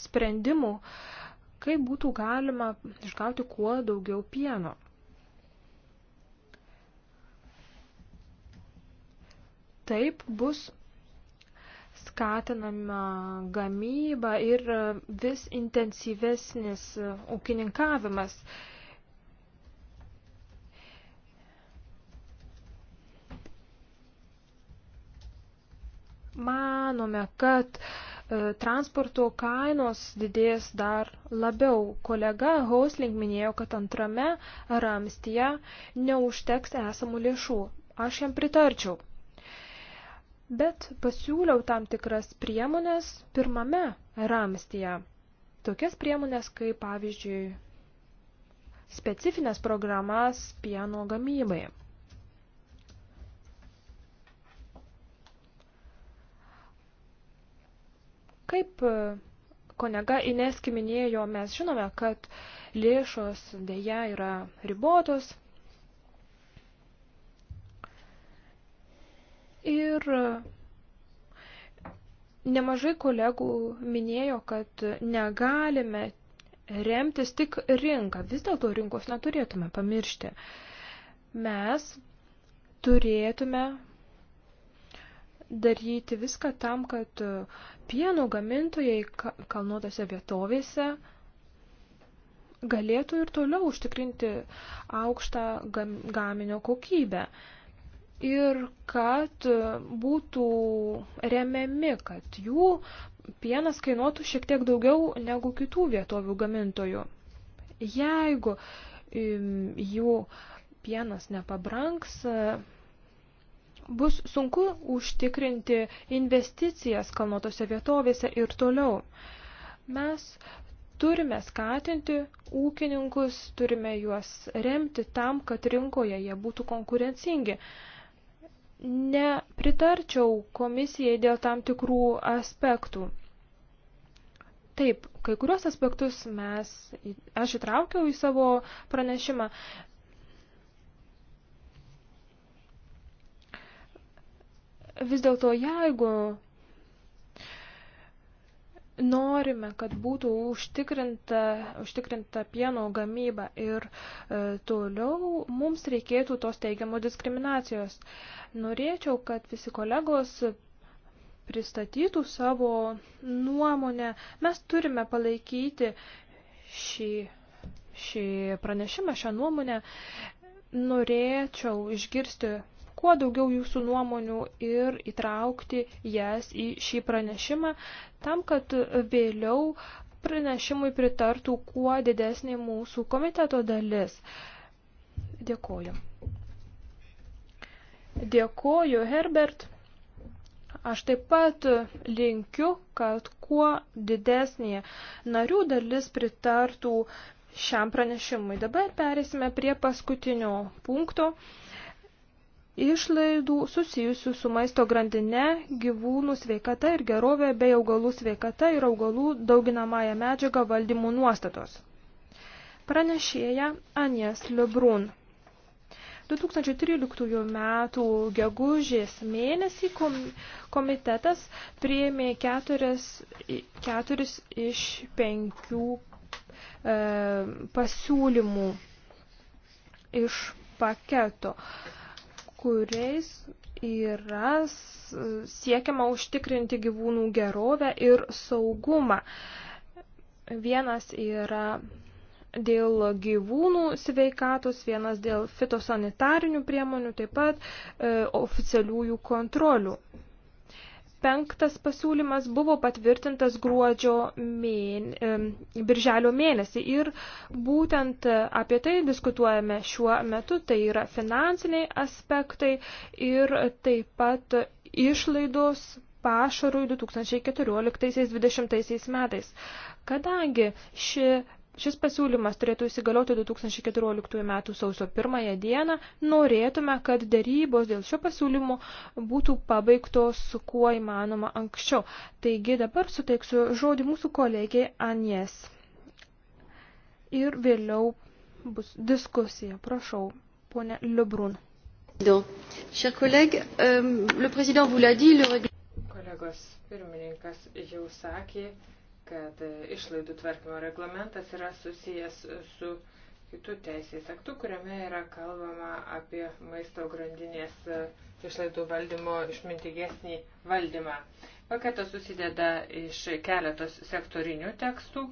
sprendimų, kaip būtų galima išgauti kuo daugiau pieno. Taip bus skatinama gamyba ir vis intensyvesnis ūkininkavimas. Uh, manome, kad e, transporto kainos didės dar labiau. Kolega Hausling minėjo, kad antrame ramstyje neužteks esamų lėšų. Aš jam pritarčiau. Bet pasiūliau tam tikras priemonės pirmame ramstyje. Tokias priemonės, kaip pavyzdžiui, specifines programas pieno gamybai. Kaip e, konega Ineski minėjo, mes žinome, kad lėšos dėja yra ribotos. Ir e, nemažai kolegų minėjo, kad negalime remtis tik rinką. Vis dėlto rinkos neturėtume pamiršti. Mes turėtume daryti viską tam, kad e, pieno gamintojai kalnuotose vietovėse galėtų ir toliau užtikrinti aukštą gam, gaminio kokybę. Ir kad e, būtų remiami, kad jų pienas kainuotų šiek tiek daugiau negu kitų vietovių gamintojų. Jeigu jų pienas nepabranks, bus sunku užtikrinti investicijas kalnuotose vietovėse ir toliau. Mes turime skatinti ūkininkus, turime juos remti tam, kad rinkoje jie būtų konkurencingi. Nepritarčiau komisijai dėl tam tikrų aspektų. Taip, kai kurios aspektus mes, aš įtraukiau į savo pranešimą, Vis dėlto, jeigu norime, kad būtų užtikrinta, užtikrinta pieno gamyba ir e, toliau mums reikėtų tos teigiamo diskriminacijos. Norėčiau, kad visi kolegos pristatytų savo nuomonę. Mes turime palaikyti šį, šį pranešimą, šią nuomonę. Norėčiau išgirsti kuo daugiau jūsų nuomonių ir įtraukti jas į šį pranešimą, tam, kad vėliau pranešimui pritartų kuo didesnė mūsų komiteto dalis. Dėkoju. Dėkoju, Herbert. Aš taip pat linkiu, kad kuo didesnė narių dalis pritartų šiam pranešimui. Dabar perėsime prie paskutinio punkto. Uh, išlaidų susijusių su maisto grandine, gyvūnų sveikata ir gerovė bei augalų sveikata ir augalų dauginamąją medžiagą valdymų nuostatos. Pranešėja Anies Lebrun. 2013 m. gegužės mėnesį komitetas prieimė keturis, keturis iš penkių e, pasiūlymų iš paketo. E, kuriais yra siekiama užtikrinti gyvūnų gerovę ir saugumą. Vienas yra dėl gyvūnų sveikatos, vienas dėl fitosanitarinių priemonių, taip pat e, oficialiųjų kontrolių. Penktas pasiūlymas buvo patvirtintas gruodžio mėn... birželio mėnesį ir būtent apie tai diskutuojame šiuo metu, tai yra finansiniai aspektai ir taip pat išlaidos pašarui 2014-2020 metais. Kadangi ši Šis pasiūlymas turėtų įsigalioti 2014 m. sausio 1 dieną. Norėtume, kad dėrybos dėl šio pasiūlymo būtų pabaigtos kuo įmanoma anksčiau. Taigi dabar suteiksiu žodį mūsų kolegiai Anies. Ir vėliau bus diskusija. Prašau, ponė Liubrun. Euh, Kolegos pirmininkas jau sakė, kad e, išlaidų tvarkymo reglamentas yra susijęs su kitų teisės aktų, kuriame yra kalbama apie maisto grandinės e, išlaidų valdymo išmintigesnį valdymą. Paketas susideda iš keletos sektorinių tekstų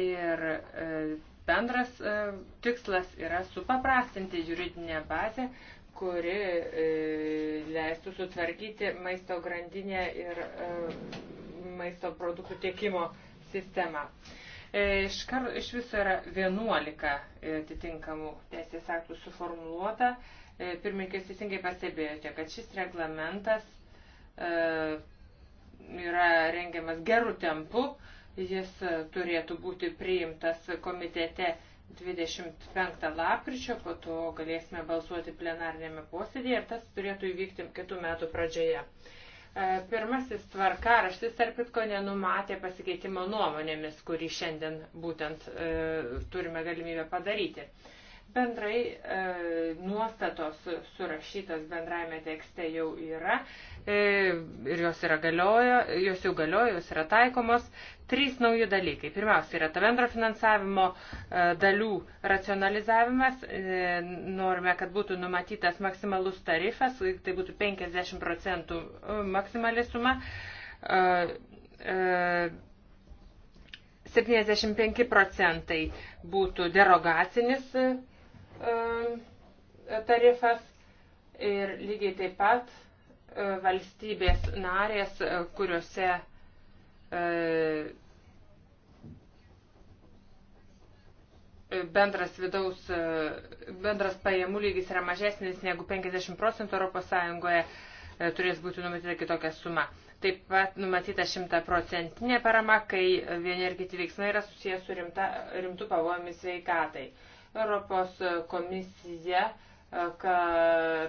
ir e, bendras tikslas yra supaprastinti juridinę bazę, kuri leistų sutvarkyti maisto grandinę ir maisto produktų tiekimo sistemą. E, iš, kar, iš viso yra 11 e, atitinkamų teisės aktų suformuoluota. E, Pirmininkės teisingai pastebėjote, kad šis reglamentas yra rengiamas gerų tempų. Jis turėtų būti priimtas komitete 25 lapkričio, po to galėsime balsuoti plenarnėme posėdėje ir tas turėtų įvykti kitų metų pradžioje. E, pirmasis tvarkaraštis, tarp kitko, nenumatė pasikeitimo nuomonėmis, kurį šiandien būtent e, turime galimybę padaryti. Bendrai e, nuostatos surašytos bendraime tekste jau yra e, ir jos, yra galiojo, jos jau galiojo, jos yra taikomos. Trys nauji dalykai. Pirmiausia yra ta bendro finansavimo e, dalių racionalizavimas. E, norime, kad būtų numatytas maksimalus tarifas, tai būtų 50 procentų e, maksimali suma. E, e, 75 procentai būtų derogacinis E, tarifas ir lygiai taip pat e, valstybės narės, e, kuriuose bendras vidaus, bendras pajamų lygis yra mažesnis negu 50 procentų ES, turės būti numatyta kitokia suma. Taip pat numatyta 100 procentinė parama, kai vieni ir kiti veiksmai yra susijęs su rimta, rimtu pavojomis sveikatai. Europos komisija e,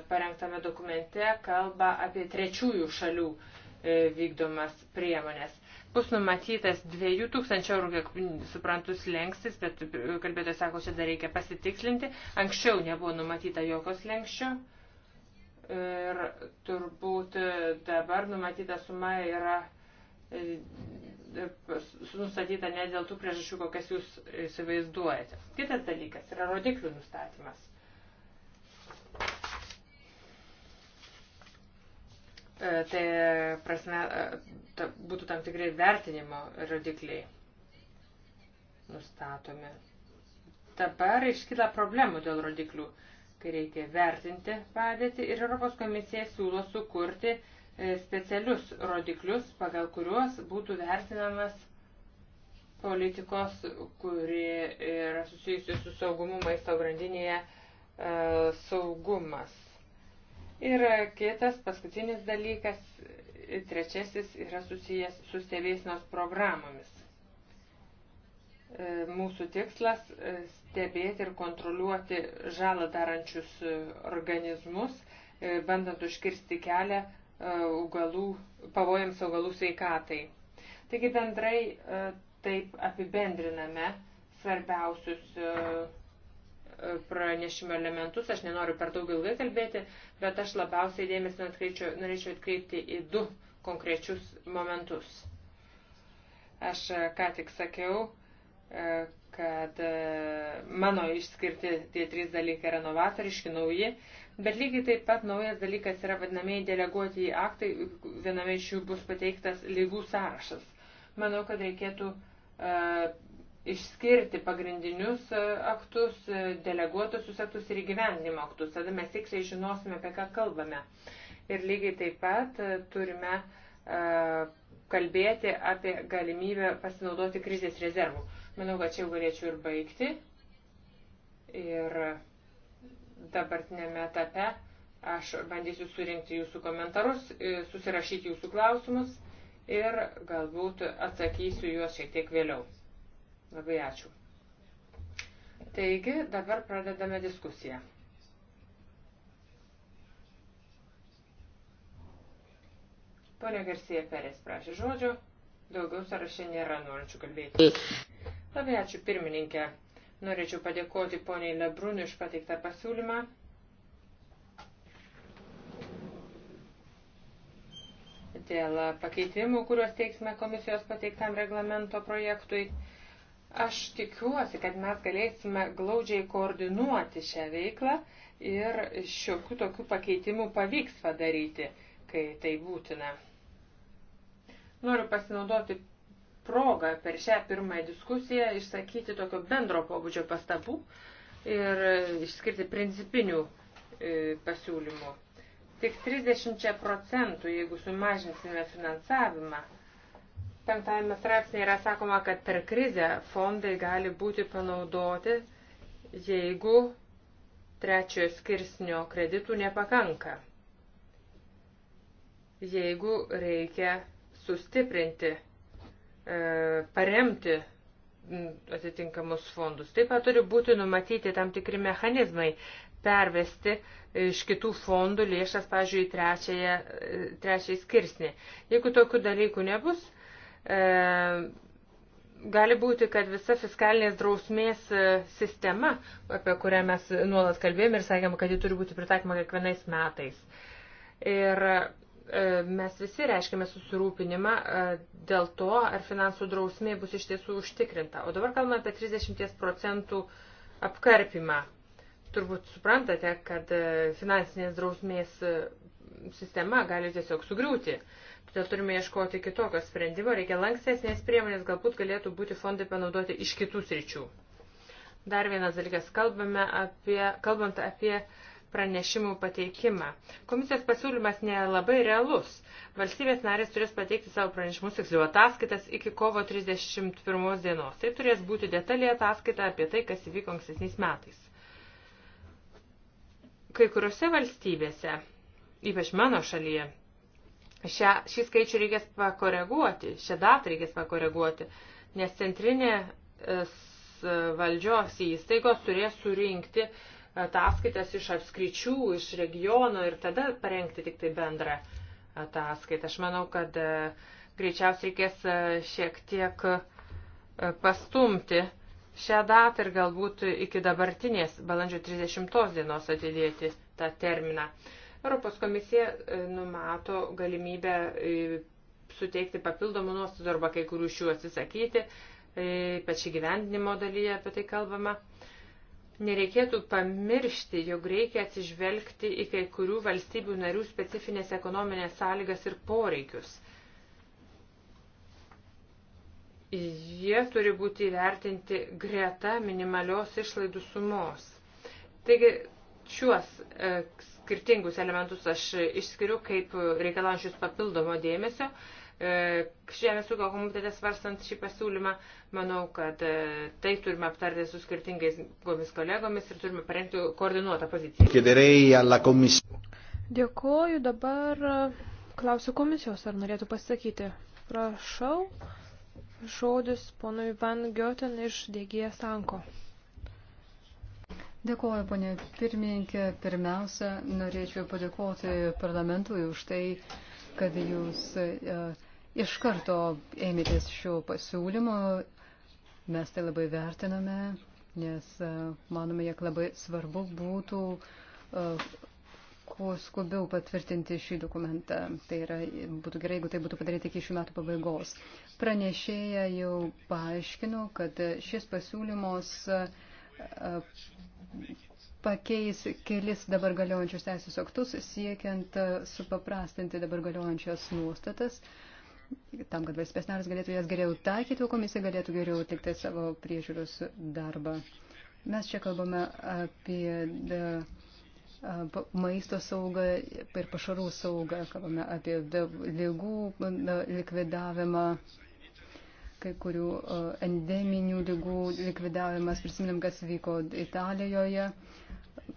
parengtame dokumente kalba apie trečiųjų šalių e, vykdomas priemonės. Bus numatytas 2000 eurų, kiek suprantus, lengstis, bet e, kalbėtojas sako, čia dar reikia pasitikslinti. Anksčiau nebuvo numatyta jokios lenkščio ir turbūt dabar numatyta suma yra E, nustatyta ne dėl tų priežasčių, kokias jūs įsivaizduojate. Kitas dalykas yra rodiklių nustatymas. E, tai prasme, e, ta, būtų tam tikrai vertinimo rodikliai nustatomi. Dabar iškyla problemų dėl rodiklių, kai reikia vertinti padėtį ir Europos komisija siūlo sukurti uh, E, specialius rodiklius, pagal kuriuos būtų vertinamas politikos, kuri yra susijusi su saugumu maisto grandinėje, e, saugumas. Ir kitas paskutinis dalykas, e, trečiasis yra susijęs su stebėsinos programomis. Mūsų tikslas stebėti ir kontroliuoti žalą darančius organizmus, bandant užkirsti kelią augalų, pavojams augalų sveikatai. Taigi bendrai e, taip apibendriname svarbiausius e, e, pranešimo elementus, aš nenoriu per daug ilgai kalbėti, bet aš labiausiai dėmesį norėčiau atkreipti į du konkrečius momentus. Aš ką tik sakiau, kad mano išskirti tie trys dalykai yra novatoriški, nauji, Bet lygiai taip pat naujas dalykas yra vadinamieji deleguoti į aktai, viename iš jų bus pateiktas lygų sąrašas. Manau, kad reikėtų uh, išskirti pagrindinius e, aktus, e, deleguotusius aktus ir įgyvendinimo aktus. Tada mes tiksliai žinosime, apie ką kalbame. Ir lygiai taip pat turime uh, kalbėti apie galimybę pasinaudoti krizės rezervų. Manau, kad čia jau galėčiau ir baigti. Ir... Uh, dabartinėme etape. Aš bandysiu surinkti jūsų komentarus, e, susirašyti jūsų klausimus ir galbūt atsakysiu juos šiek tiek vėliau. Labai ačiū. Taigi, dabar pradedame diskusiją. Pone Garsija Perės prašė žodžio, daugiau sąraše nėra norinčių kalbėti. Labai ačiū pirmininkė. Norėčiau padėkoti poniai Lebrun iš pateiktą pasiūlymą. Dėl pakeitimų, kuriuos teiksime komisijos pateiktam reglamento projektui, aš tikiuosi, kad mes galėsime glaudžiai koordinuoti šią veiklą ir šiokių tokių pakeitimų pavyks padaryti, kai tai būtina. Noriu pasinaudoti progą per šią pirmąją diskusiją išsakyti tokio bendro pobūdžio pastabų ir išskirti principinių e, pasiūlymų. Tik 30 procentų, jeigu sumažinsime finansavimą, penktame straipsnėje yra sakoma, kad per krizę fondai gali būti panaudoti, jeigu trečiojo skirsnio kreditų nepakanka. Jeigu reikia sustiprinti E, paremti atitinkamus fondus. Taip pat turi būti numatyti tam tikri mechanizmai pervesti iš kitų fondų lėšas, pažiūrėjau, į e, trečiąjį skirsnį. Jeigu tokių dalykų nebus, e, gali būti, kad visa fiskalinės drausmės e, sistema, apie kurią mes nuolat kalbėjome ir sakėme, kad ji turi būti pritaikoma kiekvienais metais. Ir E, mes visi reiškime susirūpinimą e, dėl to, ar finansų drausmė bus iš tiesų užtikrinta. O dabar kalbame apie 30 procentų apkarpimą. Turbūt suprantate, kad e, finansinės drausmės sistema gali tiesiog sugriūti. Todėl turime ieškoti kitokio sprendimo, reikia lankstesnės priemonės, galbūt galėtų būti fondai panaudoti iš kitų sričių. Dar vienas dalykas, kalbame apie, kalbant apie uh, pranešimų pateikimą. Komisijos pasiūlymas nelabai realus. Valstybės narės turės pateikti savo pranešimus, tiksliau ataskaitas, iki kovo 31 dienos. Tai turės būti detalė ataskaita apie tai, kas įvyko ankstesniais metais. Kai kuriuose valstybėse, ypač mano šalyje, šią, šį skaičių reikės pakoreguoti, šią datą reikės pakoreguoti, nes centrinė e, valdžios įstaigos turės surinkti uh, ataskaitas iš apskričių, iš regiono ir tada parengti tik tai bendrą ataskaitą. Aš manau, kad e, greičiausiai reikės e, šiek tiek e, pastumti šią datą ir galbūt iki dabartinės balandžio 30 dienos atidėti tą terminą. Europos komisija numato galimybę suteikti papildomų nuostatų arba kai kurių šių atsisakyti, ypač įgyvendinimo dalyje apie tai kalbama. Nereikėtų pamiršti, jog reikia atsižvelgti į kai kurių valstybių narių specifines ekonominės sąlygas ir poreikius. Jie turi būti įvertinti greta minimalios išlaidų sumos. Taigi, šiuos e, skirtingus elementus aš išskiriu kaip reikalaujančius papildomo dėmesio E, Žemės ūkio komitete svarstant šį pasiūlymą, manau, kad e, tai turime aptarti su skirtingais gomis kolegomis ir turime parengti koordinuotą poziciją. Dėkuoju, dabar e, klausiu komisijos, ar norėtų pasakyti. Prašau, žodis ponui Van Gioten iš Dėgyje Sanko. Dėkuoju, ponė pirmininkė. Pirmiausia, norėčiau padėkoti parlamentui už tai, kad jūs. Uh, iš karto ėmėtės šio pasiūlymo, mes tai labai vertiname, nes e, manome, jog labai svarbu būtų e, kuo skubiau patvirtinti šį dokumentą. Tai yra, būtų gerai, jeigu tai būtų padaryta iki šių metų pabaigos. Pranešėja jau paaiškino, kad šis pasiūlymos e, pakeis kelis dabar galiojančius teisės aktus, siekiant supaprastinti dabar galiojančias nuostatas. Uh, tam, kad valstybės narės galėtų jas geriau taikyti, o komisija galėtų geriau atlikti savo priežiūros darbą. Mes čia kalbame apie maisto saugą ir pašarų saugą, kalbame apie lygų likvidavimą, kai kurių endeminių lygų likvidavimas, prisiminėm, kas vyko Italijoje.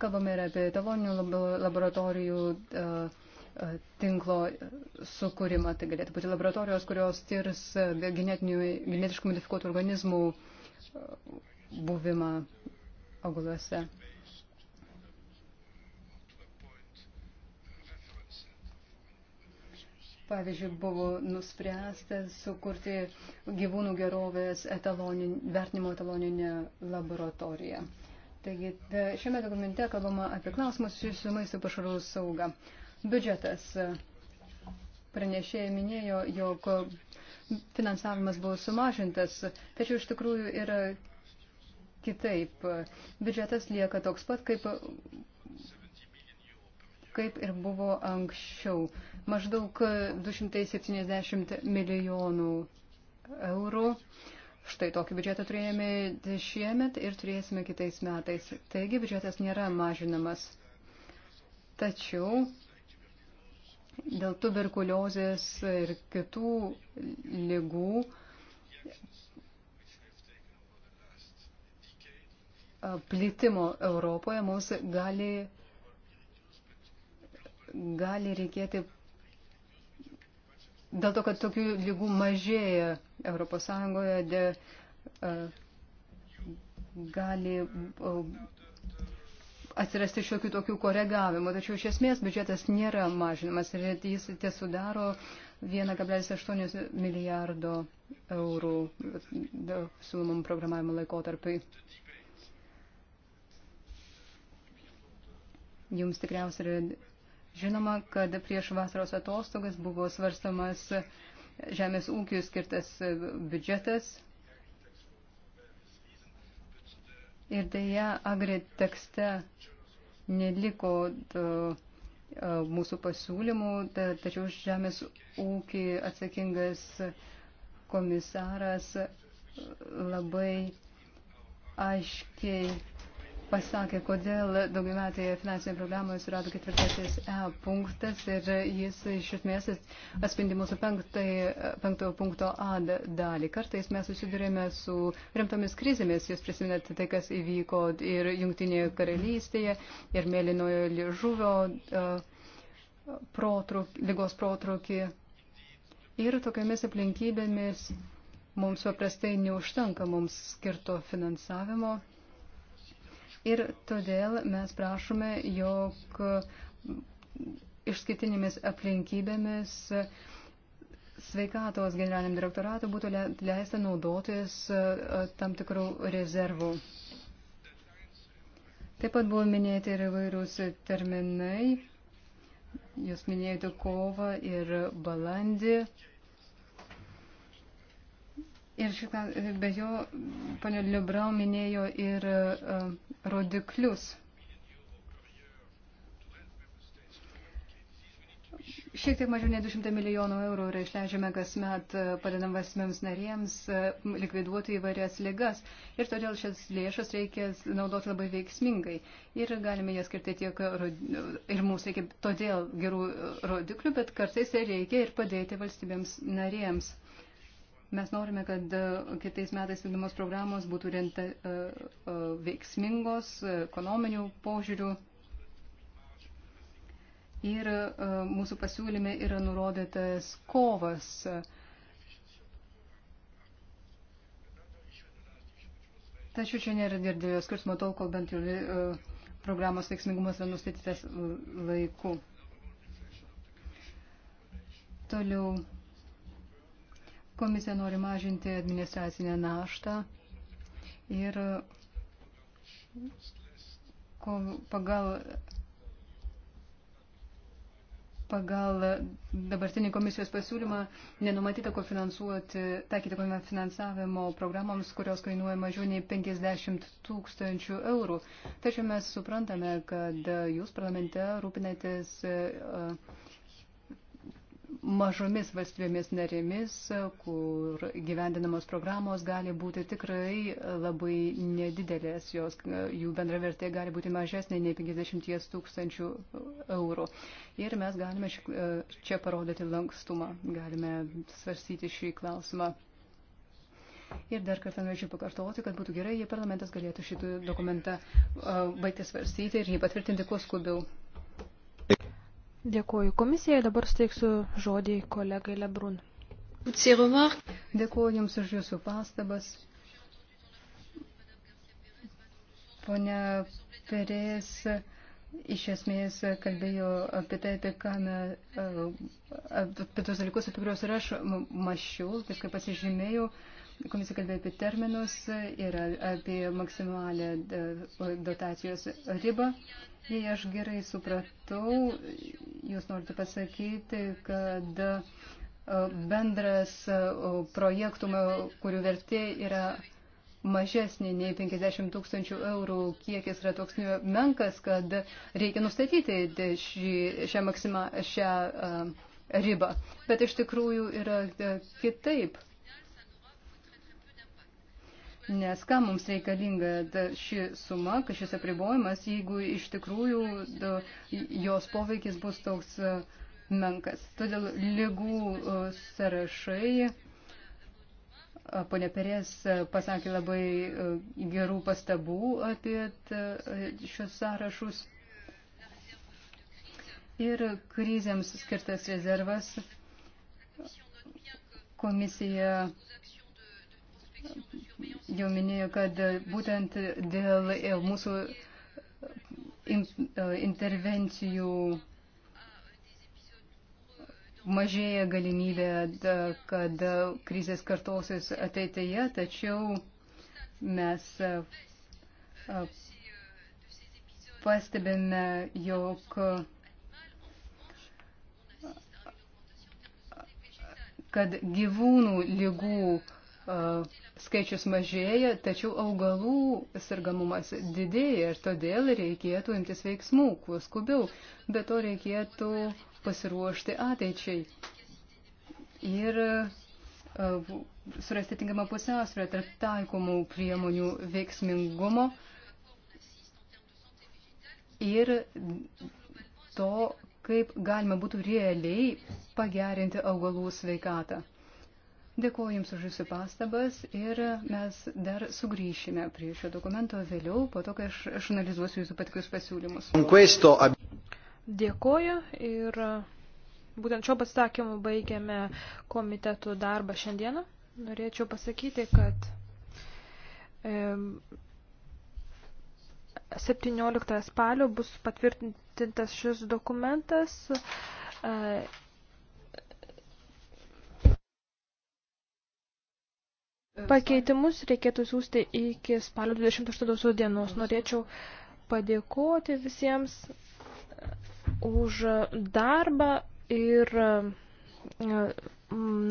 Kalbame ir apie taloninių laboratorijų uh, E, tinklo sukūrimą. Tai galėtų būti laboratorijos, kurios tirs e, genetiškai modifikuotų organizmų e, buvimą auguluose. Pavyzdžiui, buvo nuspręsta sukurti gyvūnų gerovės etalonin, vertinimo etaloninę laboratoriją. Taigi, šiame dokumente kalbama apie klausimus susijusius su maisto pašarų saugą. Biudžetas. Pranešėjai minėjo, jog finansavimas buvo sumažintas, tačiau iš tikrųjų yra kitaip. Biudžetas lieka toks pat, kaip, kaip ir buvo anksčiau. Maždaug 270 milijonų eurų. Štai tokį biudžetą turėjome šiemet ir turėsime kitais metais. Taigi biudžetas nėra mažinamas. Tačiau dėl tuberkuliozės ir kitų lygų plitimo Europoje mums gali, gali reikėti, dėl to, kad tokių lygų mažėja Europos Sąjungoje, de, gali atsirasti šiokių tokių koregavimų, tačiau iš esmės biudžetas nėra mažinamas ir jis tiesudaro 1,8 milijardo eurų siūlomam programavimo laikotarpiai. Jums tikriausiai yra žinoma, kad prieš vasaros atostogas buvo svarstamas žemės ūkių skirtas biudžetas Ir dėja, agri tekste neliko e, e, mūsų pasiūlymų, tačiau žemės ūkį atsakingas komisaras labai aiškiai pasakė, kodėl daugiametėje finansinėje programoje surado ketvirtasis E punktas ir jis iš esmės atspindi mūsų penktai, penktojo punkto A dalį. Kartais mes susidurėme su rimtomis krizėmis, jūs prisiminat tai, kas įvyko ir Jungtinėje karalystėje, ir Mėlynojo liežuvio e, protruk, lygos protrukį. Ir tokiamis aplinkybėmis mums paprastai neužtenka mums skirto finansavimo ir todėl mes prašome, jog išskirtinėmis aplinkybėmis sveikatos generaliniam direktoratui būtų leista naudotis e, tam tikrų rezervų. Taip pat buvo minėti ir įvairūs terminai. Jūs minėjote kovą ir balandį. Ir šitą, be jo, ponė Liubrau minėjo ir uh, rodiklius. Šiek tiek mažiau nei 200 milijonų eurų yra išleidžiame kasmet e, padedam asmens narėms e, likviduoti įvairias ligas ir todėl šias lėšas reikia naudoti labai veiksmingai ir galime jas skirti tiek ir mums reikia todėl gerų rodiklių, bet kartais reikia ir padėti valstybėms narėms. Mes norime, kad e, kitais metais vykdomos programos būtų renta, e, e, veiksmingos ekonominių požiūrių. Ir mūsų pasiūlyme yra nurodytas kovas. Tačiau čia nėra dirbdėjo skirtumo tol, kol bent jau programos veiksmingumas yra nustatytas laiku. Toliau Komisija nori mažinti administracinę naštą ir pagal, pagal dabartinį komisijos pasiūlymą nenumatyta kofinansuoti, taikyti finansavimo programoms, kurios kainuoja mažiau nei 50 tūkstančių eurų. Tačiau mes suprantame, kad jūs parlamente rūpinatės. Uh, mažomis valstybėmis narėmis, kur gyvendinamos programos gali būti tikrai labai nedidelės, jos, jų bendravertė gali būti mažesnė nei 50 tūkstančių eurų. Ir mes galime e, čia parodyti lankstumą, galime svarstyti šį klausimą. Ir dar kartą norėčiau pakartoti, kad būtų gerai, jei parlamentas galėtų šitą dokumentą e, baigti svarstyti ir jį patvirtinti kuo skubiau. Dėkuoju komisijai, dabar steiksiu žodį kolegai Lebrun. Dėkuoju Jums už Jūsų pastabas. Pone Perės iš esmės kalbėjo apie tai, apie ką mes, e, apie tos dalykus, apie kuriuos ir aš mašiau, taip kaip pasižymėjau. Uh, Komisija kalbėjo apie terminus ir apie maksimalę e, dotacijos ribą. Jei aš gerai supratau, jūs norite pasakyti, kad e, bendras e, projektų, kurių vertė yra mažesnė nei 50 tūkstančių eurų kiekis yra toks menkas, kad reikia nustatyti šį, šią, maksimą, šią ribą. Bet iš tikrųjų yra kitaip. Nes kam mums reikalinga ši suma, šis apribojimas, jeigu iš tikrųjų jos poveikis bus toks menkas. Todėl lygų sąrašai, ponia Perės pasakė labai gerų pastabų apie šios sąrašus. Ir krizėms skirtas rezervas komisija jau minėjo, kad būtent dėl e, mūsų e, intervencijų mažėja galimybė, kad krizės kartosis ateityje, tačiau mes e, pastebėme, jog kad gyvūnų lygų uh, skaičius mažėja, tačiau augalų sirgamumas didėja ir todėl reikėtų imtis veiksmų kuo skubiau, bet to reikėtų pasiruošti ateičiai ir uh, surasti tinkamą pusiausvyrą tarp taikomų priemonių veiksmingumo ir to, kaip galima būtų realiai pagerinti augalų sveikatą. Dėkuoju Jums už Jūsų pastabas ir mes dar sugrįšime prie šio dokumento vėliau, po to, kai aš, aš analizuosiu Jūsų patikius pasiūlymus. Dėkuoju ir būtent šio pasakymu baigiame komitetų darbą šiandieną. Norėčiau pasakyti, kad 17 spalio bus patvirtintas šis dokumentas e, Pakeitimus reikėtų siūsti iki spalio 28 dienos. Norėčiau padėkoti visiems už darbą ir mm,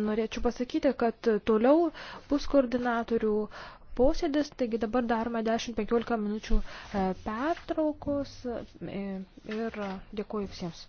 norėčiau pasakyti, kad toliau bus koordinatorių posėdis, taigi dabar darome 10-15 minučių e, pertraukos e, ir dėkuoju visiems.